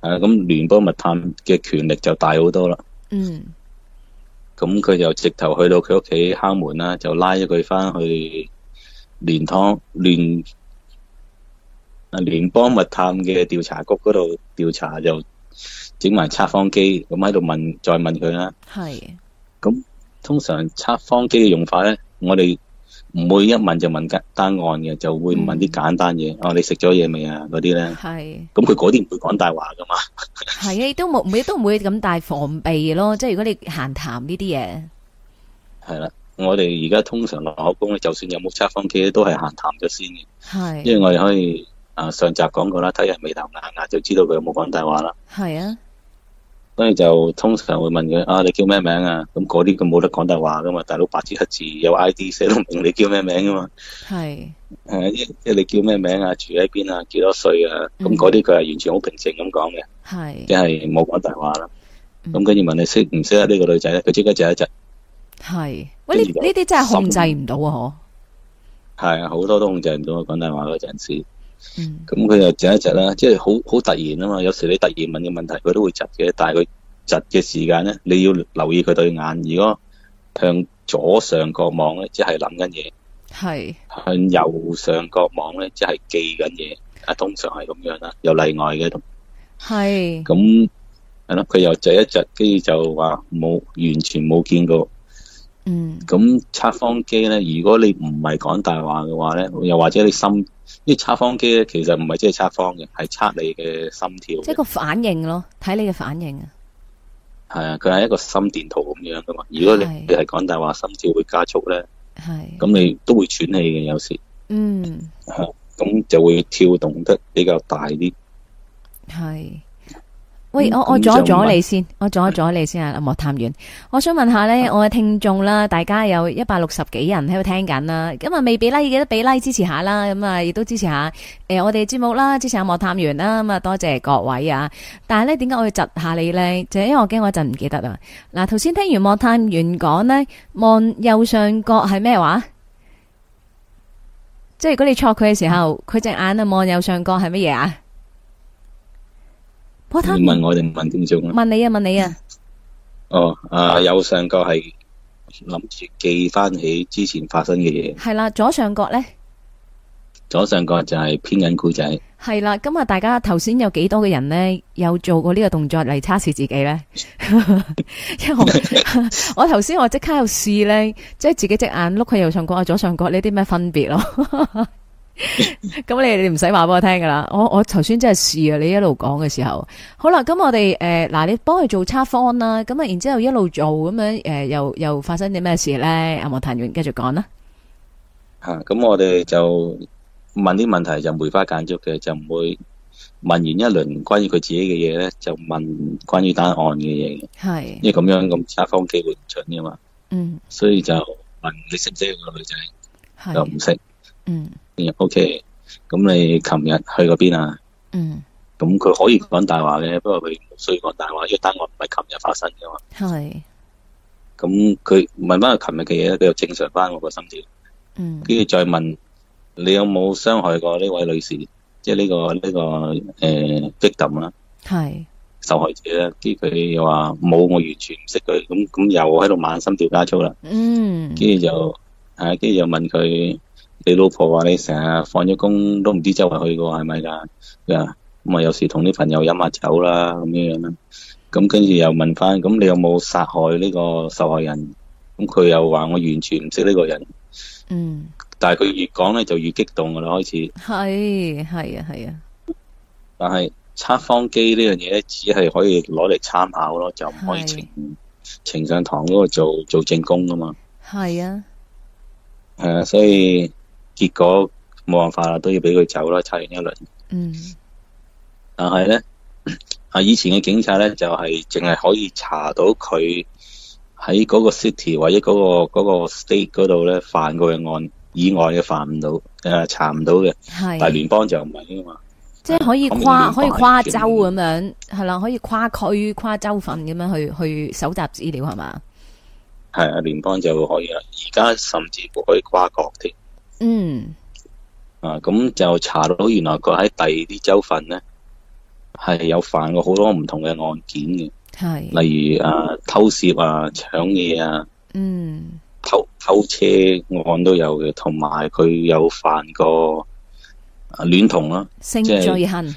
啊，啊咁聯邦密探嘅權力就大好多啦。嗯，咁佢就直頭去到佢屋企敲門啦，就拉咗佢翻去。聯堂聯啊聯邦物探嘅調查局嗰度調查就整埋測謊機，咁喺度問再問佢啦。係。咁通常測謊機嘅用法咧，我哋唔會一問就問答答案嘅，就會問啲簡單嘢、嗯。哦，你食咗嘢未啊？嗰啲咧。係。咁佢嗰啲唔會講大話㗎嘛。係， 你都冇，冇都唔會咁大防備咯。即係如果你閒談呢啲嘢。係啦。我哋而家通常落口供咧，就算有冇測謊機咧，都係閒談咗先嘅。係、啊，因為我哋可以啊，上集講過啦，睇人眉頭眼牙就知道佢有冇講大話啦。係啊，所以就通常會問佢啊，你叫咩名啊？咁嗰啲佢冇得講大話噶嘛，大佬白紙黑字有 I D，寫到明你叫咩名噶嘛。係，誒、啊，即、就、係、是、你叫咩名啊？住喺邊啊？幾多歲啊？咁嗰啲佢係完全好平靜咁講嘅。係，即係冇講大話啦。咁跟住問你識唔識得呢個女仔咧？佢即刻就一窒。係喂，呢呢啲真係控制唔到啊！嗬，係啊，好多都控制唔到啊！講大話嗰陣時，咁佢又窒一窒啦，即係好好突然啊嘛！有時你突然問嘅問題，佢都會窒嘅，但係佢窒嘅時間咧，你要留意佢對眼，如果向左上角望咧，即係諗緊嘢；係向右上角望咧，即係記緊嘢。啊，通常係咁樣啦，有例外嘅，係咁係咯。佢又窒一窒，跟住就話冇完全冇見過。嗯，咁測謊機咧，如果你唔係講大話嘅話咧，又或者你心，呢測謊機咧其實唔係即係測謊嘅，係測你嘅心跳的。即一個反應咯，睇你嘅反應。係啊，佢係一個心電圖咁樣噶嘛。如果你你係講大話，心跳會加速咧。係。咁你都會喘氣嘅有時。嗯。咁、啊、就會跳動得比較大啲。係。喂，我我阻一阻你先，我阻一阻你先啊！莫探員、嗯，我想問下咧，我嘅聽眾啦，大家有一百六十幾人喺度聽緊啦，咁啊未俾啦，like 記得俾啦、like 呃，支持下啦，咁啊亦都支持下。誒，我哋節目啦，支持下莫探員啦，咁啊多謝各位啊！但係咧，點解我要窒下你咧？就係、是、因為我驚我一陣唔記得啦。嗱，頭先聽完莫探員講咧，望右上角係咩話？即係如果你錯佢嘅時候，佢、嗯、隻眼啊望右上角係乜嘢啊？你問我定問點做？問你啊，問你啊。哦，啊右上角係諗住記返起之前發生嘅嘢。係啦，左上角咧，左上角就係編緊故仔。係啦，咁啊，大家頭先有幾多嘅人咧，有做過呢個動作嚟測試自己咧？ 因為我 我頭先我即刻又試咧，即係自己隻眼碌去右上角啊，左上角你什麼呢啲咩分別咯？ 咁你你唔使話俾我聽噶啦，我我頭先真係試啊！你一路講嘅時候，好啦，咁我哋誒嗱，你幫佢做測謊啦，咁啊，然之後一路做咁樣，誒，又又發生啲咩事咧？阿莫譚完繼續講啦。吓，咁我哋就問啲問題就梅花間竹嘅，就唔會問完一輪關於佢自己嘅嘢咧，就問關於單案嘅嘢。係，因為咁樣咁測謊機會唔準啊嘛。嗯。所以就問你識唔識個女仔？係。就唔識。嗯。O K，咁你琴日去個邊啊？嗯，咁佢可以講大話嘅，不過佢唔需要講大話，因為單案唔係琴日發生嘅嘛。係，咁佢問翻佢琴日嘅嘢咧，佢又正常翻我個心跳。嗯，跟住再問，你有冇傷害過呢位女士，即係呢個呢個誒 victim 啦。係受害者啦，跟住佢又話冇，我完全唔識佢，咁咁又喺度猛心跳加速啦。嗯，跟住就啊，跟住又問佢。你老婆話你成日放咗工都唔知周圍去過係咪噶？啊咁啊，有時同啲朋友飲下酒啦，咁樣啦。咁跟住又問翻，咁你有冇殺害呢個受害人？咁佢又話我完全唔識呢個人。嗯，但係佢越講咧就越激動噶啦，開始。係係啊係啊，但係測謊機呢樣嘢咧，只係可以攞嚟參考咯，就唔可以呈呈上堂嗰個做做證供噶嘛。係啊，係啊，所以。結果冇辦法啦，都要俾佢走啦。查完一輪。嗯。但係咧，啊以前嘅警察咧就係淨係可以查到佢喺嗰個 city 或者嗰個個 state 嗰度咧犯過嘅案以外嘅犯唔到，誒，查唔到嘅。係。但係聯邦就唔係啊嘛。即係可以跨可以跨州咁樣係啦，可以跨區跨州份咁樣去去搜集資料，係嘛？係啊，聯邦就可以啦。而家甚至乎可以跨國添。嗯、mm.，啊，咁就查到原來佢喺第二啲州份咧，係有犯過好多唔同嘅案件嘅，係例如啊偷竊啊、搶嘢啊，嗯、mm.，偷偷車案都有嘅，同埋佢有犯過啊戀童咯，性罪行，即係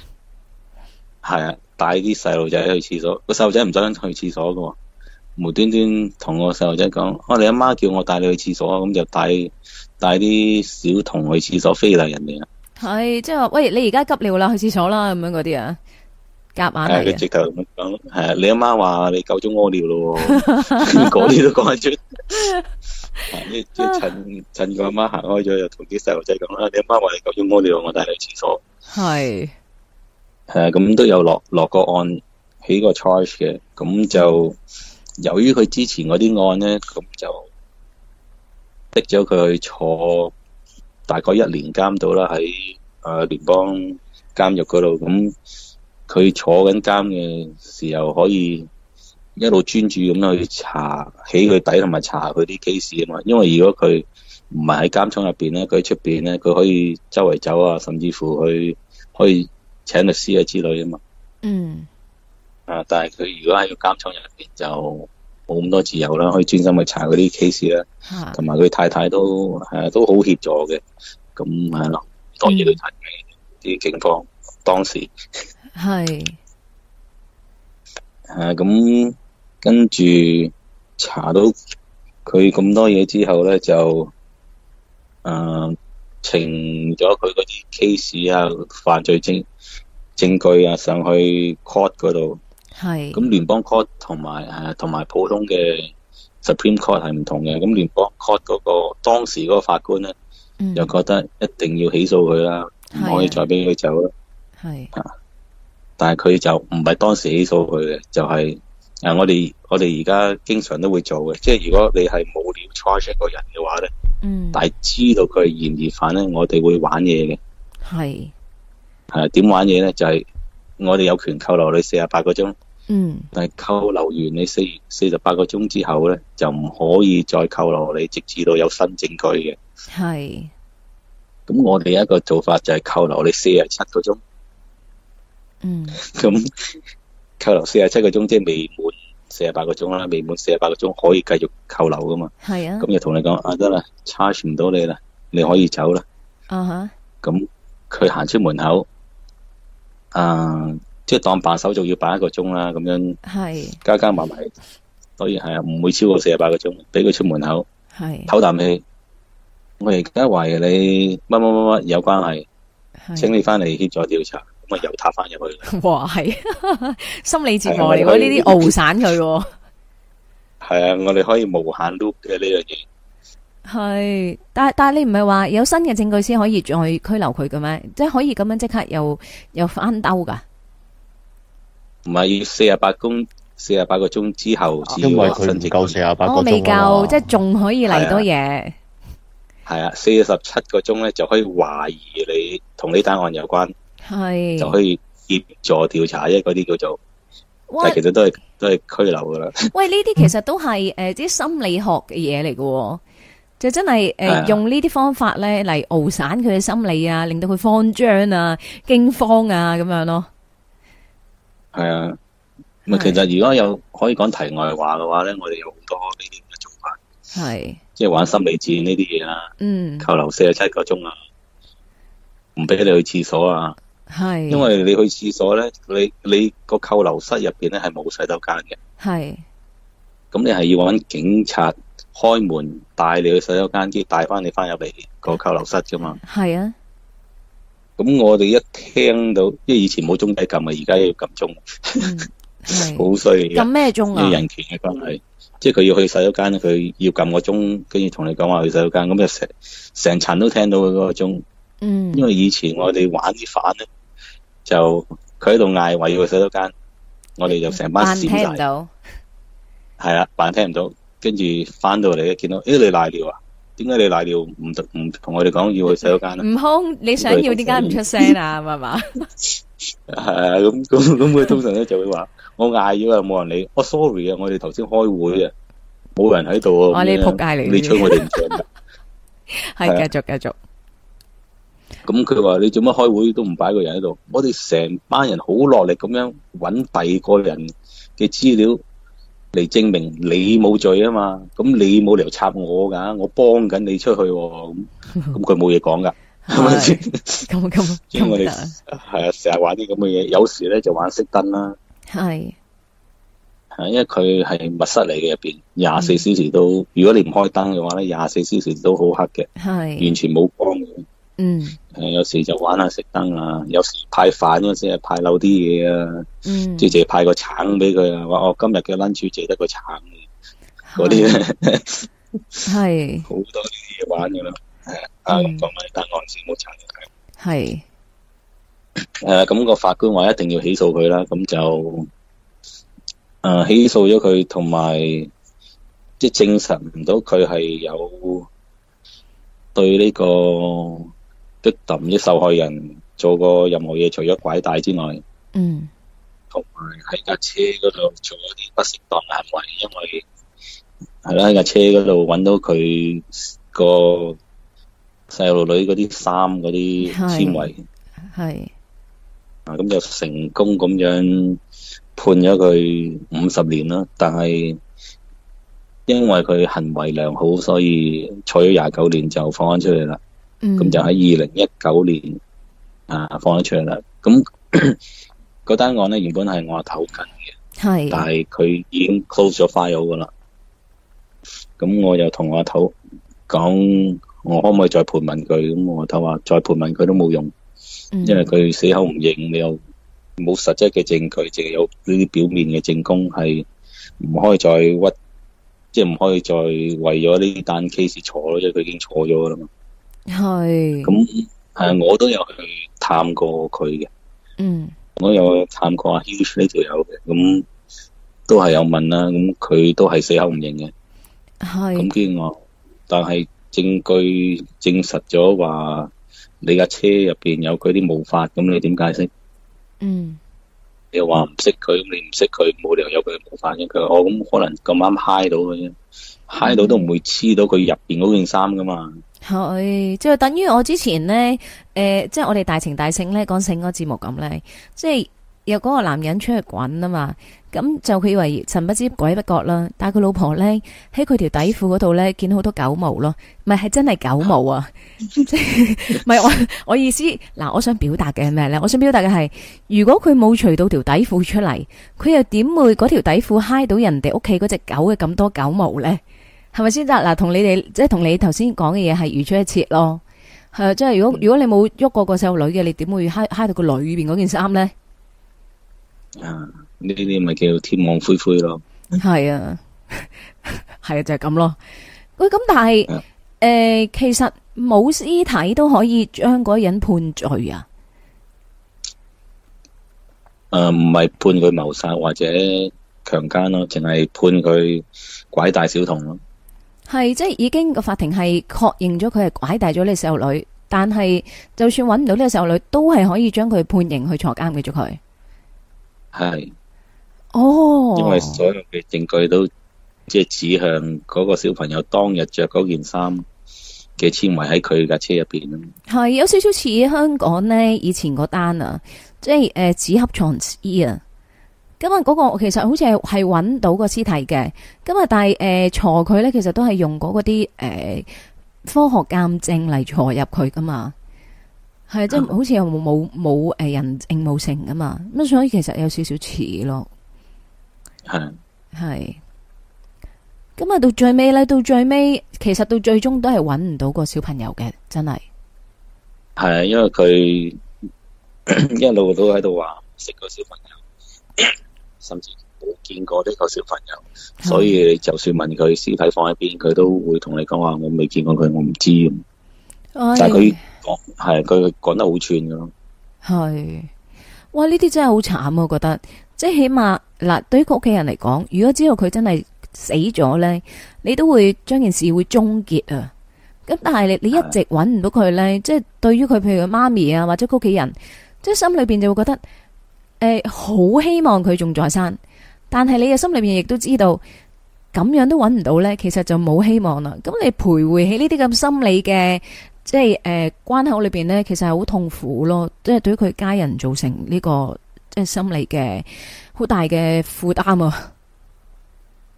係啊，帶啲細路仔去廁所，個細路仔唔想去廁所噶，無端端同個細路仔講，我、啊、你阿媽叫我帶你去廁所，咁就帶。帶啲小童去廁所飛啦，人哋啊係即係話喂，你而家急尿啦，去廁所啦咁樣，嗰啲啊夾硬係你直頭咁講係啊，你阿媽話你夠鐘屙尿咯，嗰 啲都講得出即即係趁趁佢阿媽行開咗，又同啲細路仔講啦。你阿媽話你夠鐘屙尿，我帶你去廁所，係係啊，咁都有落落個案，起個 charge 嘅。咁就由於佢之前嗰啲案咧，咁就。逼咗佢去坐大概一年監度啦，喺誒聯邦監獄嗰度。咁佢坐緊監嘅時候，可以一路專注咁去查起佢底同埋查佢啲 case 啊嘛。因為如果佢唔係喺監倉入邊咧，佢喺出邊咧，佢可以周圍走啊，甚至乎去可以請律師啊之類啊嘛。嗯。啊，但係佢如果喺個監倉入邊就。冇咁多自由啦，可以專心去查嗰啲 case 啦，同埋佢太太都誒、啊、都好協助嘅，咁係咯，多嘢去查嘅，啲警方當時係誒，咁、嗯 啊、跟住查到佢咁多嘢之後咧，就誒、呃、呈咗佢嗰啲 case 啊，犯罪證證據啊上去 court 嗰度。係，咁聯邦 court 同埋誒，同埋普通嘅 supreme court 係唔同嘅。咁聯邦 court 嗰、那個當時嗰個法官咧、嗯，就覺得一定要起訴佢啦，唔可以再俾佢走啦。係、啊，但係佢就唔係當時起訴佢嘅，就係、是、誒、啊，我哋我哋而家經常都會做嘅，即係如果你係冇料 charge 一個人嘅話咧，嗯，但係知道佢係嫌疑犯咧，我哋會玩嘢嘅，係，係、啊、點玩嘢咧？就係、是、我哋有權扣留你四十八個鐘。嗯，但係扣留完你四四十八個鐘之後咧，就唔可以再扣留你，直至到有新證據嘅。係，咁我哋一個做法就係扣留你四十七個鐘。嗯，咁 扣留四十七個鐘，即係未滿四十八個鐘啦，未滿四十八個鐘可以繼續扣留噶嘛。係啊，咁就同你講啊，得啦，charge 唔到你啦，你可以走啦。啊哈，咁佢行出門口，啊。即係當把手，仲要擺一個鐘啦，咁樣加加埋埋，所以係啊，唔會超過四十八個鐘，俾佢出門口，係唞啖氣。我而家懷疑你乜乜乜乜有關係，請你翻嚟協助調查，咁啊又塌翻入去。哇，係 心理折磨嚟嘅呢啲傲散佢。係啊，我哋可,、啊、可以無限 loop 嘅呢樣嘢。係，但係但係你唔係話有新嘅證據先可以再拘留佢嘅咩？即係可以咁樣即刻又又翻兜噶。唔係要四十八個鐘，四十八個鐘之後，因為佢甚至夠四十八個鐘。我未夠，即係仲可以嚟多嘢。係啊，四十七個鐘咧就可以懷疑你同呢單案有關，係就可以協助調查啫。嗰啲叫做，但係其實都係都係拘留噶啦。喂，呢啲其實都係誒啲心理學嘅嘢嚟嘅，就真係誒用呢啲方法咧嚟敖散佢嘅心理啊，令到佢慌張啊、驚慌啊咁樣咯。係啊，其實如果有可以講題外話嘅話咧，我哋有好多呢啲咁嘅做法，係即係玩心理戰呢啲嘢啦。嗯，扣留四十七個鐘啊，唔俾你去廁所啊，係，因為你去廁所咧，你你，的扣的你，你，你個扣留室入邊咧係冇洗手間嘅，係，咁你係要揾警察開門帶你去洗手間，先帶翻你翻入嚟個扣留室㗎嘛，係啊。咁我哋一聽到，因為以前冇鐘底撳啊，而家要撳鐘，好衰。撳咩鐘啊？啲人權嘅關係，即係佢要去洗手間，佢要撳個鐘，跟住同你講話去洗手間，咁就成成層都聽到佢嗰個鐘。嗯。因為以前我哋玩啲反咧，就佢喺度嗌話要去洗手間，嗯，我哋就成班閃晒。扮聽唔到。係啊，扮聽唔到，跟住翻到嚟見到，誒、欸，你賴尿啊？點解你瀨尿唔同唔同我哋講要去洗手間咧？悟空，你想要點解唔出聲啊？係嘛？係啊，咁咁咁佢通常咧就會話我嗌咗啊，冇人理。我 sorry 啊，我哋頭先開會啊，冇人喺度啊。我哋仆街嚟，你催我哋唔吹。係繼續繼續。咁佢話你做乜開會都唔擺一個人喺度？我哋成班人好落力咁樣揾第二個人嘅資料。嚟證明你冇罪啊嘛，咁你冇理由插我噶，我幫緊你出去喎、哦，咁咁佢冇嘢講噶，係咪先？咁 咁， 因為我哋係啊，成日玩啲咁嘅嘢，有時咧就玩熄燈啦，係，係因為佢係密室嚟嘅入邊，廿四小時都，嗯、如果你唔開燈嘅話咧，廿四小時都好黑嘅，係，完全冇光嘅。嗯，誒、uh,，有時就玩下熄燈啊，有時派飯嗰時啊，派漏啲嘢啊，嗯，即係派個橙俾佢啊，話我、哦、今日嘅 lunch 只得個橙，啊，嗰啲咧係好多啲嘢玩噶啦，啊，啊，嗯、我問答案先冇橙嘅，啊，係，誒、啊、咁、那個法官話一定要起訴佢啦，咁就誒、啊、起訴咗佢，同埋即係證實唔到佢係有對呢、這個。出抌啲受害人做過任何嘢，除咗拐帶之外，嗯，同埋喺架車嗰度做咗一啲不適當嘅行為，因為係啦，喺架車嗰度揾到佢個細路女嗰啲衫嗰啲纖維，係啊，咁就成功咁樣判咗佢五十年啦。但係因為佢行為良好，所以坐咗廿九年就放翻出嚟啦。咁就喺二零一九年、mm. 啊放咗出嚟啦。咁嗰單案咧原本係我阿頭跟嘅，係，但係佢已經 close 咗 file 噶啦。咁我又同阿頭講，我可唔可以再盤問佢？咁我阿頭話再盤問佢都冇用，mm. 因為佢死口唔認，你又冇實質嘅證據，淨係有呢啲表面嘅證供係唔可以再屈，即係唔可以再為咗呢單 case 坐咯，因為佢已經坐咗噶啦嘛。係咁，係、嗯嗯、我都有去探過佢嘅，嗯，我有探過阿 h u g e 呢度有嘅，咁都係有問啦，咁佢都係死口唔認嘅，係咁啲我，但係證據證實咗話你架車入邊有佢啲毛髮，咁你點解釋？嗯，又話唔識佢，咁你唔識佢冇理由有佢嘅毛髮嘅，佢我咁可能咁啱嗨到嘅。」啫，揩到都唔會黐到佢入邊嗰件衫噶嘛。係，即係等於我之前呢，誒、呃，即、就、係、是、我哋大情大性咧，講性嗰個節目咁咧，即、就、係、是、有嗰個男人出去滾啊嘛，咁就佢以為神不知鬼不覺啦，但係佢老婆咧喺佢條底褲嗰度咧，見到好多狗毛咯，咪係真係狗毛啊！即係咪我我，我意思，嗱，我想表達嘅係咩咧？我想表達嘅係，如果佢冇除到條底褲出嚟，佢又點會嗰條底褲嗨到人哋屋企嗰隻狗嘅咁多狗毛咧？係咪先？嗱，同你哋，即係同你頭先講嘅嘢係如出一轍咯。即係如果如果你冇喐過個細路女嘅、嗯，你點會揩揩到個裏邊嗰件衫啱咧？啊，呢啲咪叫天網恢恢咯。係啊，係啊，就係、是、咁咯。喂，咁但係誒，其實冇屍體都可以將嗰人判罪啊。誒，唔係判佢謀殺或者強奸咯，淨係判佢拐大小童咯。係，即係已經個法庭係確認咗佢係拐帶咗呢個細路女，但係就算揾唔到呢個細路女，都係可以將佢判刑去坐監嘅，咗佢係哦，因為所有嘅證據都即係指向嗰個小朋友當日着嗰件衫嘅纖維喺佢架車入邊咯。係有少少似香港呢以前嗰單啊，即係誒紙盒藏屍啊。咁啊，嗰個其實好似係係揾到個屍體嘅，咁啊，但係誒，鋤佢咧，其實都係用嗰啲誒科學鑒證嚟鋤入佢噶嘛，係啊，即係好似又冇冇誒人證冇成噶嘛，咁所以其實有少少似咯，係、嗯、係，咁啊到最尾咧，到最尾其實到最終都係揾唔到個小朋友嘅，真係，係啊，因為佢一路都喺度話食個小朋友。 甚至冇見過呢個小朋友，所以就算問佢屍體放喺邊，佢都會同你講話我未見過佢，我唔知，哎。但係佢講係佢講得好串噶咯。係，哇！呢啲真係好慘啊，我覺得即係起碼嗱，對於屋企人嚟講，如果知道佢真係死咗呢，你都會將件事會終結啊。咁但係你你一直揾唔到佢呢，即係對於佢譬如佢媽咪啊或者佢屋企人，即係心裏邊就會覺得。誒、呃，好希望佢仲在生，但係你嘅心裏面亦都知道，咁樣都揾唔到呢，其實就冇希望啦。咁你徘徊喺呢啲咁心理嘅，即係誒、呃、關係裏邊咧，其實係好痛苦咯。即係對於佢家人造成呢、這個，即係心理嘅好大嘅負擔啊。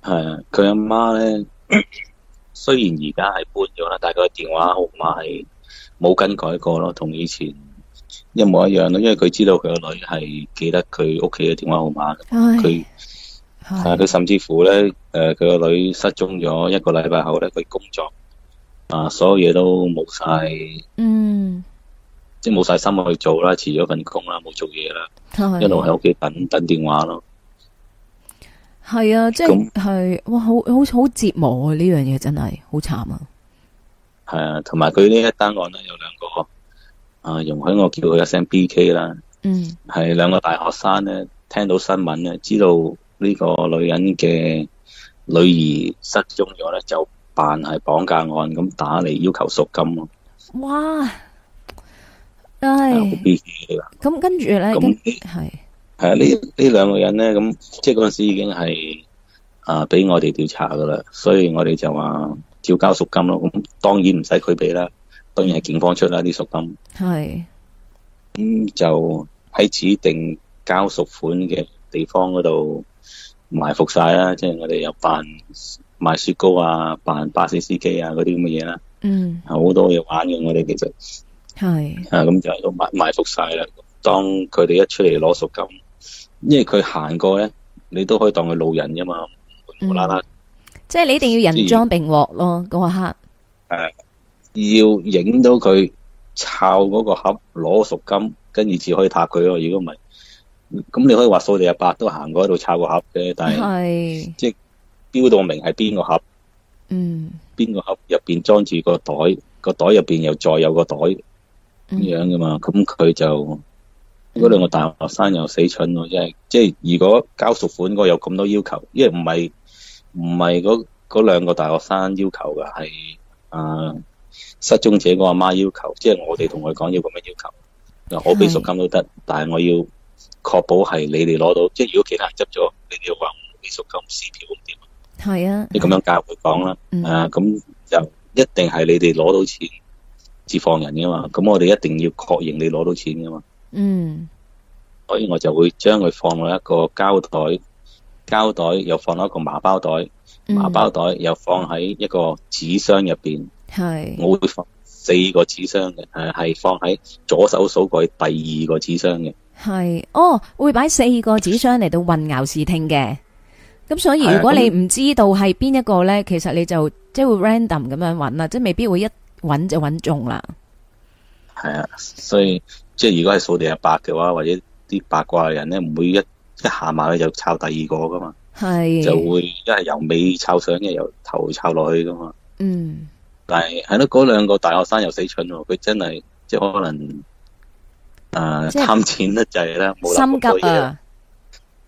係啊，佢阿媽呢，雖然而家係搬咗啦，但係佢電話號碼係冇更改過咯，同以前。一模一樣咯，因為佢知道佢個女係記得佢屋企嘅電話號碼。佢啊，佢甚至乎咧，誒、呃，佢個女失蹤咗一個禮拜後咧，佢工作啊、呃，所有嘢都冇晒，嗯，即係冇晒心去做啦，辭咗份工啦，冇做嘢啦，一路喺屋企等等電話咯。係啊，即係係哇，好好好折磨啊！呢樣嘢真係好慘啊。係啊，同埋佢呢一單案咧有兩個。啊！容許我叫佢一聲 B K 啦。嗯，係兩個大學生咧，聽到新聞咧，知道呢個女人嘅女兒失蹤咗咧，就扮係綁架案咁打嚟要求贖金咯。哇！唉，B K 啦。咁、嗯、跟住咧，咁係係啊？呢呢兩個人咧，咁即係嗰陣時已經係啊俾我哋調查噶啦，所以我哋就話照交贖金咯。咁當然唔使佢俾啦。當然係警方出啦，啲贖金，係咁、嗯、就喺指定交贖款嘅地方嗰度埋伏晒啦，即係我哋又扮賣雪糕啊，扮巴士司機啊嗰啲咁嘅嘢啦，嗯，好多嘢玩嘅，我哋其實係啊，咁就都埋埋伏晒啦，當佢哋一出嚟攞贖金，因為佢行過咧，你都可以當佢路人㗎嘛無故故，嗯，即係你一定要人贓並獲咯嗰刻，係、嗰個。嗯要影到佢抄嗰個盒攞贖金，跟住至可以撻佢咯。如果唔係，咁你可以話數你阿伯都行過喺度抄個盒嘅，但係即係標到明係邊個盒，嗯，邊個盒入邊裝住個袋，個袋入邊又再有個袋咁樣噶嘛。咁、嗯、佢就嗰兩個大學生又死蠢咯，即係即係如果交贖款嗰有咁多要求，因為唔係唔係嗰嗰兩個大學生要求噶，係啊。失蹤者個阿媽要求，即係我哋同佢講要咁樣要求，我俾贖金都得，但係我要確保係你哋攞到，即係如果其他人執咗，你哋要話我俾贖金撕票咁點？係啊，你咁樣教佢講啦，咁就一定係你哋攞到錢至放人噶嘛，咁我哋一定要確認你攞到錢噶嘛，嗯，所以我就會將佢放落一個膠袋，膠袋又放落一個麻包袋，麻包袋又放喺一個紙箱入邊。係我會放四個紙箱嘅，誒係放喺左手數過第二個紙箱嘅。係哦，會擺四個紙箱嚟到混淆視聽嘅。咁所以如果你唔知道係邊一個咧，其實你就即係會 random 咁樣揾啦，即係未必會一揾就揾中啦。係啊，所以即係如果係掃地啊八嘅話，或者啲八卦嘅人咧，唔會一下馬咧就抄第二個噶嘛，係就會一係由尾抄上，一係由頭抄落去噶嘛。嗯。但係係咯，嗰兩個大學生又死蠢喎！佢真係即係可能誒貪、呃、錢得滯啦，冇諗好多嘢，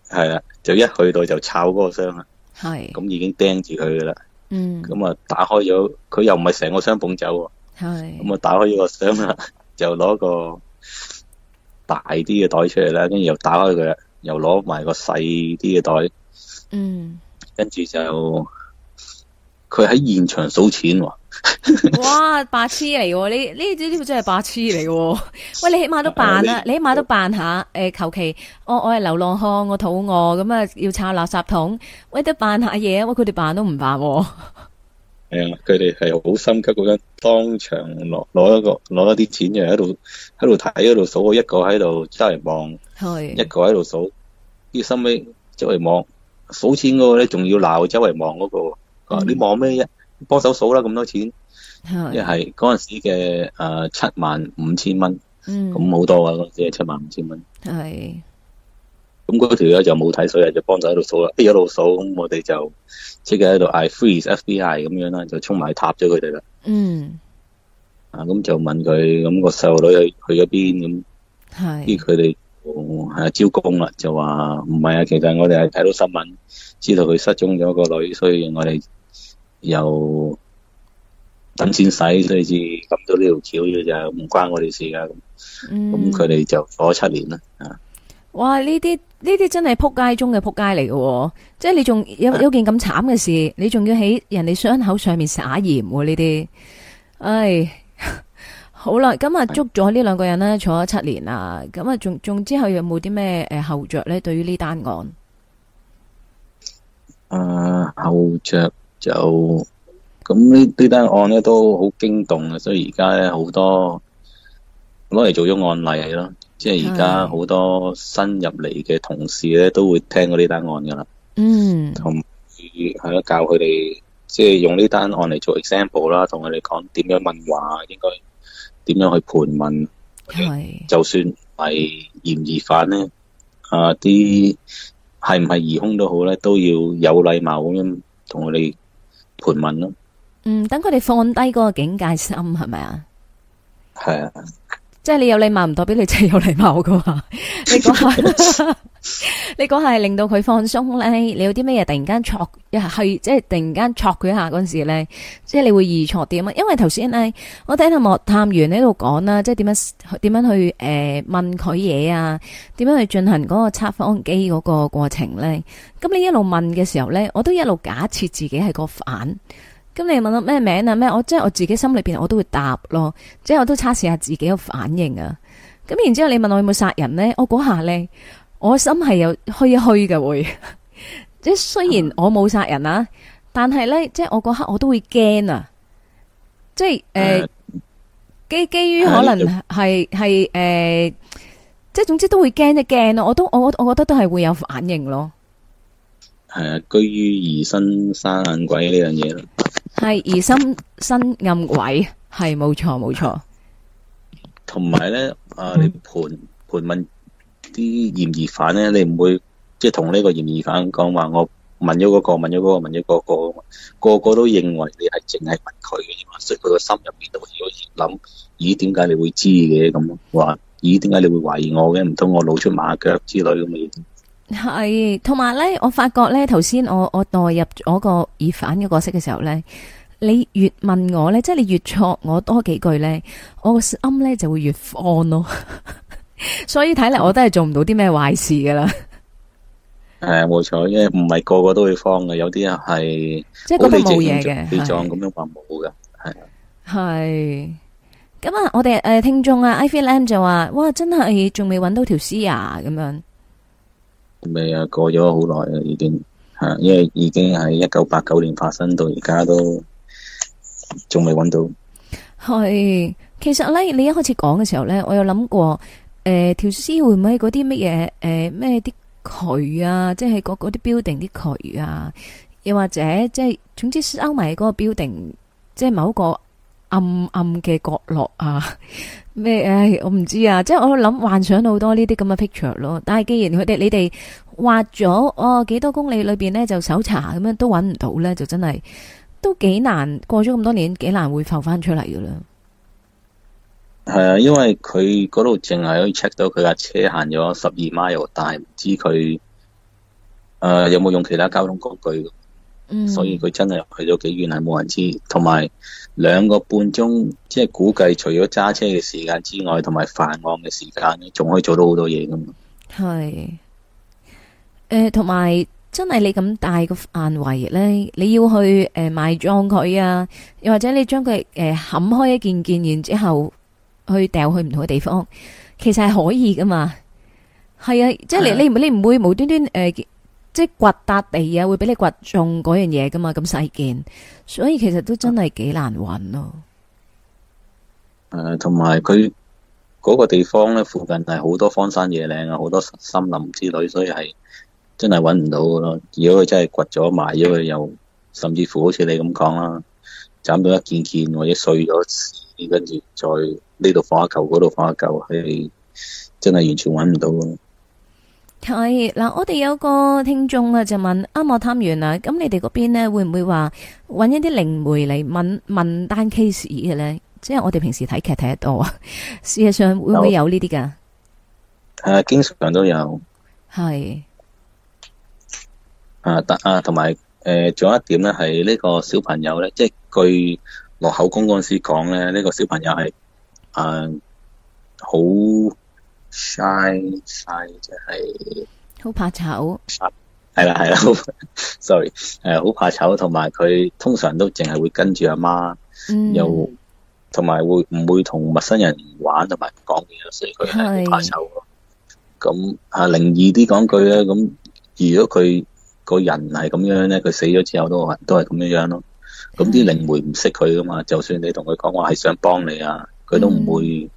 係啦、啊，就一去到就抄嗰個箱啦，係咁已經盯住佢噶啦，嗯，咁啊打開咗，佢又唔係成個箱捧走，係咁啊打開咗個箱啦，就攞個大啲嘅袋出嚟啦，跟住又打開佢啦，又攞埋個細啲嘅袋，嗯，跟住就佢喺現場數錢。 哇，白痴嚟喎！呢呢啲真係白痴嚟喎！ 喂，你起碼都扮啦、啊，你起碼都扮下。誒、呃，求其、哦、我我係流浪漢，我肚餓，咁啊要拆垃圾桶。喂，得扮下嘢，喂，佢哋扮都唔扮。係啊，佢哋係好心急嗰陣，當場攞攞一個攞一啲錢，就喺度喺度睇，喺度數。一個喺度周圍望，一個喺度數。跟住，收尾周圍望數錢嗰個咧，仲要鬧周圍望嗰個。啊、那個，你望咩？嗯幫手數啦，咁多錢，一係嗰陣時嘅誒、呃、七萬五千蚊，咁、嗯、好多啊，嗰陣時係七萬五千蚊。係，咁嗰條友就冇睇水啊，就幫手喺度數啦，一路數，咁我哋就即刻喺度嗌 freeze FBI 咁樣啦，就衝埋塔咗佢哋啦。嗯，啊咁就問佢，咁、個細路女去去咗邊咁？係，佢哋係招供啦，就話唔係啊，其實我哋係睇到新聞，知道佢失蹤咗個女，所以我哋。又等錢使，所以至咁到呢條橋嘅咋，唔關我哋事噶。咁咁佢哋就坐咗七年啦。哇！呢啲呢啲真係扑街中嘅扑街嚟嘅，即係你仲有有件咁慘嘅事，你仲要喺人哋傷口上面撒鹽喎呢啲。唉，好啦，咁啊捉咗呢兩個人啦，坐咗七年啦。咁啊，仲仲之後有冇啲咩誒後著咧？對於呢單案，誒後著。就咁呢？呢單案咧都好驚動啊，所以而家咧好多攞嚟做咗案例係，咯。即係而家好多新入嚟嘅同事咧，都會聽過呢單案噶啦。嗯、mm.，同係咯，教佢哋即係用呢單案嚟做 example 啦，同佢哋講點樣問話，應該點樣去盤問。係、mm. okay?，就算係嫌疑犯咧，啊啲係唔係疑凶都好咧，都要有禮貌咁樣同佢哋。盤問咯，嗯，等佢哋放低嗰個警戒心，係咪啊？係啊。即係你有禮貌唔代表你真係有禮貌噶嘛？ 你講那下刻， 你講下令到佢放鬆咧。你有啲咩嘢突然間挫一係，即係突然間挫佢一下嗰陣時咧，即係你會易挫啲啊？因為頭先咧，我睇到莫探員喺度講啦，即係點樣點樣去誒、呃、問佢嘢啊？點樣去進行嗰個測謊機嗰個過程咧？咁你一路問嘅時候咧，我都一路假設自己係個反咁你問我咩名啊咩？我即係我自己心裏邊，我都會答咯，即係我都測試下自己個反應啊。咁然之後你問我有冇殺人咧？我嗰下咧，我心係有虛一虛嘅會，即係雖然我冇殺人啊，但係咧，即係我嗰刻我都會驚啊，即係誒、呃啊、基基於可能係係誒，即係總之都會驚一驚咯。我都我我覺得都係會有反應咯。係啊，居於疑心生暗鬼呢樣嘢咯。係疑心生暗鬼，係冇錯冇錯。同埋咧，啊，你盤盤問啲嫌疑犯咧，你唔會即係同呢個嫌疑犯講話，我問咗嗰個，問咗嗰個，問咗嗰個，個個都認為你係淨係問佢嘅，所以佢個心入邊都會要諗，咦，點解你會知嘅咁？話咦，點解你會懷疑我嘅？唔通我露出馬腳之類咁嘅嘢？係，同埋咧，我發覺咧，頭先我我代入我個疑犯嘅角色嘅時候咧，你越問我咧，即係你越錯我多幾句咧，我個心咧就會越慌咯。 所以睇嚟我都係做唔到啲咩壞事噶啦。係，冇錯，因為唔係個個都會慌嘅，有啲啊係即係覺得冇嘢嘅，你撞咁樣話冇噶，係。係咁啊！我哋誒、呃、聽眾啊，Ivan 就話，哇，真係仲未揾到條屍啊！咁樣。未啊，過咗好耐啊，已經吓，因為已經係一九八九年發生到而家都仲未揾到。係，其實咧，你一開始講嘅時候咧，我有諗過，誒、呃，條屍會唔會嗰啲乜嘢，誒、呃，咩啲渠啊，即係啲 building 啲渠啊，又或者即係總之收埋嗰個 building，即係某個。暗暗嘅角落啊，咩、啊？唉，我唔知啊，即係我諗幻想到好多呢啲咁嘅 picture 咯。但係既然佢哋你哋挖咗哦，幾多公里裏邊咧就搜查咁樣都揾唔到咧，就真係都幾難。過咗咁多年，幾難會浮翻出嚟噶啦。係啊，因為佢嗰度淨係可以 check 到佢架車行咗十二米喎但係唔知佢誒、呃、有冇用其他交通工具。嗯。所以佢真係入去咗幾遠係冇人知，同埋。兩個半鐘，即係估計除咗揸車嘅時間之外，同埋犯案嘅時間，仲可以做到好多嘢噶嘛？係，誒、呃，同埋真係你咁大個範圍咧，你要去誒埋、呃、葬佢啊，又或者你將佢誒冚開一件件，然之後去掉去唔同嘅地方，其實係可以噶嘛？係啊，即、就、係、是、你你你唔會無端端誒。呃即係掘笪地啊，會俾你掘中嗰樣嘢噶嘛？咁細件，所以其實都真係幾難揾咯。誒、啊，同埋佢嗰個地方咧，附近係好多荒山野嶺啊，好多森林之類，所以係真係揾唔到噶咯。如果佢真係掘咗埋，咗佢又甚至乎好似你咁講啦，斬到一件件或者碎咗，跟住再呢度放一嚿，嗰度放一嚿，係真係完全揾唔到。.係嗱，我哋有個聽眾啊，就問：啱我探員啦，咁你哋嗰邊咧會唔會話揾一啲靈媒嚟問問單 case 嘅咧？即係我哋平時睇劇睇得多，事實上會唔會有呢啲噶？係啊，經常都有。係啊，同啊同埋誒，仲有一點咧，係、這、呢個小朋友咧，即係據落口供時講咧，呢、這個小朋友係啊好。Shy shy 就係好怕醜，係啦係啦，sorry，誒好怕醜，同埋佢通常都淨係、嗯、會,會跟住阿媽，又同埋會唔會同陌生人玩同埋講嘢，所以佢係怕醜。咁吓靈異啲講句咧，咁如果佢個人係咁樣咧，佢死咗之後都係都係咁樣樣咯。咁、嗯、啲靈媒唔識佢噶嘛，就算你同佢講話係想幫你啊，佢都唔會。嗯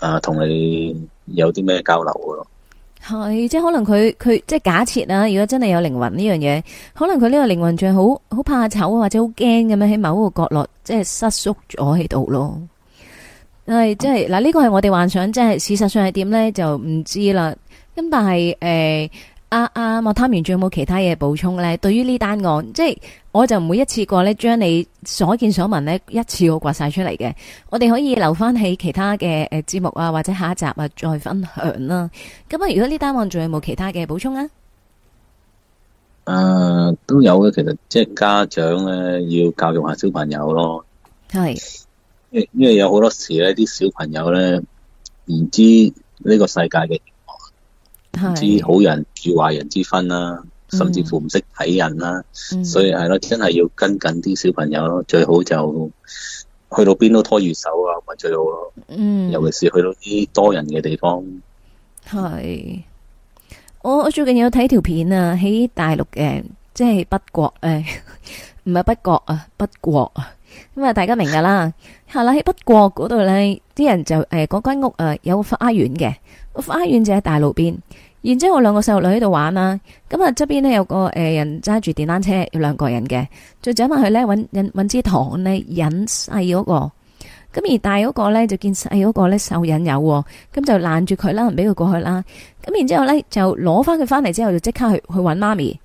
誒，同你有啲咩交流係，即係可能佢佢即係假設啦。如果真係有靈魂呢樣嘢，可能佢呢個靈魂像好好怕醜或者好驚咁樣喺某一個角落，即係失縮咗喺度咯。係、嗯，即係嗱，呢個係我哋幻想，即係事實上係點呢？就唔知啦。咁但係誒。呃阿阿莫探完，仲、啊、有冇其他嘢補充咧？對於呢單案，即、就、係、是、我就唔會一次過咧，將你所見所聞咧一次過掘晒出嚟嘅。我哋可以留翻喺其他嘅誒節目啊，或者下一集啊再分享啦。咁啊，如果呢單案仲有冇其他嘅補充呢啊？誒，都有嘅。其實即係家長咧要教育下小朋友咯。係，因為有好多時咧，啲小朋友咧唔知呢個世界嘅。知好人與壞人之分啦，甚至乎唔識睇人啦、嗯，所以係咯，真係要跟緊啲小朋友咯、嗯，最好就去到邊都拖住手啊，咪最好咯。嗯，尤其是去到啲多人嘅地方。係，我我最近有睇條片啊，喺大陸嘅，即係北國咧，哎，唔係北國啊，北國啊。咁啊！大家明噶啦，係啦。不過嗰度咧，啲人就誒，嗰間屋誒有花園嘅，花園就喺大路邊。然之後兩個細路女喺度玩啦。咁啊，側邊咧有個誒人揸住電單車，有兩個人嘅就走埋去咧，搵揾支糖咧引細嗰個。咁而大嗰個咧就見細嗰個咧受引誘，咁就攔住佢啦，唔俾佢過去啦。咁然之後咧就攞翻佢翻嚟之後，就即刻去去搵媽咪。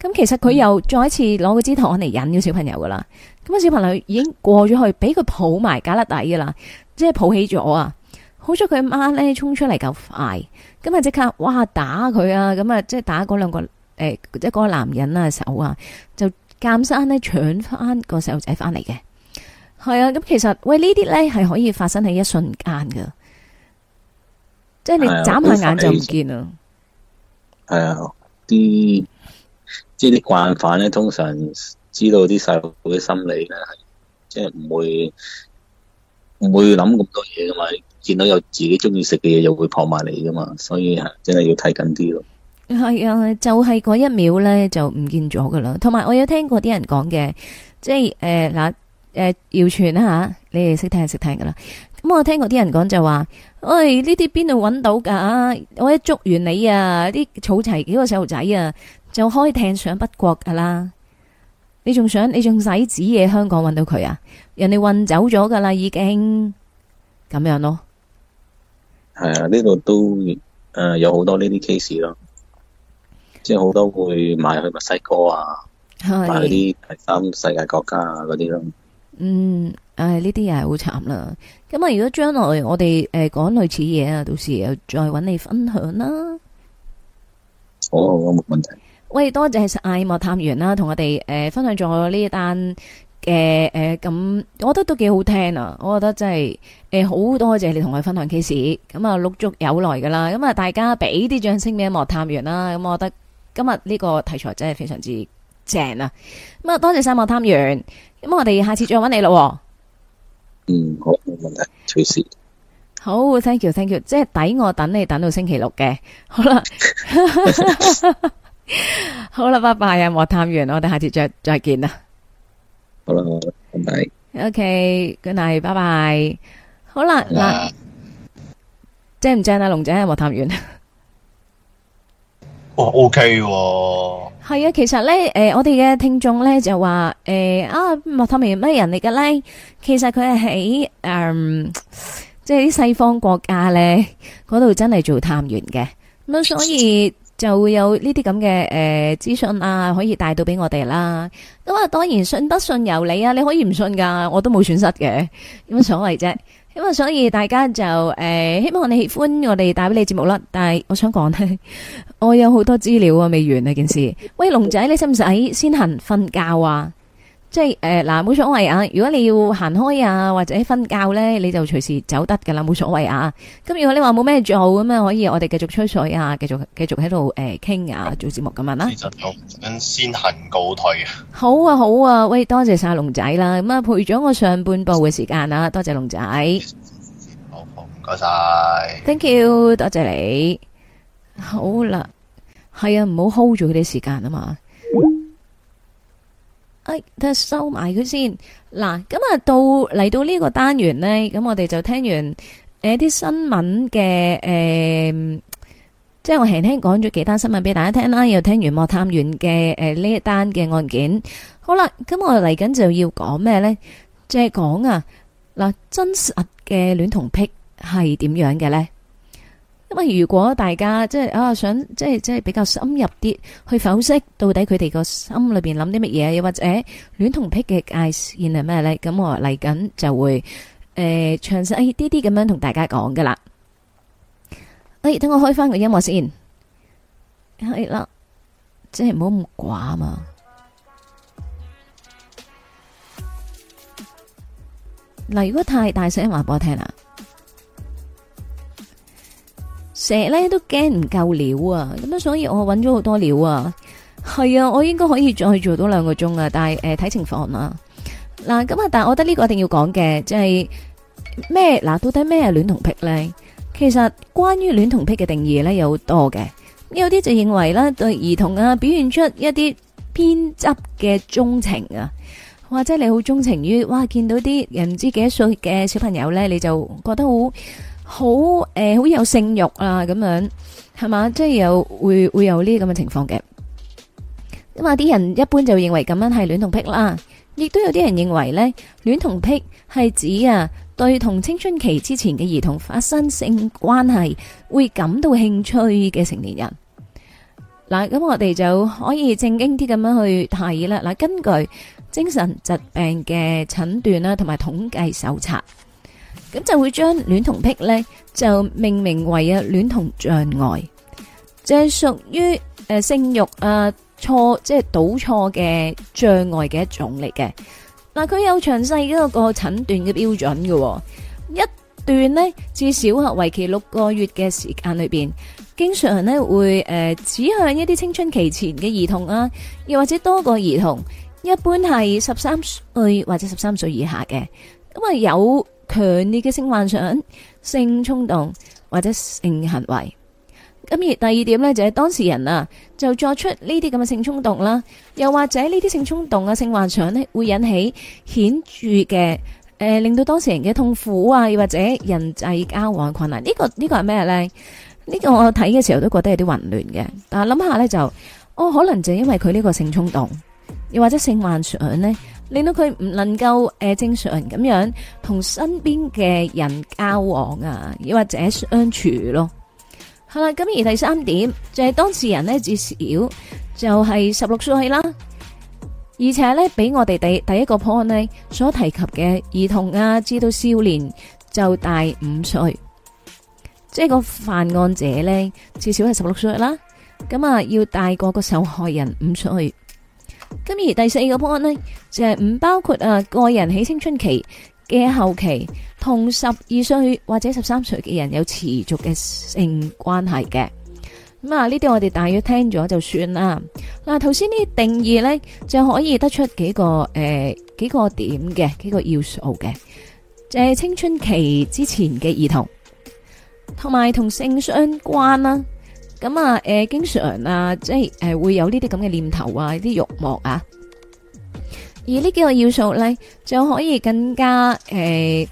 咁其實佢又再一次攞個支糖嚟引咗小朋友噶啦。咁啊！小朋友已經過咗去了，俾佢抱埋架笠底噶啦，即係抱起咗啊。好彩佢媽咧衝出嚟夠快，咁啊即刻哇打佢啊！咁啊，即係打嗰兩個誒，即係嗰個男人啊手啊，就鑒生咧搶翻個細路仔翻嚟嘅。係啊，咁其實喂呢啲咧係可以發生喺一瞬間噶，即係你眨下眼就唔見啦。係、哎、啊，啲即啲慣犯咧，通常。知道啲細路嘅心理咧，係即係唔會唔會諗咁多嘢噶嘛。見到有自己中意食嘅嘢，又會撲埋嚟噶嘛，所以係真係要睇緊啲咯。係啊，就係、是、嗰一秒咧就唔見咗噶啦。同埋我有聽過啲人講嘅，即係誒嗱誒謠傳啦吓、啊，你哋識聽就識聽噶啦。咁我聽過啲人講就話，喂、哎，呢啲邊度揾到噶、啊？我一捉完你啊，啲草齊幾個細路仔啊，就開艇上北國噶啦。你仲想你仲使指嘢，香港揾到佢啊？人哋運走咗噶啦，已經咁樣咯。係啊，呢度都誒有好多呢啲 case 咯，即係好多會賣去墨西哥啊，賣啲第三世界國家啊嗰啲咯。嗯，唉、哎，呢啲又係好慘啦。咁啊，如果將來我哋誒講類似嘢啊，到時又再揾你分享啦。好，我冇問題。喂，多謝晒莫探員啦、啊，同我哋誒、呃、分享咗呢一單嘅誒，咁、呃、我覺得都幾好聽啊！我覺得真係誒好多謝你同我分享 case，咁啊陸續有來噶啦，咁啊大家俾啲掌聲俾莫探員啦、啊，咁我覺得今日呢個題材真係非常之正啊！咁啊多謝晒莫探員，咁我哋下次再揾你咯、啊。嗯，好冇問題，隨時。好，thank you，thank you，即係抵我等你等到星期六嘅，好啦。 好啦，拜拜啊！莫探員，我哋下次再再見啦。好啦，拜拜。OK，good night，拜拜。好啦，嗱，正唔正啊？龍仔啊，莫探員。哦，OK。係啊，其實咧，誒，我哋嘅聽眾咧就話，誒啊，莫探員咩人嚟㗎咧？其實佢係喺誒，即係啲西方國家咧，嗰度真係做探員嘅。咁所以。就會有呢啲咁嘅誒資訊啊，可以帶到俾我哋啦。咁啊，當然信不信由你啊，你可以唔信㗎，我都冇損失嘅，有乜所謂啫？咁啊，所以大家就誒、呃，希望你喜歡我哋帶俾你節目啦。但係我想講咧， 我有好多資料啊，未完呢、啊、件事。喂，龍仔，你使唔使先行瞓覺啊？即係誒嗱，冇、呃、所謂啊！如果你要行開啊，或者瞓覺咧，你就隨時走得噶啦，冇所謂啊！咁如果你話冇咩做咁啊，可以我哋繼續吹水啊，繼續繼續喺度誒傾啊，做節目咁啊啦。先好，先行告退。好啊，好啊，喂，多謝晒龍仔啦！咁啊，陪咗我上半部嘅時間啊，多謝龍仔。好，唔該晒。Thank you，多謝你。好啦，係啊，唔好 hold 住佢啲時間啊嘛。誒，得收埋佢先。嗱，咁啊，到嚟到呢個單元呢，咁我哋就聽完誒啲新聞嘅誒，即係我輕輕講咗幾單新聞俾大家聽啦，又聽完《莫探員》嘅誒呢一單嘅案件。好啦，咁我嚟緊就要講咩呢？即係講啊，嗱，真實嘅戀童癖係點樣嘅呢？因為如果大家、啊、即係啊想即係即係比較深入啲去剖析到底佢哋個心裏邊諗啲乜嘢，又或者戀、欸、同癖嘅界線係咩咧？咁我嚟緊就會誒詳細一啲啲咁樣同大家講噶啦。誒、欸，等我開翻個音樂先，係啦，即係唔好咁寡嘛。嗱，如果太大聲，話俾我聽啦。成日咧都驚唔夠料啊，咁啊，所以我揾咗好多料啊。係啊，我應該可以再做多兩個鐘啊，但係誒睇情況啊。嗱，咁啊，但係我覺得呢個一定要講嘅，即係咩嗱？到底咩係戀童癖咧？其實關於戀童癖嘅定義咧，有好多嘅。有啲就認為咧，對兒童啊表現出一啲偏執嘅鍾情啊，或者你好鍾情於哇，見到啲人唔知幾多歲嘅小朋友咧，你就覺得好。好誒，好、呃、好有性欲啊，咁樣係嘛，即係有會會有呢啲咁嘅情況嘅。咁啊，啲人一般就認為咁樣係戀童癖啦，亦都有啲人認為呢，戀童癖係指啊對同青春期之前嘅兒童發生性關係會感到興趣嘅成年人。嗱，咁我哋就可以正經啲咁樣去睇啦。嗱，根據精神疾病嘅診斷啦、啊，同埋統計手冊。咁就會將戀童癖咧就命名為啊戀童障礙，就係屬於誒性欲啊錯即係倒錯嘅障礙嘅一種嚟嘅。嗱、啊，佢有詳細嗰個診斷嘅標準嘅一段呢，至少為期六個月嘅時間裏邊，經常咧會誒、呃、指向一啲青春期前嘅兒童啊，又或者多個兒童，一般係十三歲或者十三歲以下嘅咁啊有。強烈嘅性幻想、性衝動或者性行為，咁而第二點呢，就係當事人啊，就作出呢啲咁嘅性衝動啦，又或者呢啲性衝動啊、性幻想呢，會引起顯著嘅誒，令到當事人嘅痛苦啊，又或者人際交往困難。呢個呢個係咩呢？呢個我睇嘅時候都覺得有啲混亂嘅。但諗下呢，就，哦，可能就因為佢呢個性衝動，又或者性幻想呢。令到佢唔能夠誒、呃、正常咁樣同身邊嘅人交往啊，又或者相處咯。好啦，咁而第三點就係、是、當事人呢至少就係十六歲啦，而且呢，俾我哋第第一個 point 呢所提及嘅兒童啊，至到少年就大五歲，即係個犯案者呢，至少係十六歲啦，咁啊要大過個受害人五歲。咁而第四個 point 呢就係唔包括啊個人喺青春期嘅後期同十二歲或者十三歲嘅人有持續嘅性關係嘅。咁啊呢啲我哋大約聽咗就算啦。嗱，頭先呢啲定義呢，就可以得出幾個誒、呃、幾個點嘅幾個要素嘅，就係青春期之前嘅兒童，同埋同性相關啦。咁啊，誒、呃，經常啊，即係誒、呃，會有呢啲咁嘅念頭啊，啲欲望啊，而呢幾個要素咧，就可以更加誒、呃，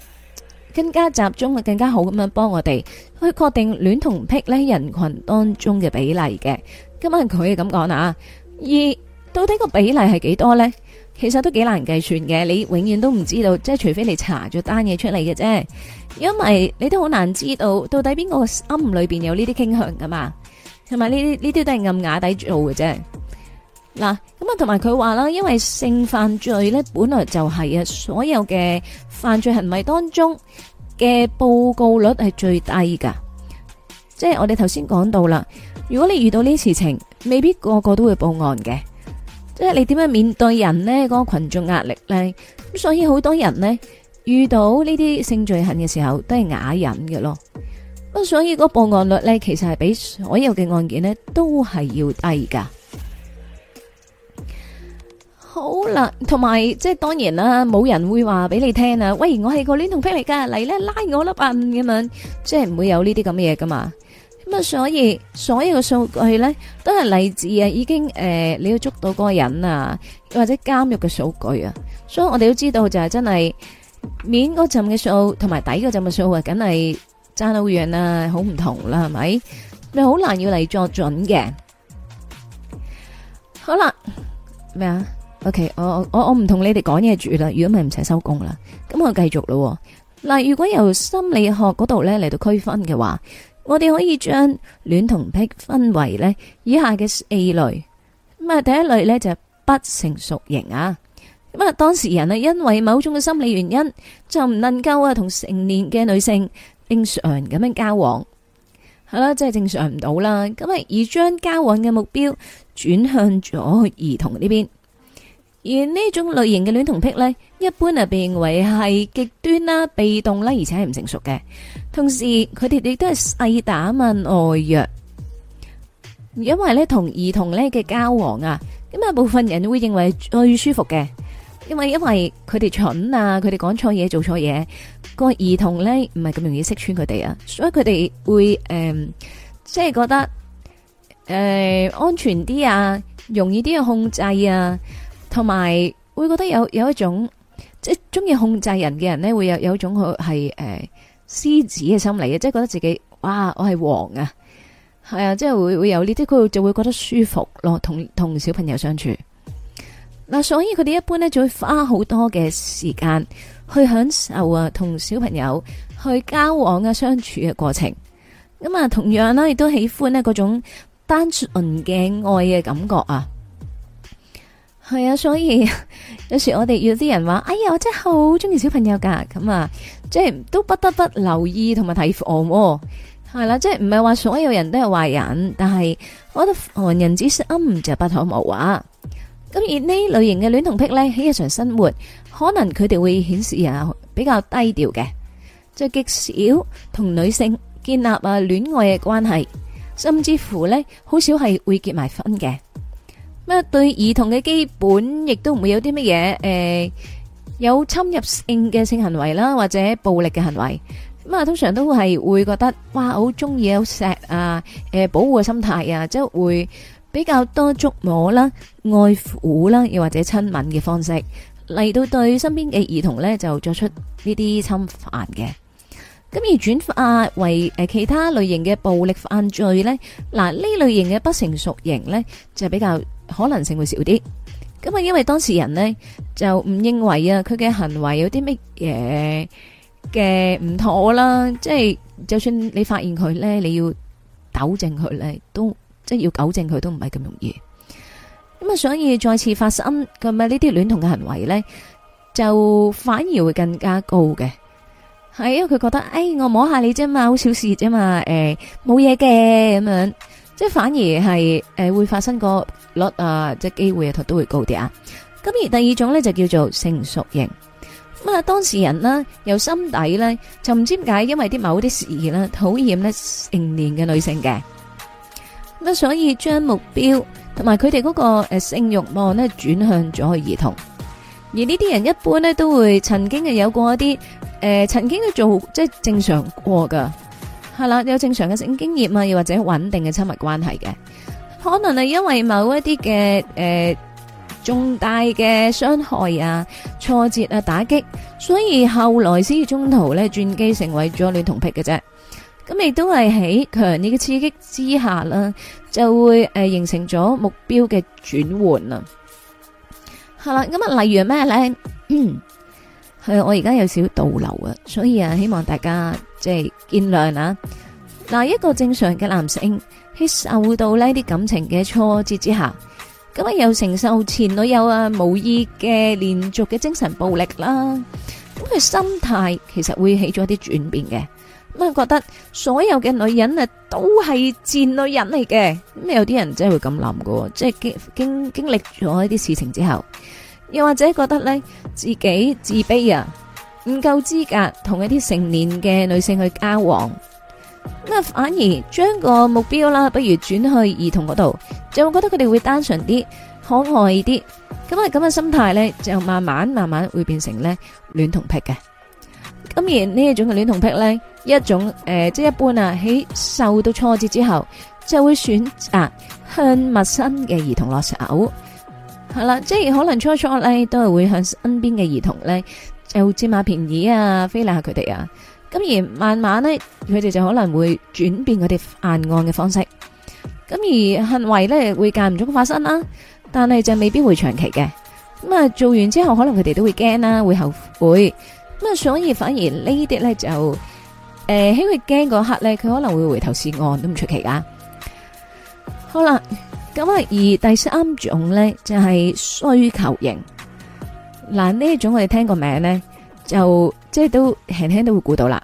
更加集中，更加好咁樣幫我哋去確定戀同癖咧人群當中嘅比例嘅。今日佢係咁講啊，而到底個比例係幾多咧？其實都幾難計算嘅，你永遠都唔知道，即係除非你查咗單嘢出嚟嘅啫，因為你都好難知道到底邊個心裏面有呢啲傾向㗎嘛。同埋呢啲呢啲都係暗啞底做嘅啫。嗱，咁啊，同埋佢話啦，因為性犯罪咧本來就係啊，所有嘅犯罪行為當中嘅報告率係最低噶。即係我哋頭先講到啦，如果你遇到呢啲事情，未必個個都會報案嘅。即係你點樣面對人呢嗰個群眾壓力呢？咁所以好多人呢，遇到呢啲性罪行嘅時候，都係啞忍嘅咯。咁所以個報案率咧，其實係比所有嘅案件咧都係要低噶。好啦，同埋即係當然啦，冇人會話俾你聽啊！喂，我係個戀童癖嚟噶，嚟咧拉我粒棍咁樣，即係唔會有呢啲咁嘅嘢噶嘛。咁啊，所以所有嘅數據咧都係嚟自啊，已經誒、呃、你要捉到嗰個人啊，或者監獄嘅數據啊。所以我哋都知道就係真係面嗰浸嘅數同埋底嗰浸嘅數啊，梗係。爭好遠啦，好唔同啦，係咪？咪好難要嚟作準嘅。好啦，咩啊？O K，我我我唔同你哋講嘢住啦。如果咪唔使收工啦，咁我繼續咯。嗱，如果由心理學嗰度咧嚟到區分嘅話，我哋可以將戀同癖分為咧以下嘅四類。咁啊，第一類咧就係不成熟型啊。咁啊，當事人啊，因為某種嘅心理原因就唔能夠啊，同成年嘅女性正常咁樣交往係啦，即係正常唔到啦。咁啊，而將交往嘅目標轉向咗兒童呢邊，而呢種類型嘅戀童癖咧，一般啊被認為係極端啦、被動啦，而且係唔成熟嘅。同時，佢哋亦都係細膽問外弱，因為咧同兒童咧嘅交往啊，咁啊，部分人會認為最舒服嘅。因為因為佢哋蠢啊，佢哋講錯嘢，做錯嘢，個兒童咧唔係咁容易識穿佢哋啊，所以佢哋會誒、呃，即係覺得誒、呃、安全啲啊，容易啲去控制啊，同埋會覺得有有一種即係中意控制人嘅人咧，會有有一種佢係誒獅子嘅心理啊，即係覺得自己哇我係王啊，係啊，即係會會有呢啲佢就會覺得舒服咯，同同小朋友相處。嗱，所以佢哋一般咧就會花好多嘅時間去享受啊，同小朋友去交往啊、相處嘅過程。咁啊，同樣啦，亦都喜歡呢嗰種單純嘅愛嘅感覺啊。係啊，所以有時候我哋遇到啲人話，哎呀，我真係好中意小朋友噶。咁啊，即係都不得不留意同埋提防。係啦，即係唔係話所有人都係壞人，但係我覺得防人之心就不可無啊。咁而呢類型嘅戀童癖咧喺日常生活，可能佢哋會顯示啊比較低調嘅，即係極少同女性建立啊戀愛嘅關係，甚至乎咧好少係會結埋婚嘅。咁啊，對兒童嘅基本亦都唔會有啲乜嘢誒有侵入性嘅性行為啦，或者暴力嘅行為。咁啊，通常都會係會覺得哇，好中意，好錫啊，誒，保護嘅心態啊，即係會。比較多觸摸啦、愛撫啦，又或者親吻嘅方式嚟到對身邊嘅兒童呢，就作出呢啲侵犯嘅。咁而轉化為誒其他類型嘅暴力犯罪呢，嗱呢類型嘅不成熟型呢，就比較可能性會少啲。咁啊，因為當事人呢，就唔認為啊，佢嘅行為有啲乜嘢嘅唔妥啦，即係就算你發現佢呢，你要糾正佢呢，都。即係要糾正佢都唔係咁容易，咁啊，所以再次發生咁咪呢啲戀童嘅行為咧，就反而會更加高嘅，係因為佢覺得誒，我摸下你啫嘛，好小事啫嘛，誒，冇嘢嘅咁樣，即係反而係誒會發生個率啊，即係機會啊，都都會高啲啊。咁而第二種咧就叫做成熟型，咁啊，當事人啦，由心底咧就唔知點解，因為啲某啲事啦，討厭咧成年嘅女性嘅。所以將目標同埋佢哋嗰個誒性欲望咧轉向咗去兒童，而呢啲人一般咧都會曾經係有過一啲誒、呃、曾經都做即係正常過噶係啦，有正常嘅性經驗啊，又或者穩定嘅親密關係嘅，可能係因為某一啲嘅誒重大嘅傷害啊、挫折啊、打擊，所以後來先至中途咧轉機成為咗戀童癖嘅啫。咁亦都係喺強烈嘅刺激之下啦，就會誒形成咗目標嘅轉換啦。係啦，咁啊，例如咩咧？嗯，係我而家有少倒流啊，所以啊，希望大家即係見諒啦。嗱，一個正常嘅男性，喺受到呢啲感情嘅挫折之下，咁啊又承受前女友啊無意嘅連續嘅精神暴力啦，咁佢心態其實會起咗一啲轉變嘅。咁啊，覺得所有嘅女人啊，都係賤女人嚟嘅。咁有啲人真係會咁諗喎，即係經經經歷咗一啲事情之後，又或者覺得呢，自己自卑啊，唔夠資格同一啲成年嘅女性去交往，咁啊反而將個目標啦，不如轉去兒童嗰度，就會覺得佢哋會單純啲、可愛啲。咁啊，咁嘅心態呢，就慢慢慢慢會變成呢——戀同癖嘅。咁而呢一種嘅戀童癖呢，一種誒、呃，即係一般啊，喺受到挫折之後，就會選擇向陌生嘅兒童落手，係、嗯、啦、嗯，即係可能初初呢，都係會向身邊嘅兒童呢，就佔下便宜啊，非禮下佢哋啊。咁而慢慢呢，佢哋就可能會轉變佢哋犯案嘅方式。咁而行為呢，會間唔中發生啦、啊，但係就未必會長期嘅。咁、嗯、啊做完之後，可能佢哋都會驚啦、啊，會後悔。咁啊，所以反而呢啲咧就誒，喺佢驚嗰刻咧，佢可能會回頭是岸都唔出奇㗎。好啦，咁啊，而第三種咧就係、是、需求型。嗱、啊，呢一種我哋聽個名咧，就即係都輕輕都會估到啦，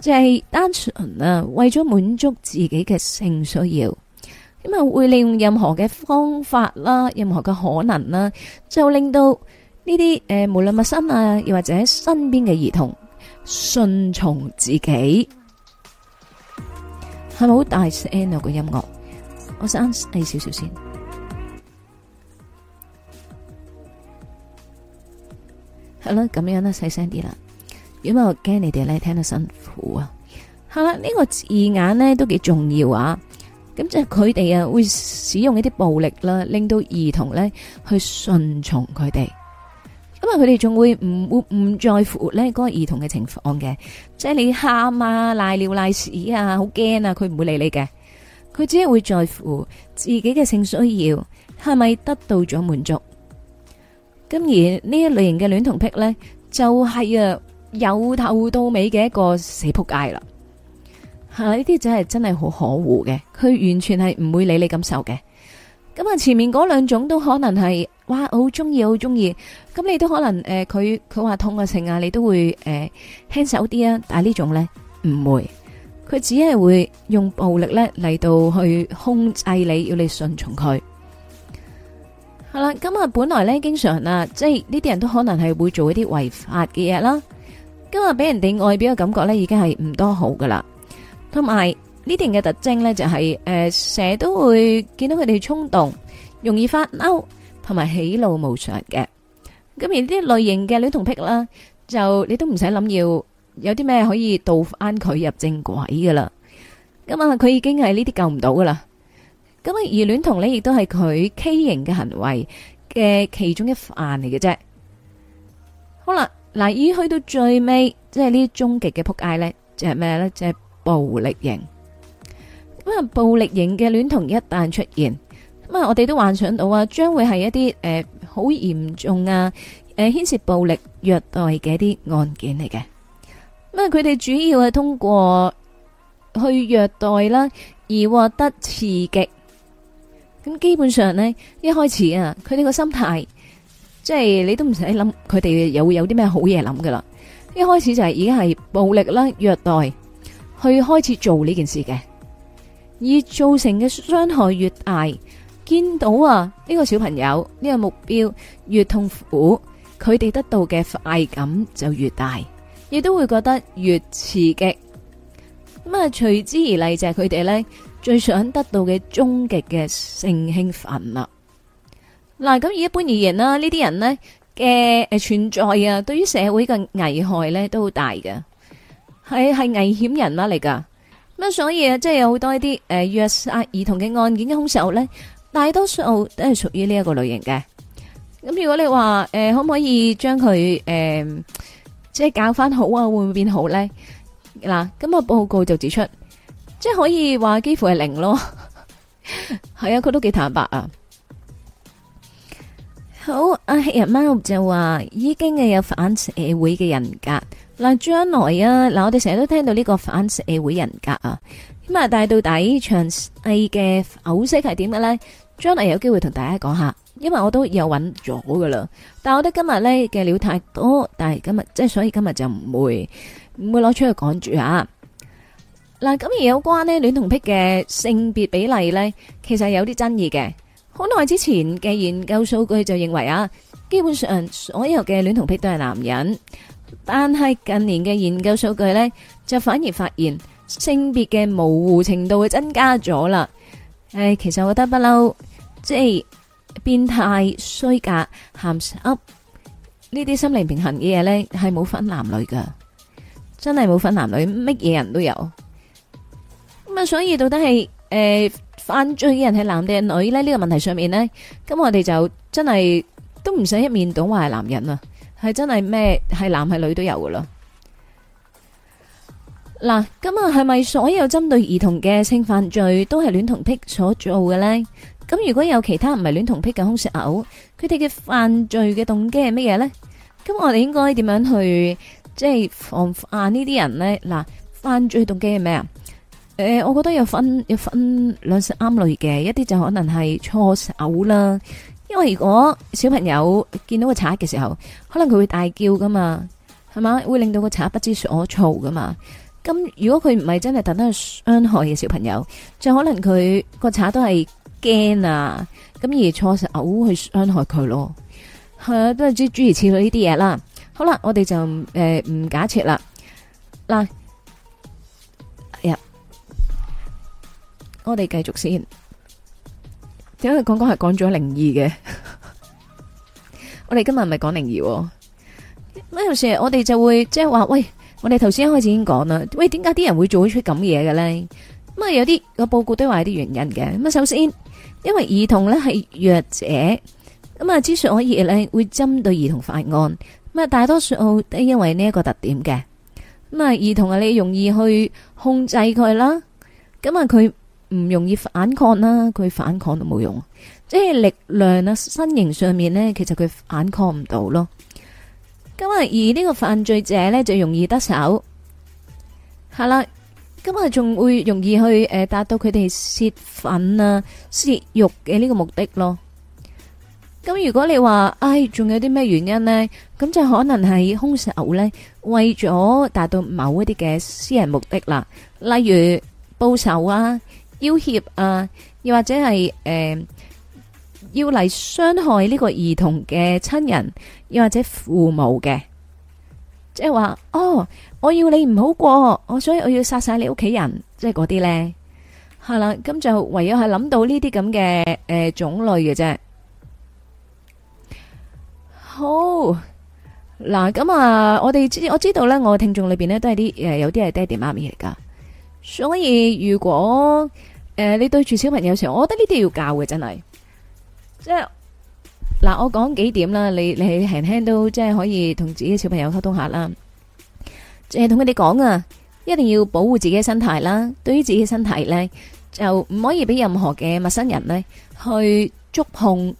就係、是、單純啊，為咗滿足自己嘅性需要，咁啊會利用任何嘅方法啦，任何嘅可能啦，就令到。呢啲誒，無論陌生啊，又或者身邊嘅兒童，順從自己係咪好大聲個音樂，我想細少少先係啦。咁樣咧，細聲啲啦，因為我驚你哋咧聽得辛苦啊。係啦，呢個字眼咧都幾重要啊。咁即係佢哋啊會使用一啲暴力啦，令到兒童咧去順從佢哋。咁啊！佢哋仲會唔會唔在乎呢個兒童嘅情況嘅，即係你喊啊、賴尿賴屎啊、好驚啊，佢唔會理你嘅，佢只係會在乎自己嘅性需要係咪得到咗滿足。咁而呢一類型嘅戀童癖呢，就係啊由頭到尾嘅一個死仆街啦。吓，呢啲就係真係好可惡嘅，佢完全係唔會理你感受嘅。咁啊，前面嗰兩種都可能係。哇！好中意，好中意。咁你都可能誒，佢佢話痛啊情啊，你都會誒輕、呃、手啲啊。但係呢種呢，唔會，佢只係會用暴力呢嚟到去控制你要你順從佢。好啦，今日本來呢，經常啦，即係呢啲人都可能係會做一啲違法嘅嘢啦。今日俾人哋外表嘅感覺呢，已經係唔多好噶啦。同埋呢啲人嘅特徵呢，就係、是、誒，成、呃、日都會見到佢哋衝動，容易發嬲。同埋喜怒無常嘅，咁而呢啲類型嘅戀童癖啦，就你都唔使諗要有啲咩可以導翻佢入正軌噶啦。咁啊，佢已經係呢啲救唔到噶啦。咁啊，而戀童咧，亦都係佢畸形嘅行為嘅其中一範嚟嘅啫。好啦，嗱，已去到最尾，即係呢啲終極嘅撲街咧，即係咩咧？即係暴力型。咁啊，暴力型嘅戀童一旦出現。咁啊，我哋都幻想到啊，將會係一啲誒好嚴重啊，誒、呃、牽涉暴力虐待嘅一啲案件嚟嘅。咁啊，佢哋主要係通過去虐待啦，而獲得刺激。咁基本上呢，一開始啊，佢哋個心態，即係你都唔使諗，佢哋又會有啲咩好嘢諗噶啦。一開始就係已經係暴力啦、虐待去開始做呢件事嘅，而造成嘅傷害越大，見到啊，呢、這個小朋友呢、這個目標越痛苦，佢哋得到嘅快感就越大，亦都會覺得越刺激。咁啊，隨之而嚟就係佢哋呢最想得到嘅終極嘅性興奮啦。嗱、啊，咁以一般而言啦，呢啲人呢嘅誒存在啊，對於社會嘅危害呢，都好大嘅，係係危險人物嚟噶。咁所以啊，即係有好多啲誒虐殺兒童嘅案件嘅凶手呢。大多數都係屬於呢一個類型嘅。咁如果你話誒、呃、可唔可以將佢誒、呃、即係教翻好啊，會唔會變好咧？嗱、啊、咁、這、啊、個、報告就指出，即係可以話幾乎係零咯。係 啊，佢都幾坦白啊。好，阿、啊、黑日貓就話已經係有反社會嘅人格。嗱、啊，將來啊，嗱、啊、我哋成日都聽到呢個反社會人格啊，咁啊，但係到底詳細嘅解釋係點嘅咧？將來有機會同大家講下，因為我都有揾咗噶啦。但係我覺得今日呢嘅料太多，但係今日即係所以今日就唔會唔會攞出去講住吓。嗱，咁而有關呢戀童癖嘅性別比例呢，其實有啲爭議嘅。好耐之前嘅研究數據就認為啊，基本上所有嘅戀童癖都係男人。但係近年嘅研究數據呢，就反而發現性別嘅模糊程度會增加咗啦。誒，其實我覺得不嬲。即係變態、衰格、鹹濕呢啲心理平衡嘅嘢咧，係冇分男女噶，真係冇分男女，乜嘢人都有咁啊。所以到底係誒犯罪嘅人係男定係女咧？呢個問題上面咧，咁我哋就真係都唔使一面倒話係男人啦，係真係咩係男係女都有噶啦。咁嗱，咁啊係咪所有針對兒童嘅性犯罪都係戀童癖所做嘅咧？咁如果有其他唔係戀童癖嘅兇殺案，佢哋嘅犯罪嘅動機係乜嘢呢？咁我哋應該點樣去即係防範呢啲人呢？嗱，犯罪動機係咩啊？誒、呃，我覺得有分有分兩三類嘅，一啲就可能係錯毆啦，因為如果小朋友見到個賊嘅時候，可能佢會大叫噶嘛，係嘛，會令到個賊不知所措噶嘛。咁如果佢唔係真係特登去傷害嘅小朋友，就可能佢個賊都係。驚啊！咁而錯實嘔去傷害佢咯，係、啊、都係諸諸如此類呢啲嘢啦。好啦，我哋就誒唔、呃、假設啦。嗱，哎呀，我哋繼續先。點解佢講講係講咗靈異嘅？ 我哋今日唔係講靈異咩？有時，我哋就會即係話喂，我哋頭先一開始已經講啦。喂，點解啲人會做出咁嘢嘅咧？咁啊有啲個報告都話有啲原因嘅。咁啊首先。因為兒童咧係弱者，咁啊，之所以咧會針對兒童犯案，咁啊，大多數都因為呢一個特點嘅，咁啊，兒童啊你容易去控制佢啦，咁啊，佢唔容易反抗啦，佢反抗都冇用，即係力量啊，身形上面呢，其實佢反抗唔到咯，咁啊，而呢個犯罪者呢，就容易得手，係啦。咁啊，仲會容易去誒達到佢哋洩憤啊、洩欲嘅呢個目的咯。咁如果你話，唉、哎，仲有啲咩原因呢？咁就可能係兇手呢，為咗達到某一啲嘅私人目的啦，例如報仇啊、要挾啊，又或者係誒、呃、要嚟傷害呢個兒童嘅親人，又或者父母嘅，即係話哦。我要你唔好過，我所以我要殺晒你屋企人，即係嗰啲咧，係啦，咁就唯有係諗到呢啲咁嘅誒種類嘅啫。好嗱，咁啊，我哋知我知道咧，我聽眾裏邊咧都係啲誒有啲係爹哋媽咪嚟噶，所以如果誒你對住小朋友時候，我覺得呢啲要教嘅真係，即係嗱，我講幾點啦，你你輕輕都即係可以同自己小朋友溝通下啦。淨係同佢哋講啊，一定要保護自己嘅身體啦。對於自己嘅身體呢，就唔可以俾任何嘅陌生人呢去觸碰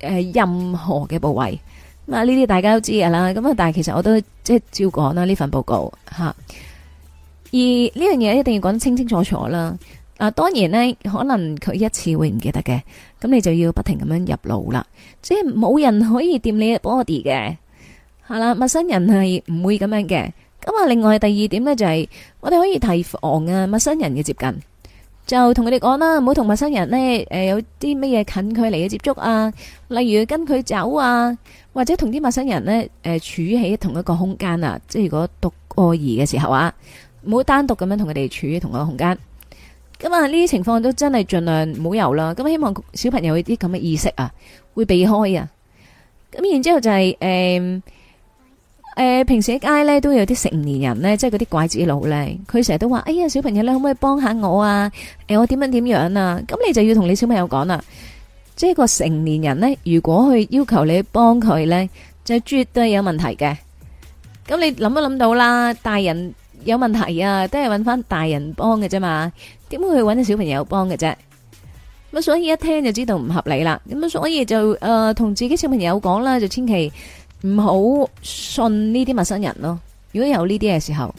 誒任何嘅部位。咁啊，呢啲大家都知噶啦。咁啊，但係其實我都即係照講啦。呢份報告吓，而呢樣嘢一定要講得清清楚楚啦。啊，當然呢，可能佢一次會唔記得嘅，咁你就要不停咁樣入腦啦。即係冇人可以掂你 body 嘅，係啦，陌生人係唔會咁樣嘅。咁啊，另外第二點呢，就係、是、我哋可以提防啊，陌生人嘅接近，就同佢哋講啦，唔好同陌生人呢誒、呃，有啲乜嘢近距離嘅接觸啊，例如跟佢走啊，或者同啲陌生人呢誒、呃，處喺同一個空間啊，即係如果獨個兒嘅時候啊，唔好單獨咁樣同佢哋處喺同一個空間。咁、嗯、啊，呢啲情況都真係儘量唔好有啦。咁希望小朋友有啲咁嘅意識啊，會避開啊。咁、嗯、然之後就係、是、誒。呃誒，平時喺街咧都有啲成年人咧，即係嗰啲拐子佬咧，佢成日都話，哎呀，小朋友你可唔可以幫下我啊？誒，我點樣點樣啊？咁你就要同你小朋友講啦。即係個成年人咧，如果去要求你幫佢咧，就絕對有問題嘅。咁你諗都諗到啦，大人有問題啊，都係搵翻大人幫嘅啫嘛，點會去搵小朋友幫嘅啫？咁所以一聽就知道唔合理啦。咁所以就誒，同、呃、自己小朋友講啦，就千祈。唔好信呢啲陌生人咯。如果有呢啲嘅時候，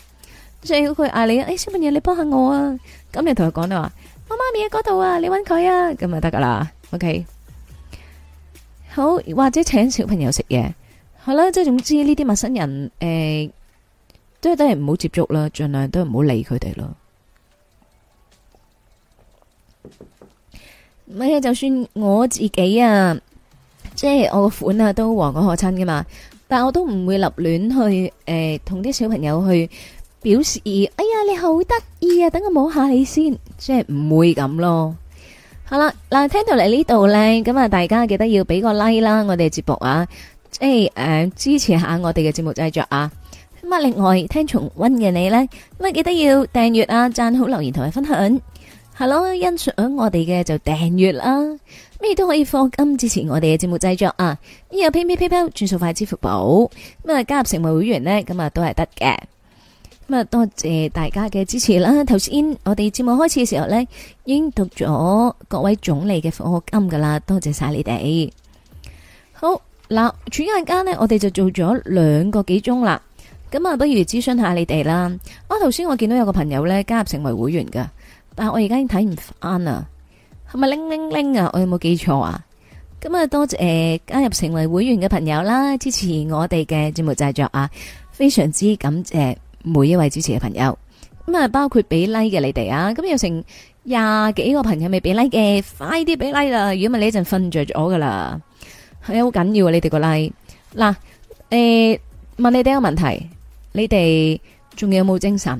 即係佢嗌你，誒、哎，小朋友，你幫下我啊！今日同佢講你話，我媽咪喺嗰度啊，你搵佢啊，咁咪得噶啦。OK，好或者請小朋友食嘢，好啦，即係總之呢啲陌生人，誒、呃，都都係唔好接觸啦，盡量都唔好理佢哋咯。乜嘢？就算我自己啊。即係我個款啊，都王我可親噶嘛，但係我都唔會立亂去誒，同、呃、啲小朋友去表示，哎呀你好得意啊，等我摸下你先，即係唔會咁咯。好啦，嗱聽到嚟呢度呢，咁啊大家記得要俾個 like 啦，我哋嘅節目啊，即係誒、呃、支持下我哋嘅節目製作啊。咁啊，另外聽重溫嘅你呢，咁啊記得要訂閱啊，讚好留言同埋分享。係咯，欣賞我哋嘅就訂閱啦，咩都可以放金支持我哋嘅節目製作啊！呢有 p pay pay pay 轉數快支付寶，咁啊加入成為會員呢，咁啊都係得嘅。咁啊多謝大家嘅支持啦！頭先我哋節目開始嘅時候呢，已經讀咗各位總理嘅放金噶啦，多謝晒你哋。好嗱，轉眼間呢，我哋就做咗兩個幾鐘啦。咁啊，不如諮詢下你哋啦。啊，頭先我見到有個朋友呢，加入成為會員噶。但係我而家已經睇唔翻啦，係咪零零零啊？我有冇記錯啊？咁啊多謝加入成為會員嘅朋友啦，支持我哋嘅節目製作啊！非常之感謝每一位支持嘅朋友。咁啊，包括俾 like 嘅你哋啊，咁有成廿幾個朋友未俾 like 嘅，快啲俾 like 啦！如果唔係你一陣瞓着咗噶啦，係好緊要啊！你哋個 like 嗱，誒問你哋一個問題，你哋仲有冇精神？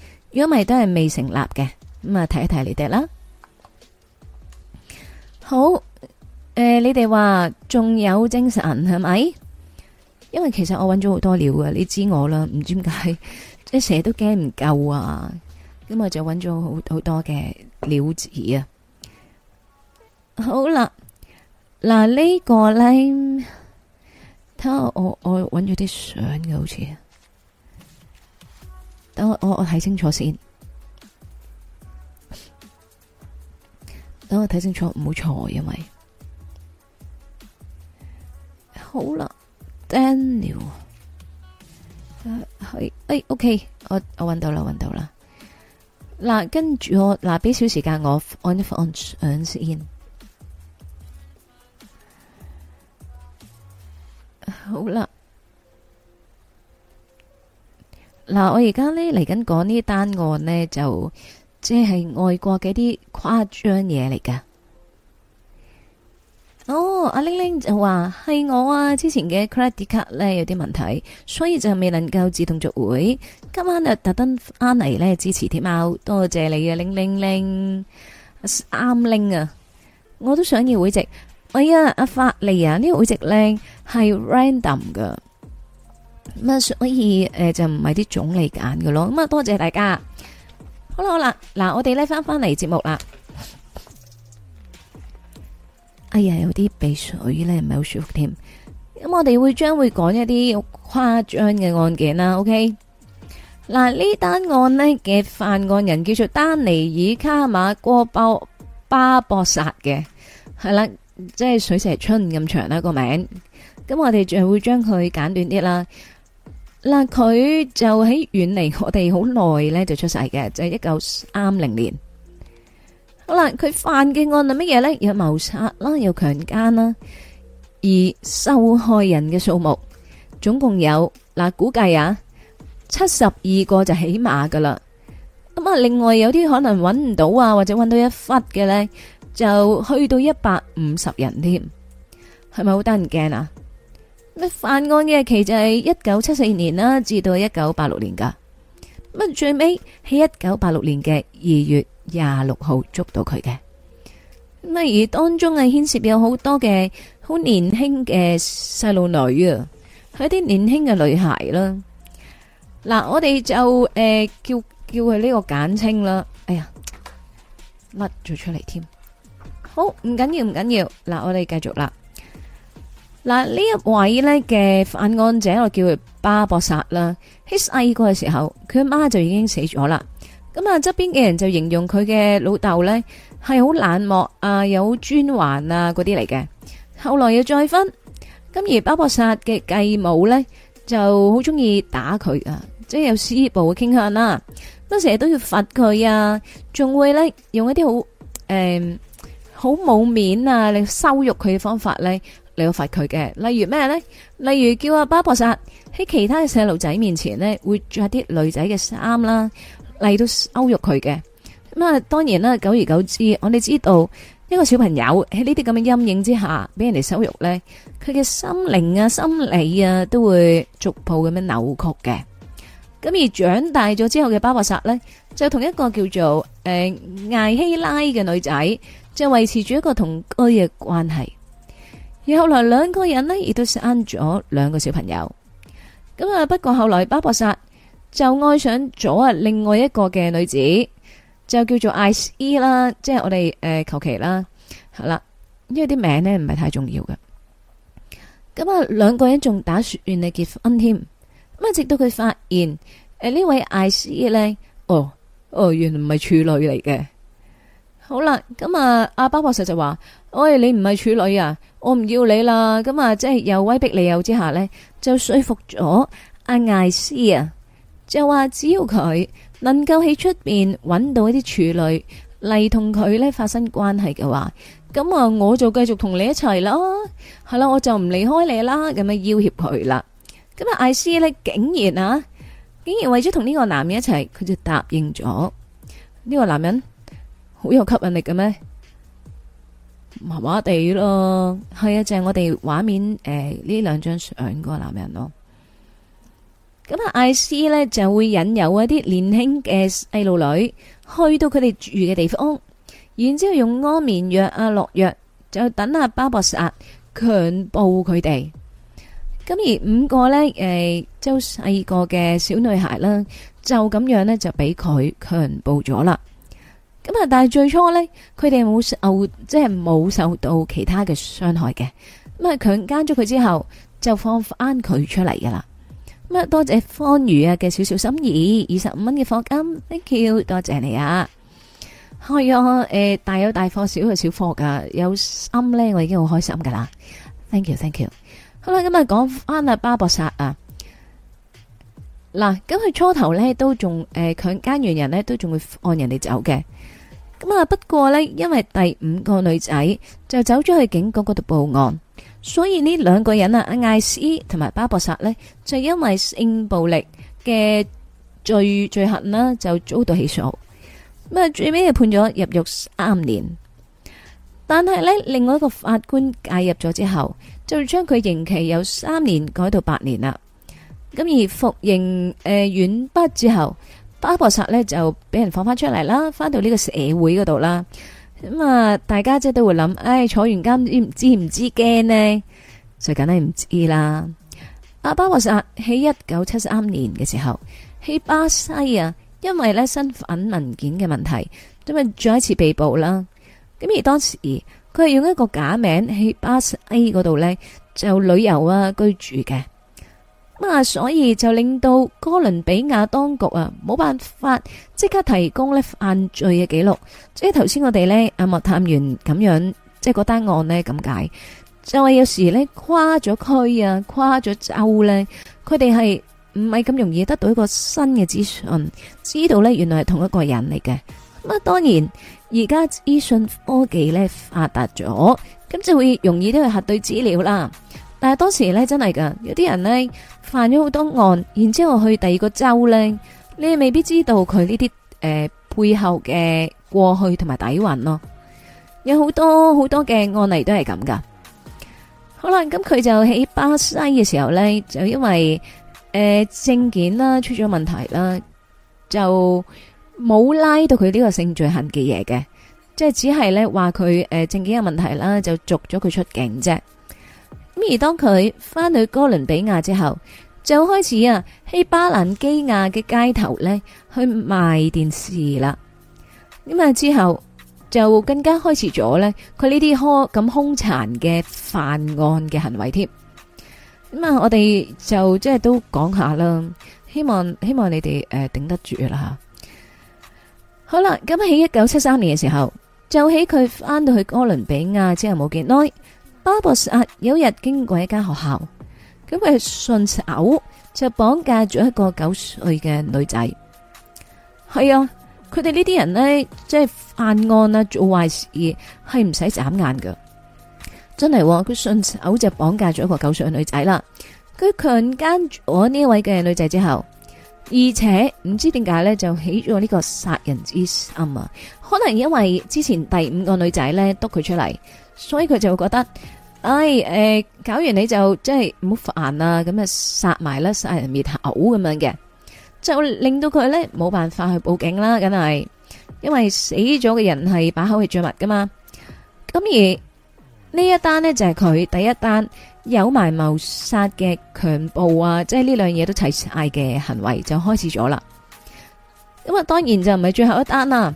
如果唔係都係未成立嘅，咁啊睇一睇你哋啦。好，誒，你哋話仲有精神係咪？因為其實我揾咗好多料啊，你知我啦。唔知點解，即係成日都驚唔夠啊。咁我就揾咗好好多嘅料子啊。好啦，嗱呢個咧，睇下我我揾咗啲相嘅好似。等我我我睇清楚先，等我睇清楚唔好錯，因為好啦，Daniel，係誒、啊哎、，OK，我我揾到啦，揾到啦，嗱、啊，跟住我，嗱、啊，俾少時間我，on the phone，on the phone in。嗱，我而家呢嚟緊講呢單案呢，就即係、就是、外國嘅啲誇張嘢嚟噶。哦、oh, 啊，阿玲玲就話係我啊，之前嘅 credit card 呢有啲問題，所以就未能夠自動續會。今晚就特登翻嚟呢支持天喵，多謝你啊，玲玲玲，啱拎啊！我都想要會籍，哎呀，阿法利啊，這個、呢個會籍呢係 random 噶。咁、嗯、啊，所以誒、呃、就唔係啲種嚟揀嘅咯。咁啊，多謝大家。好啦好啦，嗱我哋咧翻翻嚟節目啦。哎呀，有啲鼻水咧，唔係好舒服添。咁、嗯、我哋會將會講一啲好誇張嘅案件啦。OK，嗱呢單案呢，嘅犯案人叫做丹尼爾卡馬戈博巴博薩嘅，係、嗯、啦，即係水蛇春咁長啦、啊、個名字。咁我哋就會將佢簡短啲啦。嗱，佢就喺遠離我哋好耐呢，就出世嘅，就係一九三零年。好啦，佢犯嘅案係乜嘢呢？有謀殺啦，有強姦啦。而受害人嘅數目總共有嗱、呃，估計啊七十二個就起碼噶啦。咁啊，另外有啲可能搵唔到啊，或者搵到一忽嘅呢，就去到一百五十人添。係咪好得人驚啊？乜犯案嘅期就係一九七四年啦，至到一九八六年噶。乜最尾喺一九八六年嘅二月廿六號捉到佢嘅。乜而當中係牽涉有好多嘅好年輕嘅細路女啊，係一啲年輕嘅女孩啦。嗱，我哋就誒叫叫佢呢個簡稱啦。哎呀，甩咗出嚟添。好，唔緊要，唔緊要。嗱，我哋繼續啦。嗱，呢一位咧嘅犯案者，我叫佢巴博薩啦。佢細個嘅時候，佢阿媽就已經死咗啦。咁啊，側邊嘅人就形容佢嘅老豆呢係好冷漠啊，又好專橫啊，嗰啲嚟嘅。後來又再婚，咁而巴博薩嘅繼母呢就好中意打佢啊，即係有施暴嘅傾向啦。成日都要罰佢啊，仲會呢用一啲好誒好冇面啊，嚟羞辱佢嘅方法呢。要罰佢嘅，例如咩呢？例如叫阿巴博薩喺其他嘅細路仔面前呢會着啲女仔嘅衫啦，嚟到羞辱佢嘅。咁啊，當然啦，久而久之，我哋知道一個小朋友喺呢啲咁嘅陰影之下收，俾人哋羞辱呢，佢嘅心靈啊、心理啊，都會逐步咁樣扭曲嘅。咁而長大咗之後嘅巴博薩呢，就同一個叫做誒、呃、艾希拉嘅女仔，就維持住一個同居嘅關係。後來兩個人呢，亦都生咗兩個小朋友，咁啊不過後來巴博薩就愛上咗啊另外一個嘅女子，就叫做 Ice 啦，即係我哋誒求其啦好個、呃這哦哦，好啦，因為啲名呢唔係太重要嘅。咁啊兩個人仲打算原嚟結婚添，咁啊直到佢發現誒呢位 Ice 咧，哦哦原來唔係處女嚟嘅，好啦，咁啊阿巴博薩就話。喂，你唔係處女啊，我唔要你啦。咁啊，即係又威逼利誘之下呢，就說服咗阿艾斯啊，就話只要佢能夠喺出邊揾到一啲處女嚟同佢呢發生關係嘅話，咁啊，我就繼續同你一齊咯。係啦，我就唔離開你啦。咁樣要挾佢啦。咁啊，艾斯呢，竟然啊，竟然為咗同呢個男人一齊，佢就答應咗。呢個男人好有吸引力嘅咩？麻麻地咯，係啊，就係、是、我哋畫面誒呢、呃、兩張相嗰個男人咯。咁啊，艾斯呢，就會引誘一啲年輕嘅細路女去到佢哋住嘅地方，然之後用安眠藥啊、落藥，就等阿巴博薩強暴佢哋。咁而五個呢，誒、呃，周細個嘅小女孩啦，就咁樣呢，就俾佢強暴咗啦。咁啊！但係最初呢，佢哋冇受即係冇受到其他嘅傷害嘅。咁啊，強姦咗佢之後，就放翻佢出嚟噶啦。咁啊，多謝方如啊嘅少少心意，二十五蚊嘅課金，thank you，多謝你啊。係啊，誒、呃，大有大課，小有小課噶，有心呢，我已經好開心噶啦。thank you，thank you。好啦，咁、嗯、啊，講翻啊巴博薩啊，嗱，咁佢初頭呢都仲誒強姦完人呢，都仲會放人哋走嘅。咁啊！不過呢，因為第五個女仔就走咗去警局嗰度報案，所以呢兩個人啊，阿艾斯同埋巴博薩呢，就因為性暴力嘅罪罪行呢就遭到起訴。咁啊，最尾係判咗入獄三年。但係呢，另外一個法官介入咗之後，就將佢刑期由三年改到八年啦。咁而服刑誒完畢之後。巴博薩呢就俾人放翻出嚟啦，翻到呢個社會嗰度啦。咁啊，大家即係都會諗，唉，坐完監知唔知驚呢？所以就梗係唔知啦。阿巴博薩喺一九七三年嘅時候喺巴西啊，因為咧身份文件嘅問題，咁啊再一次被捕啦。咁而當時佢係用一個假名喺巴西嗰度咧就旅遊啊居住嘅。咁啊，所以就令到哥倫比亞當局啊，冇辦法即刻提供咧犯罪嘅記錄。即係頭先我哋咧阿莫探員咁樣，即係嗰單案咧咁解。就係有時咧跨咗區啊，跨咗州咧，佢哋係唔係咁容易得到一個新嘅資訊，知道咧原來係同一個人嚟嘅。咁啊，當然而家資訊科技咧發達咗，咁就會容易都去核對資料啦。但係當時咧真係噶，有啲人咧犯咗好多案，然之後去第二個州咧，你未必知道佢呢啲誒背後嘅過去同埋底蘊咯。有好多好多嘅案例都係咁噶。好啦，咁佢就喺巴西嘅時候咧，就因為誒、呃、證件啦出咗問題啦，就冇拉到佢呢個性罪行嘅嘢嘅，即係只係咧話佢誒證件有問題啦，就逐咗佢出境啫。而當佢翻去哥倫比亞之後，就開始啊喺巴蘭基亞嘅街頭呢，去賣電視啦。咁啊之後就更加開始咗呢，佢呢啲凶咁凶殘嘅犯案嘅行為添。咁啊，我哋就即係都講下啦，希望希望你哋誒頂得住啦。好啦，咁喺一九七三年嘅時候，就喺佢翻到去哥倫比亞之後冇幾耐。巴博斯啊有一日經過一間學校，咁佢順手就綁架咗一個九歲嘅女仔。係啊，佢哋呢啲人呢，即係犯案啊，做壞事係唔使眨眼噶。真係，哦，佢順手就綁架咗一個九歲嘅女仔啦。佢強姦咗呢位嘅女仔之後，而且唔知點解呢，就起咗呢個殺人之心啊。可能因為之前第五個女仔呢，督佢出嚟。所以佢就會覺得，哎誒、欸，搞完你就即係唔好煩啊，咁啊殺埋啦，殺人滅口咁樣嘅，就令到佢咧冇辦法去報警啦，梗係，因為死咗嘅人係把口係最密噶嘛，咁而呢一單呢，就係、是、佢第一單有埋謀殺嘅強暴啊，即係呢兩嘢都齊晒嘅行為就開始咗啦，咁啊當然就唔係最後一單啦，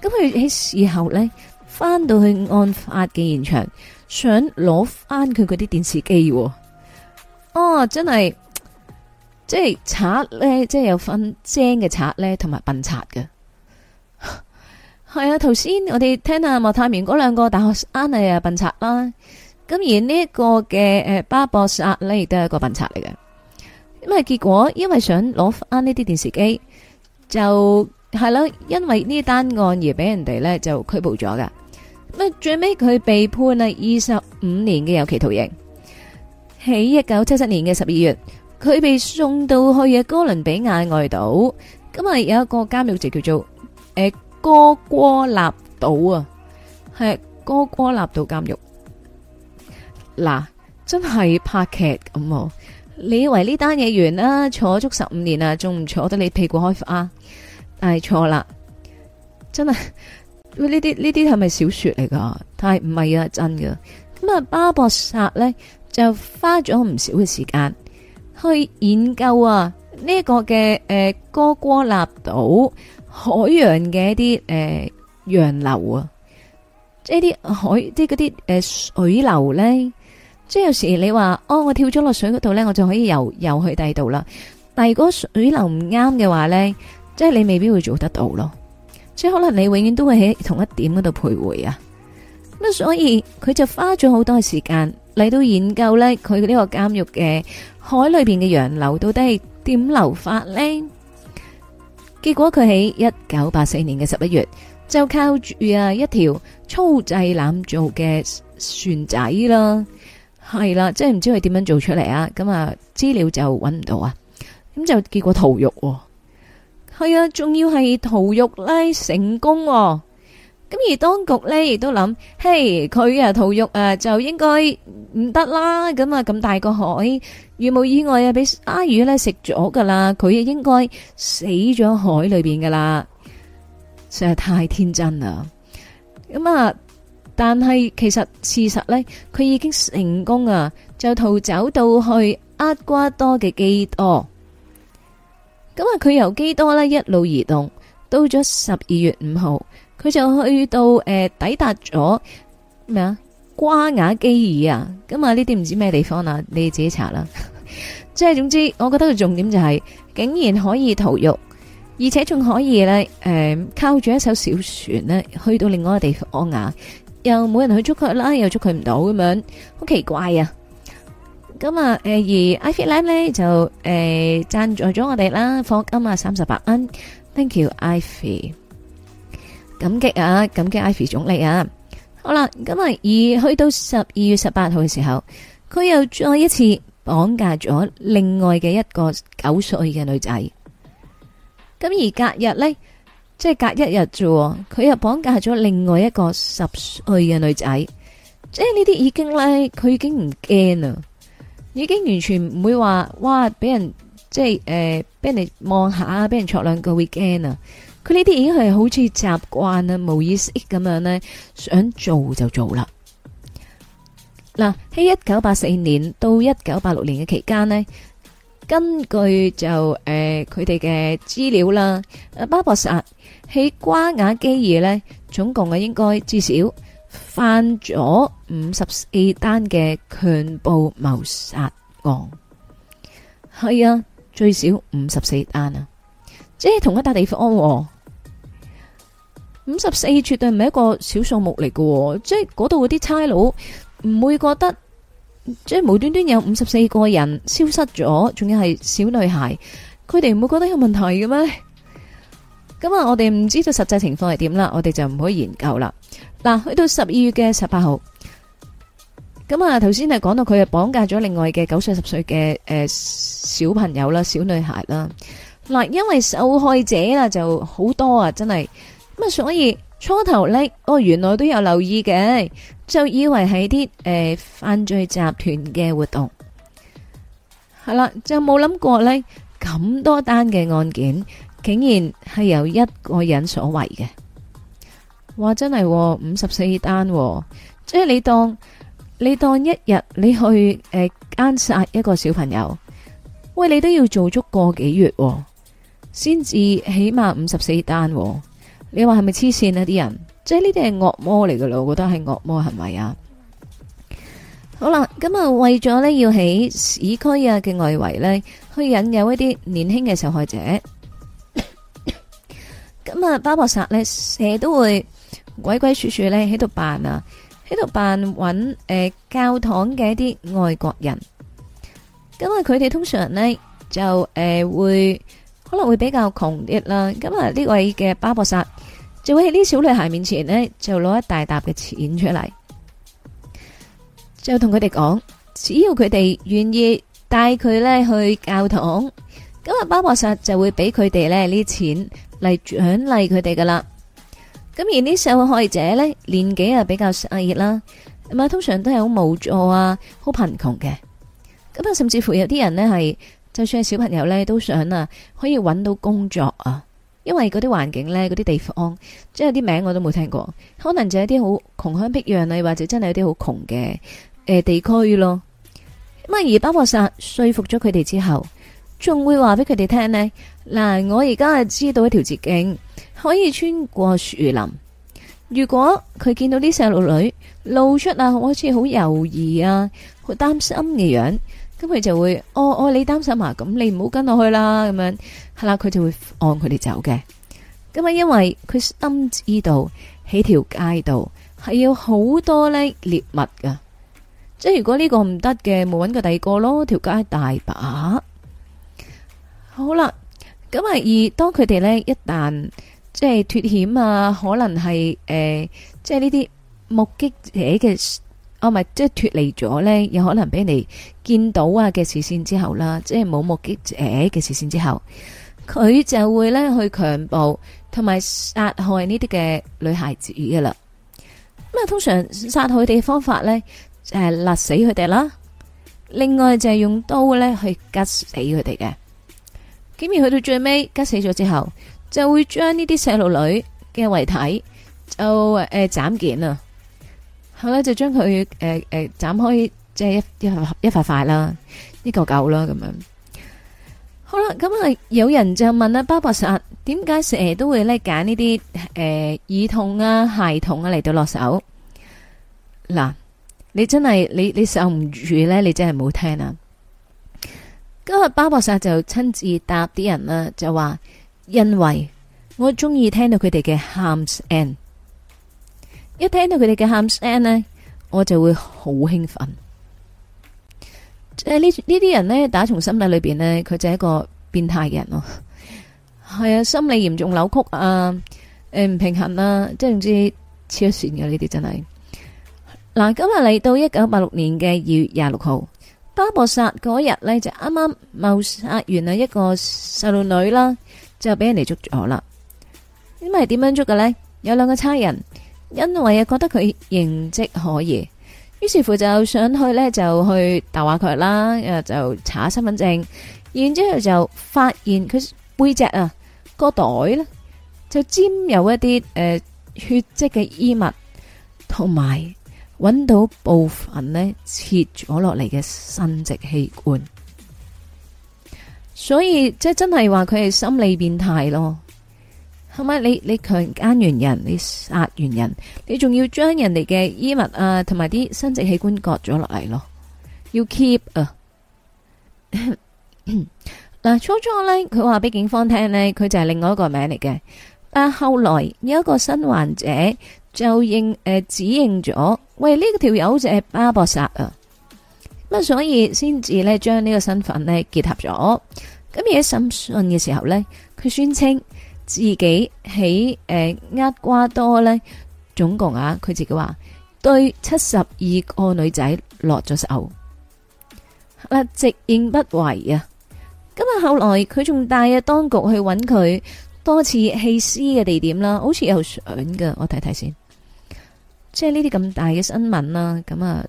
咁佢喺事後呢。翻到去案發嘅現場，想攞翻佢嗰啲電視機，哦，哦，真係，即係賊咧，即係有分精嘅賊咧，同埋笨賊嘅。係啊，頭先我哋聽下莫太明嗰兩個大學生啊笨賊啦，咁而呢一個嘅誒巴博薩咧亦都係一個笨賊嚟嘅。咁啊結果因為想攞翻呢啲電視機，就係啦，因為呢單案而俾人哋咧就拘捕咗嘅。最尾佢被判啊二十五年嘅有期徒刑。喺一九七七年嘅十二月，佢被送到去嘅哥倫比亞外島。今日有一個監獄就叫做誒哥哥納島啊，係、欸、哥哥納島監獄。嗱，真係拍劇咁，你以為呢單嘢完啦，坐足十五年啦，仲唔坐得你屁股開花？但係錯啦，真係。呢啲呢啲係咪小說嚟噶？但係唔係啊，真噶。咁啊，巴博薩呢，就花咗唔少嘅時間去研究啊呢、這個嘅誒、呃、哥哥納島海洋嘅一啲誒、呃、洋流啊，即係啲海啲嗰啲誒水流呢。即係有時你話哦，我跳咗落水嗰度呢，我就可以游游去第二度啦。但係如果水流唔啱嘅話呢，即係你未必會做得到咯。即係可能你永遠都會喺同一點嗰度徘徊啊，咁所以佢就花咗好多時間嚟到研究呢，佢呢個監獄嘅海裏邊嘅洋流到底係點流法呢？結果佢喺一九八四年嘅十一月就靠住啊一條粗製濫造嘅船仔啦，係啦，即係唔知佢點樣做出嚟啊，咁啊資料就揾唔到啊，咁就結果逃獄喎。係啊，仲要係逃獄咧成功喎，咁而當局咧亦都諗，嘿，佢啊逃獄誒就應該唔得啦，咁啊咁大個海，如無意外啊俾阿魚咧食咗噶啦，佢亦應該死咗海裏邊噶啦，實在太天真啦，咁啊，但係其實事實咧，佢已經成功啊，就逃走到去厄瓜多嘅基多。咁啊，佢由基多呢一路移動，到咗十二月五號，佢就去到誒、呃、抵達咗咩啊瓜瓦基爾啊，咁啊呢啲唔知咩地方啊，你哋自己查啦。即 係總之，我覺得個重點就係、是、竟然可以逃獄，而且仲可以呢誒、呃、靠住一艘小船呢去到另外一個地方啊，又冇人去捉佢啦，又捉佢唔到咁樣，好奇怪啊！咁啊，誒，而 Ivy Line 咧就誒贊助咗我哋啦，放金啊三十八蚊，Thank you Ivy，感激啊，感激 Ivy 總理啊。好啦，咁啊，而去到十二月十八號嘅時候，佢又再一次綁架咗另外嘅一個九歲嘅女仔。咁而隔日咧，即係隔一日啫，佢又綁架咗另外一個十歲嘅女仔。即係呢啲已經咧，佢已經唔驚啦。已經完全唔會話，哇！俾人即係誒俾人望下啊，俾人戳兩個 weekend 啊，佢呢啲已經係好似習慣啦，無意識咁樣咧，想做就做啦。嗱，喺一九八四年到一九八六年嘅期間咧，根據就誒佢哋嘅資料啦，阿巴博薩喺瓜亞基爾咧，總共嘅應該至少。辦咗五十四單嘅強暴謀殺案，係啊，最少五十四單啊，即係同一笪地方。五十四絕對唔係一個小數目嚟嘅，即係嗰度嗰啲差佬唔會覺得，即係無端端有五十四個人消失咗，仲要係小女孩，佢哋唔會覺得有問題嘅咩？咁啊，我哋唔知道實際情況係點啦，我哋就唔可以研究啦。嗱，去到十二月嘅十八號，咁啊，頭先係講到佢係綁架咗另外嘅九歲、十歲嘅誒小朋友啦、小女孩啦。嗱，因為受害者啊就好多啊，真係咁啊，所以初頭呢，我、哦、原來都有留意嘅，就以為係啲誒犯罪集團嘅活動，係啦，就冇諗過呢咁多單嘅案件竟然係由一個人所為嘅。話真係五十四單，即係你當你當一日你去誒、呃、姦殺一個小朋友，喂你都要做足個幾月先、哦、至起碼五十四單，你話係咪黐線啊啲人？即係呢啲係惡魔嚟噶喇。我覺得係惡魔係咪啊？好啦，咁、嗯、啊為咗呢，要喺市區啊嘅外圍呢，去引誘一啲年輕嘅受害者，咁啊巴博薩呢，成日都會。鬼鬼祟祟咧，喺度扮啊，喺度扮揾誒、呃、教堂嘅一啲外國人。咁啊，佢哋通常呢就誒會、呃，可能會比較窮啲啦。咁啊，呢位嘅巴博薩就會喺啲小女孩面前呢就攞一大沓嘅錢出嚟，就同佢哋講，只要佢哋願意帶佢呢去教堂，咁啊，巴博薩就會俾佢哋呢啲錢嚟獎勵佢哋噶啦。咁而啲受害者呢，年紀啊比較細熱啦，咁啊通常都係好無助啊，好貧窮嘅。咁啊甚至乎有啲人呢，係就算係小朋友呢，都想啊可以揾到工作啊，因為嗰啲環境呢，嗰啲地方，即係啲名我都冇聽過，可能就係啲好窮鄉僻壤啊，或者真係有啲好窮嘅誒地區咯。咁啊而巴博薩說服咗佢哋之後，仲會話俾佢哋聽呢嗱，我而家係知道一條捷徑。可以穿過樹林。如果佢見到啲細路女露出啊，好似好猶豫啊，好擔心嘅樣，咁佢就會，哦哦，你擔心啊？咁你唔好跟我去啦，咁樣係啦，佢就會按佢哋走嘅。咁啊，因為佢心知道喺條街度係有好多呢獵物噶，即係如果呢個唔得嘅，冇揾個第二個咯。條街大把，好啦。咁啊，而當佢哋呢一旦，即係脫險啊！可能係誒、呃，即係呢啲目擊者嘅哦，咪、啊、即係脫離咗呢，有可能俾你見到啊嘅視線之後啦，即係冇目擊者嘅視線之後，佢就會呢去強暴同埋殺害呢啲嘅女孩子㗎啦。咁啊，通常殺害佢哋嘅方法呢就係、是、勒死佢哋啦。另外就係用刀呢去拮死佢哋嘅。竟然去到最尾拮死咗之後，就會將呢啲細路女嘅遺體就誒斬、呃、件啊，好將、呃呃、啦，就將佢誒誒斬開，即係一一塊一塊啦，呢個嚿啦咁樣。好啦，咁啊，有人就問啦、啊、巴博薩，點解成日都會咧揀呢啲誒耳痛啊、系統啊嚟到落手？嗱，你真係你你受唔住咧，你真係唔好聽啊！今日巴博薩就親自答啲人啦，就話。因為我中意聽到佢哋嘅喊聲，一聽到佢哋嘅喊聲呢，我就會好興奮。誒、呃，呢呢啲人呢，打從心底裏邊呢，佢就係一個變態嘅人咯。係啊，心理嚴重扭曲啊，誒、啊、唔平衡啊，即係唔知超線嘅呢啲真係嗱。今日嚟到一九八六年嘅二月廿六號，巴博薩嗰日呢，就啱啱謀殺完啊一個細路女啦。就俾人哋捉咗啦，因為點樣捉嘅呢？有兩個差人，因為啊覺得佢形跡可疑，於是乎就上去呢，就去逗下佢啦，就查下身份證，然之後就發現佢背脊啊個袋呢，就沾有一啲誒、呃、血跡嘅衣物，同埋搵到部分呢切咗落嚟嘅生殖器官。所以即係真係話佢係心理變態咯，係咪？你你強姦完人，你殺完人，你仲要將人哋嘅衣物啊同埋啲生殖器官割咗落嚟咯，要 keep 啊！嗱、 啊，初初呢，佢話俾警方聽呢，佢就係另外一個名嚟嘅，但、啊、後來有一個新患者就認誒、呃、指認咗，喂呢條友就係巴博薩啊！咁所以先至咧，將呢個身份咧結合咗。咁而喺審訊嘅時候呢，佢宣稱自己喺呃、厄瓜多呢總共啊，佢自己話對七十二個女仔落咗手，啊，直言不諱啊。咁啊，後來佢仲帶啊當局去揾佢多次棄屍嘅地點啦，好似有相嘅，我睇睇先。即係呢啲咁大嘅新聞啦，咁啊。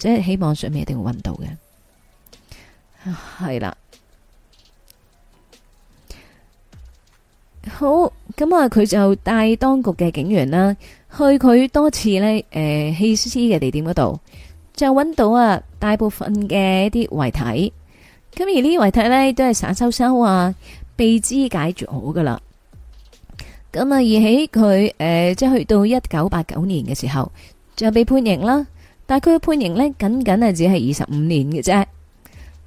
即係希望上面一定會揾到嘅，係啦。好，咁啊，佢就帶當局嘅警員啦，去佢多次呢誒棄屍嘅地點嗰度，就揾到啊大部分嘅一啲遺體。咁而呢啲遺體呢，都係散收收啊，被肢解絕好噶啦。咁啊，而喺佢誒，即係去到一九八九年嘅時候，就被判刑啦。但佢嘅判刑呢，僅僅係只係二十五年嘅啫，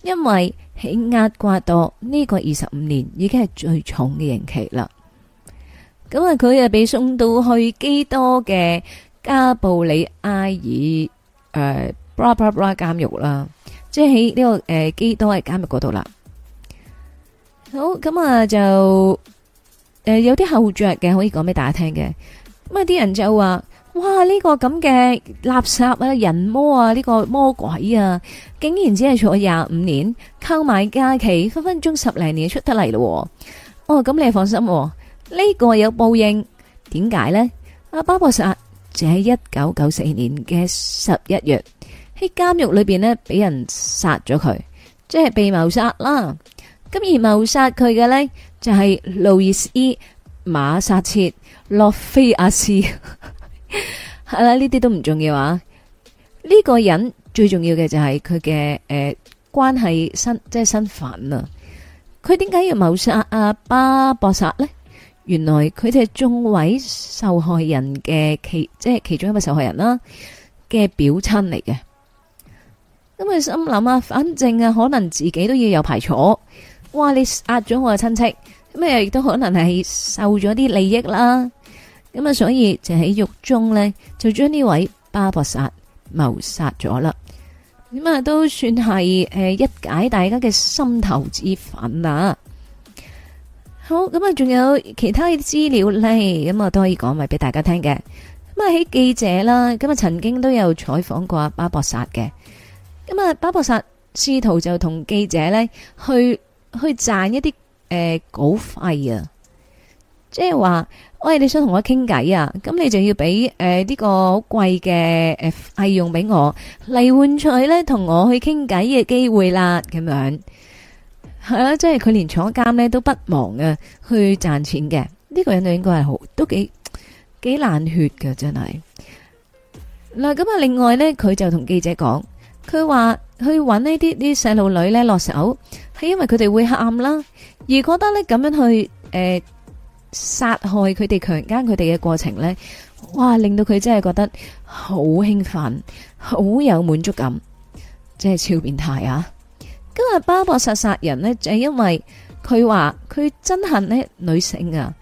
因為喺厄瓜多呢個二十五年已經係最重嘅刑期啦。咁、嗯、啊，佢啊被送到去基多嘅加布里埃爾誒 bra bra bra 監獄啦，即係喺呢個誒、呃、基多嘅監獄嗰度啦。好，咁、嗯、啊、嗯、就誒、呃、有啲後著嘅可以講俾大家聽嘅，咁啊啲人就話。哇！呢、這個咁嘅垃圾啊，人魔啊，呢、這個魔鬼啊，竟然只係坐廿五年，扣埋假期，分分鐘十零年出得嚟咯。哦，咁、嗯、你放心，呢、這個有報應。點解呢？阿巴布薩就喺一九九四年嘅十一月喺監獄裏邊呢，俾人殺咗佢，即係被謀殺啦。咁而謀殺佢嘅呢，就係路易斯馬薩切洛菲亞斯。係啦，呢啲都唔重要啊！呢個人最重要嘅就係佢嘅誒關係身即係身份啊，他為什麼啊！佢點解要謀殺阿巴博殺呢？原來佢哋係眾位受害人嘅其即係、就是、其中一個受害人啦嘅表親嚟嘅。咁啊心諗啊，反正啊可能自己都要有排坐。哇！你殺咗我嘅親戚，咁啊亦都可能係受咗啲利益啦。咁啊，所以就喺獄中呢，就將呢位巴博薩謀殺咗啦。咁啊，都算係誒、欸、一解大家嘅心頭之憤啊。好，咁啊，仲有其他嘅資料呢，咁啊都可以講埋俾大家聽嘅。咁啊，喺記者啦，咁啊曾經都有採訪過阿巴博薩嘅。咁啊，巴博薩試圖就同記者呢去去賺一啲誒、欸、稿費啊。即係話，喂，你想同我傾偈啊？咁你就要俾誒、呃這個、呢個好貴嘅誒費用俾我嚟換取咧同我去傾偈嘅機會啦。咁樣係啦，即係佢連坐監咧都不忘啊去賺錢嘅呢、這個人就應該係好都幾幾冷血嘅，真係嗱。咁啊，另外呢佢就同記者講，佢話去搵呢啲啲細路女咧落手，係因為佢哋會喊啦，而覺得咧咁樣去誒。呃殺害佢哋，強姦佢哋嘅過程呢，哇！令到佢真係覺得好興奮，好有滿足感，真係超變態啊！今日巴博殺殺人呢，就係、是，因為佢話佢憎恨呢女性啊，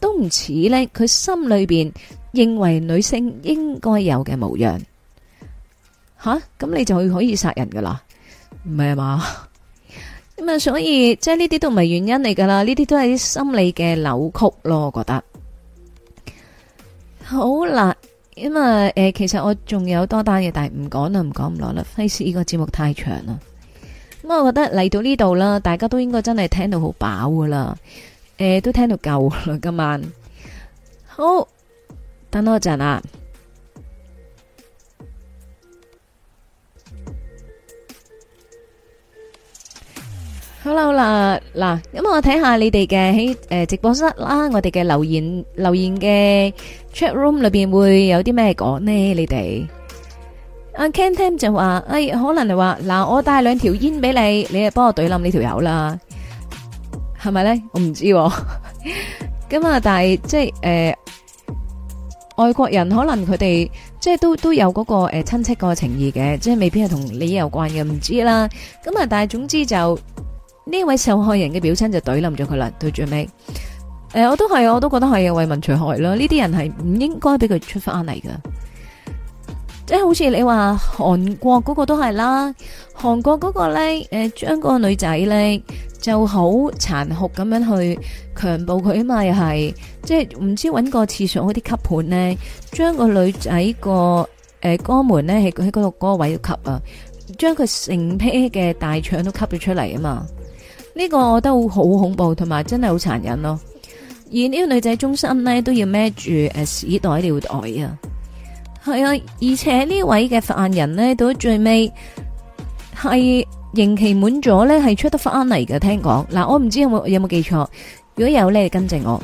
都唔似呢佢心裏邊認為女性應該有嘅模樣吓，咁你就可以殺人噶啦咩嘛？唔係。咁、嗯、啊，所以即係呢啲都唔係原因嚟噶啦，呢啲都係啲心理嘅扭曲咯。我覺得好啦，因為，誒、呃，其實我仲有多單嘢，但係唔講啦，唔講唔落啦，費事呢個節目太長啦。咁、嗯、我覺得嚟到呢度啦，大家都應該真係聽到好飽噶啦，誒、呃，都聽到夠啦，今晚好等多陣啊。Hello 啦嗱，咁我睇下你哋嘅喺誒直播室啦，我哋嘅留言留言嘅 chat room 裡邊會有啲咩講呢？你哋阿 Ken Tam 就話，誒可能係話嗱，我帶兩條煙俾你，你啊幫我懟冧呢條友啦，係咪咧？我唔知咁啊，但係即係誒外國人可能佢哋即係都都有嗰個誒親戚個情誼嘅，即係未必係同你有關嘅，唔知啦。咁啊，但係總之就。呢位受害人嘅表親就懟冧咗佢啦。對住尾，誒、呃，我都係，我都覺得係為民除害咯。呢啲人係唔應該俾佢出翻嚟噶，即係好似你話韓國嗰個都係啦。韓國嗰個咧，誒、呃，將個女仔咧就好殘酷咁樣去強暴佢啊嘛，又係即係唔知搵個廁所嗰啲吸盤咧，將個女仔、呃歌那個誒肛門咧喺喺嗰度嗰個位要吸啊，將佢成皮嘅大腸都吸咗出嚟啊嘛。呢、這個我覺得好恐怖，同埋真係好殘忍咯。而呢個女仔終身呢，都要孭住誒屎袋尿袋啊！係啊，而且呢位嘅犯人呢，到最尾係刑期滿咗呢，係出得翻嚟嘅。聽講嗱，我唔知有冇有冇記錯，如果有咧跟正我。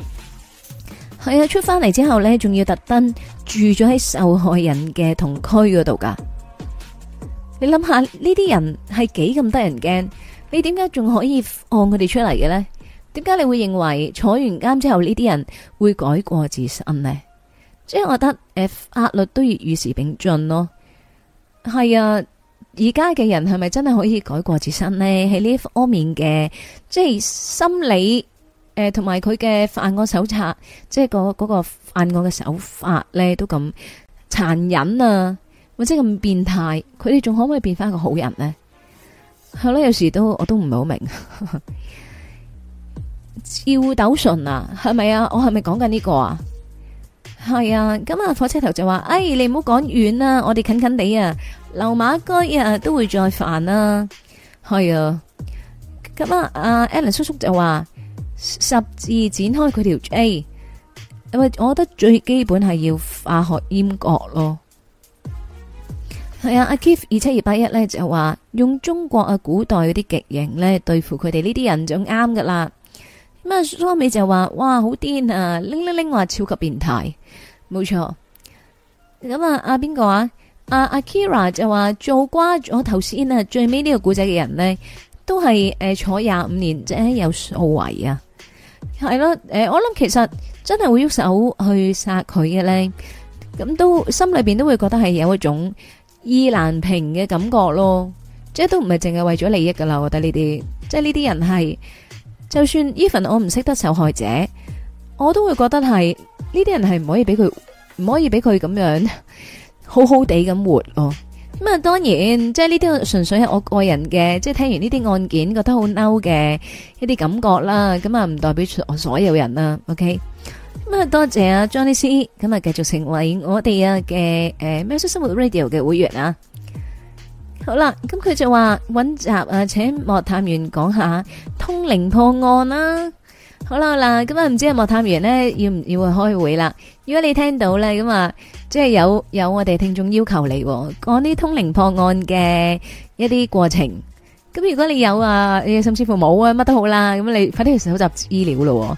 係啊，出翻嚟之後呢，仲要特登住咗喺受害人嘅同區嗰度噶。你諗下呢啲人係幾咁得人驚？你點解仲可以放佢哋出嚟嘅呢？點解你會認為坐完監之後呢啲人會改過自新呢？即係我覺得誒，法律都要與時並進咯。係啊，而家嘅人係咪真係可以改過自新呢？喺呢一方面嘅即係心理誒，同埋佢嘅犯案手冊即係嗰個犯案嘅手法呢，都咁殘忍啊，或者咁變態，佢哋仲可唔可以變翻一個好人呢？係咯，有時都我都唔係好明。趙斗淳啊，係咪啊？我係咪講緊呢個啊？係啊，咁啊火車頭就話：，哎，你唔好講遠啊，我哋近近地啊。流馬駒啊，都會再煩啦。係啊，咁啊，阿 Alan 叔叔就話：十字展開佢條 a 因為我覺得最基本係要化學閹割咯。係啊，阿 Keith 二七二八一咧就話用中國啊古代嗰啲極刑咧對付佢哋呢啲人就啱噶啦。咁啊，蘇美就話哇好癲啊拎拎拎話超級變態，冇錯。咁啊，阿邊個啊，阿、啊、阿 Kira 就話做瓜，咗頭先啊最尾呢個古仔嘅人咧，都係誒、呃、坐廿五年即係有數圍啊。係咯，誒、呃、我諗其實真係會喐手去殺佢嘅咧。咁都心裏邊都會覺得係有一種，意難平嘅感覺咯，即係都唔係淨係為咗利益噶啦，我覺得呢啲，即係呢啲人係，就算 even 我唔識得受害者，我都會覺得係呢啲人係唔可以俾佢，唔可以俾佢咁樣好好地咁活咯。咁啊，當然即係呢啲純粹係我個人嘅，即係聽完呢啲案件覺得好嬲嘅一啲感覺啦。咁啊，唔代表所所有人啦。OK。咁啊，多謝啊，Johnny C，今日繼續成為我哋啊嘅誒，喵式生活 Radio 嘅會員啊。好啦，咁佢就話搵集啊，請莫探員講下通靈破案啦。好啦，啦咁啊，唔知阿莫探員咧要唔要去開會啦？如果你聽到咧咁啊，即係有有我哋聽眾要求你，講啲通靈破案嘅一啲過程。咁如果你有啊，甚至乎冇啊，乜都好啦。咁你快啲去搜集資料咯。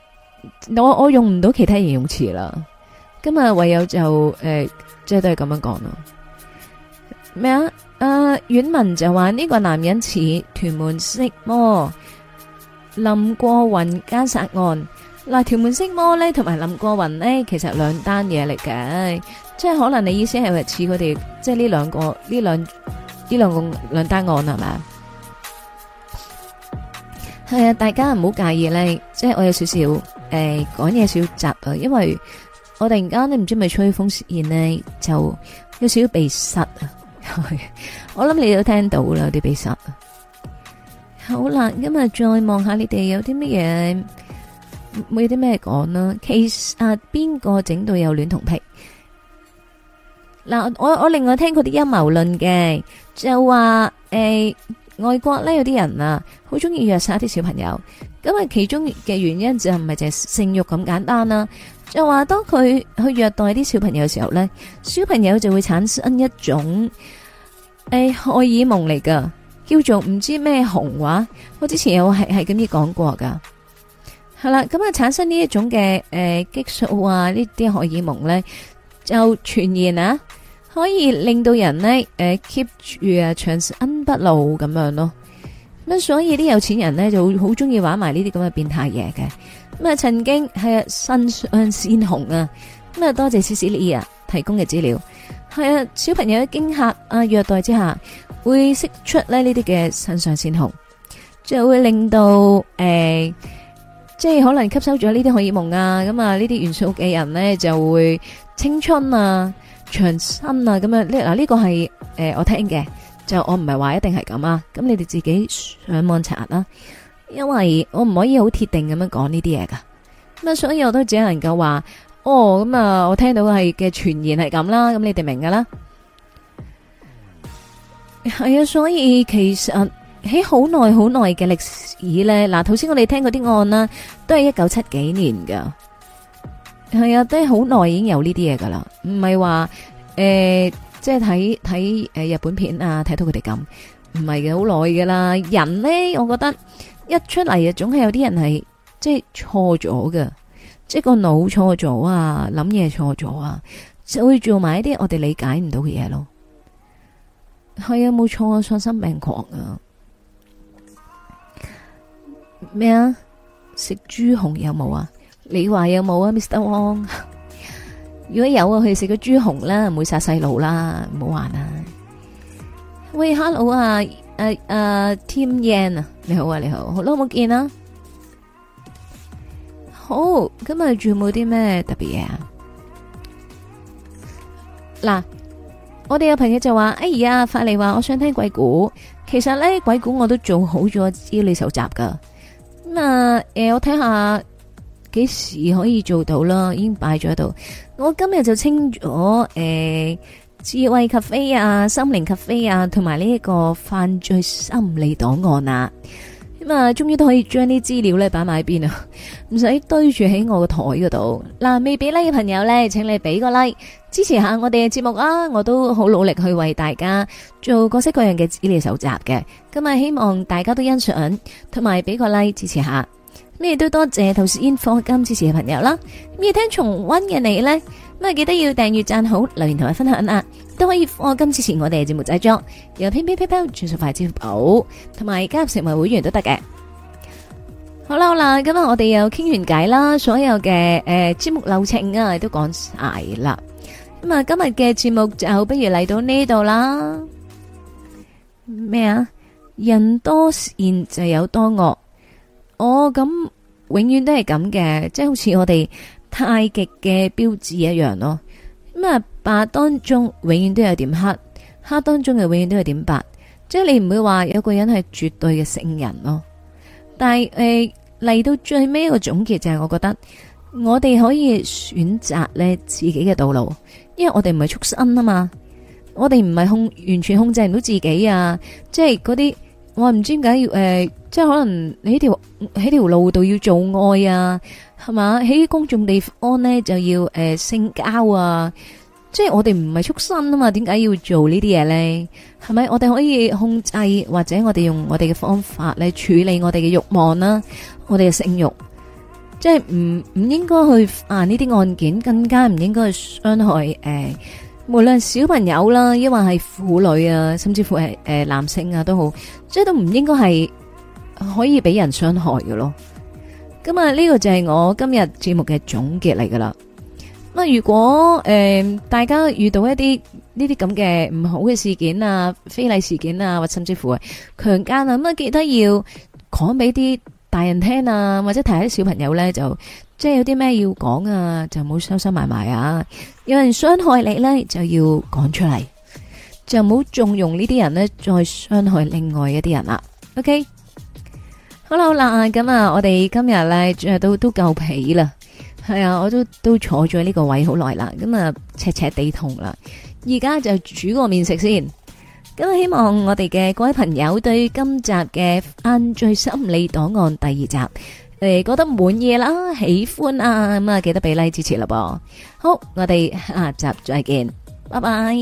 我我用唔到其他形容詞啦，今日唯有就誒，即係都係咁樣講咯。咩、呃、啊？啊，阮文就話呢，這個男人似屯門色魔，林過雲姦殺案。嗱，屯門色魔呢同埋林過雲呢，其實兩單嘢嚟嘅，即、就、係、是、可能你的意思係話似佢哋，即係呢兩個呢兩呢兩個兩單案係咪？係啊，大家唔好介意咧，即、就、係、是、我有少少。誒，講嘢少集啊，因為我突然間咧唔知咪吹風扇咧，就有少少鼻塞啊。我諗你都聽到啦，有啲鼻塞啊。好啦，今日再望下你哋有啲乜嘢，冇啲咩講啦？其實啊，邊個整到有戀童癖？嗱，我我另外聽過啲陰謀論嘅，就話誒。外國咧有啲人啊，好中意虐殺啲小朋友，咁啊其中嘅原因就唔係淨係性慾咁簡單啦，就話當佢去虐待啲小朋友嘅時候咧，小朋友就會產生一種誒荷爾蒙嚟噶，叫做唔知咩紅話，我之前有係係咁啲講過噶，係啦，咁啊產生呢一種嘅誒、欸、激素啊爾呢啲荷爾蒙咧，就傳言啊。可以令到人呢誒 keep 住啊，長生不老咁樣咯。咁、嗯、所以啲有錢人呢，就好鍾中意玩埋呢啲咁嘅變態嘢嘅。咁、嗯、啊，曾經係啊，身上鮮紅啊。咁、嗯、啊，多謝 Celia 提供嘅資料。係啊，小朋友驚嚇啊，虐待之下會釋出咧呢啲嘅身上鮮紅，就會令到誒、呃，即係可能吸收咗呢啲荷爾蒙啊，咁、嗯、啊呢啲元素嘅人呢，就會青春啊。長生啊，咁樣呢？嗱、這、呢個係誒、呃，我聽嘅，就我唔係話一定係咁啊。咁你哋自己上網查啦，因為我唔可以好鐵定咁樣講呢啲嘢噶。咁啊，所以我都只能夠話，哦，咁啊，我聽到係嘅傳言係咁啦。咁你哋明噶啦，係啊。所以其實喺好耐好耐嘅歷史咧，嗱，頭先我哋聽嗰啲案啦，都係一九七幾年噶。係啊，都係好耐已經有呢啲嘢噶啦，唔係話誒，即係睇睇誒日本片啊，睇到佢哋咁，唔係嘅，好耐噶啦。人呢，我覺得一出嚟啊，總係有啲人係即係錯咗噶，即係個腦錯咗啊，諗嘢錯咗啊，就會做埋一啲我哋理解唔到嘅嘢咯。係啊，冇錯啊，喪心病狂啊！咩啊？食豬紅有冇啊？你話有冇啊，Mr. Wong？ 如果有啊，去食個豬紅啦，唔好殺細路啦，唔好玩啊！喂，Hello 啊，誒誒，Tim Yan 啊，啊 Yen, 你好啊，你好，好耐冇見啦，啊。好，今日仲冇啲咩特別嘢啊？嗱，我哋有朋友就話，哎呀，發嚟話我想聽鬼故。」其實咧鬼故，我都做好咗資料搜集噶。咁啊，誒、呃，我睇下。幾時可以做到啦？已經擺咗喺度。我今日就清咗誒、欸、智慧咖啡啊、心靈咖啡啊，同埋呢一個犯罪心理檔案呀。咁啊，終於都可以將啲資料咧擺埋邊啊，唔 使堆住喺我個台嗰度。嗱，未俾 like 嘅朋友咧，請你俾個 like 支持下我哋嘅節目啊！我都好努力去為大家做各式各樣嘅資料搜集嘅。今日希望大家都欣賞，同埋俾個 like 支持下。咩都多謝頭先課金支持嘅朋友啦，咁要聽重温嘅你呢，咁啊記得要訂閱、贊好、留言同埋分享啊，都可以課金支持我哋嘅節目製作，由噼 p 噼噼轉數快、支付寶，同埋加入成為會員都得嘅。好啦好啦，今日我哋又傾完偈啦，所有嘅誒節目流程啊都講晒啦，咁啊今日嘅節目就不如嚟到呢度啦。咩啊？人多善就有多惡。哦，咁永遠都係咁嘅，即係好似我哋太極嘅標誌一樣咯。咁啊，白當中永遠都有點黑，黑當中嘅永遠都有點白。即係你唔會話有個人係絕對嘅聖人咯。但係誒，嚟到最尾一個總結就係，我覺得我哋可以選擇咧自己嘅道路，因為我哋唔係畜生啊嘛，我哋唔係控完全控制唔到自己啊，即係嗰啲。我唔知點解要誒、呃，即係可能喺條喺條路度要做愛啊，係嘛？喺公眾地方咧就要誒、呃、性交啊，即係我哋唔係畜生啊嘛？點解要做呢啲嘢咧？係咪？我哋可以控制，或者我哋用我哋嘅方法嚟處理我哋嘅慾望啦、啊，我哋嘅性慾，即係唔唔應該去啊呢啲案件，更加唔應該去傷害誒。呃無論小朋友啦，抑或係婦女啊，甚至乎係誒男性啊都好，即係都唔應該係可以俾人傷害嘅咯。咁啊，呢個就係我今日節目嘅總結嚟噶啦。咁啊，如果誒、呃、大家遇到一啲呢啲咁嘅唔好嘅事件啊、非禮事件啊，或甚至乎係強奸啊，咁啊記得要講俾啲大人聽啊，或者睇下啲小朋友咧就。即係有啲咩要講啊，就唔好收收埋埋啊！有人傷害你呢，就要講出嚟，就唔好縱容呢啲人呢，再傷害另外一啲人啦。OK，好啦好啦，咁啊，我哋今日呢，都都夠皮啦，係啊，我都都坐咗呢個位好耐啦，咁、嗯、啊，赤赤地痛啦，而家就煮個麵食先，咁希望我哋嘅各位朋友對今集嘅犯罪心理檔案第二集。誒，覺得滿意啦，喜歡啊，咁啊，記得俾 like 支持啦噃。好，我哋下集再見，拜拜。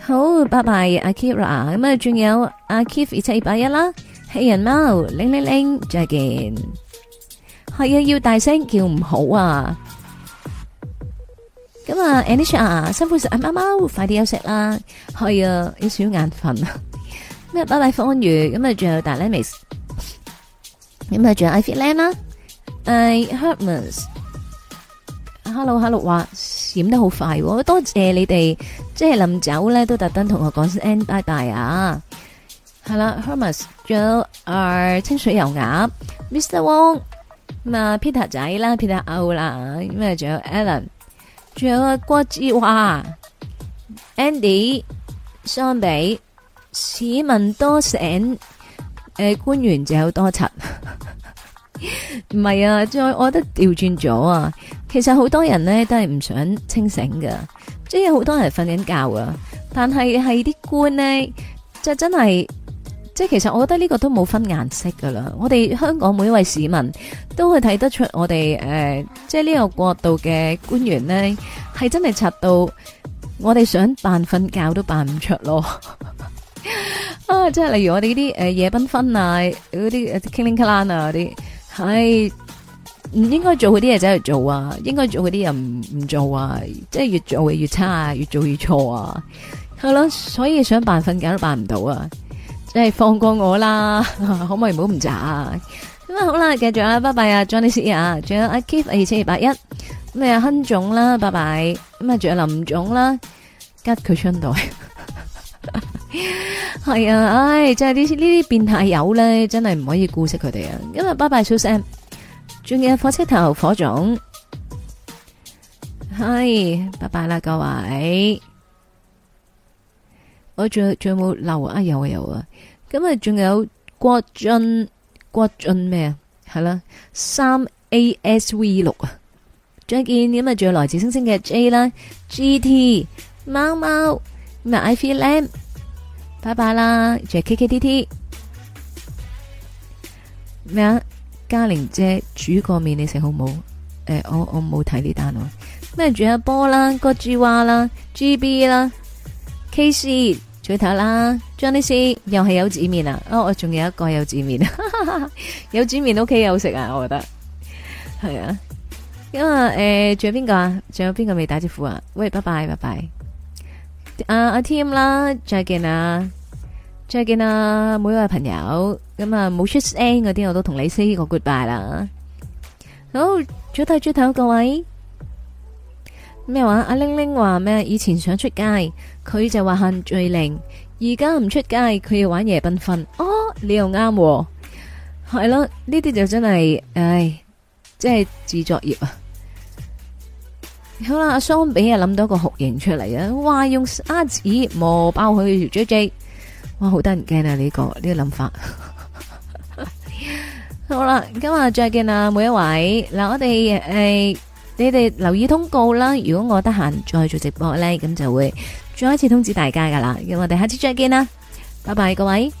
好，拜拜，阿 Kira，咁啊，仲有阿 Kif 二七二八一啦，氣人貓，零零零，再見。係啊，要大聲叫唔好啊！咁啊，Anisha 辛苦晒，啱啱快啲休息啦，係啊，有少少眼瞓啊。咁啊，拜拜，方宇。咁啊，仲有 Dylan，咁啊，仲有 Ivan 啦，誒，Hermes，Hello，Hello，話閃得好快，多謝你哋，即係臨走咧都特登同我講聲 and bye bye 啊。係啦，Hermes，仲有啊清水油鴨，Mr. Wong，咁啊 Peter 仔啦，PeterO 啦，咁啊仲有 Alan。仲有郭志華 Andy 相比，市民多醒，誒、呃、官員就有多柒。唔 係啊，再我覺得調轉咗啊。其實好多人咧都係唔想清醒嘅，即係好多人瞓緊覺啊。但係係啲官咧就真係。即係其實我覺得呢個都冇分顏色噶啦，我哋香港每一位市民都會睇得出我哋，我哋誒即係呢個國度嘅官員咧係真係插到我哋想扮瞓覺都扮唔出咯 啊！即係例如我哋呢啲誒夜繽紛啊嗰啲傾傾乞爛啊嗰啲，係唔應該做嗰啲嘢就去做啊，應該做嗰啲又唔唔做啊，即係越做會越差啊，越做越錯啊，係咯，所以想扮瞓覺都扮唔到啊！即係放過我啦，可唔可以唔好咁渣？咁啊好啦，繼續啦，拜拜啊，Johnny Sir 啊，仲有阿 Keith 二千二百一，咩啊，亨總啦，拜拜，咁啊仲有林總啦，吉佢春袋，係啊，唉，真係呢呢啲變態友咧，真係唔可以姑息佢哋啊，今日拜拜，小 Sam，仲有火車頭火總，係，拜拜啦，各位。仲仲有冇漏啊？有啊有啊！咁啊仲有郭俊郭俊咩啊？係啦，三 a s v 六啊！再見，咁啊，仲有來自星星嘅 J 啦，G T 貓貓咪 I feel empty 拜拜啦，仲 a k K T T 咩啊？嘉玲姐煮個麵你食好唔好？誒、欸，我我冇睇呢單啊！咩住阿波啦，郭志華啦，G B 啦，K C。Casey, 再睇啦 Janice 又係柚子麵啊！啊、oh，我仲有一個柚子麵， 柚子麵屋企有食啊！我覺得係啊，因為誒，仲、呃、有邊個啊？仲有邊個未打招呼啊？喂，拜拜拜拜，啊阿、啊、Tim 啦，再見啊，再見啊，每位朋友，咁啊冇 shit 出聲嗰啲我都同你 say 個 goodbye 啦。好，再睇再睇各位咩話？阿、啊啊、玲玲話咩？以前想出街。佢就話限聚令，而家唔出街，佢要玩夜繽紛。哦，你又啱，哦，係咯？呢啲就真係，唉，即係自作業 SARTS, 啊。好啦，阿桑比啊諗到個酷型出嚟啊，話用砂紙磨爆佢 J J，哇，好得人驚啊！呢個呢個諗法。 好啦，今日再見啦，每一位嗱，我哋誒，你哋留意通告啦。如果我得閒再做直播咧，咁就會。再一次通知大家噶啦，咁我哋下次再見啦，拜拜各位。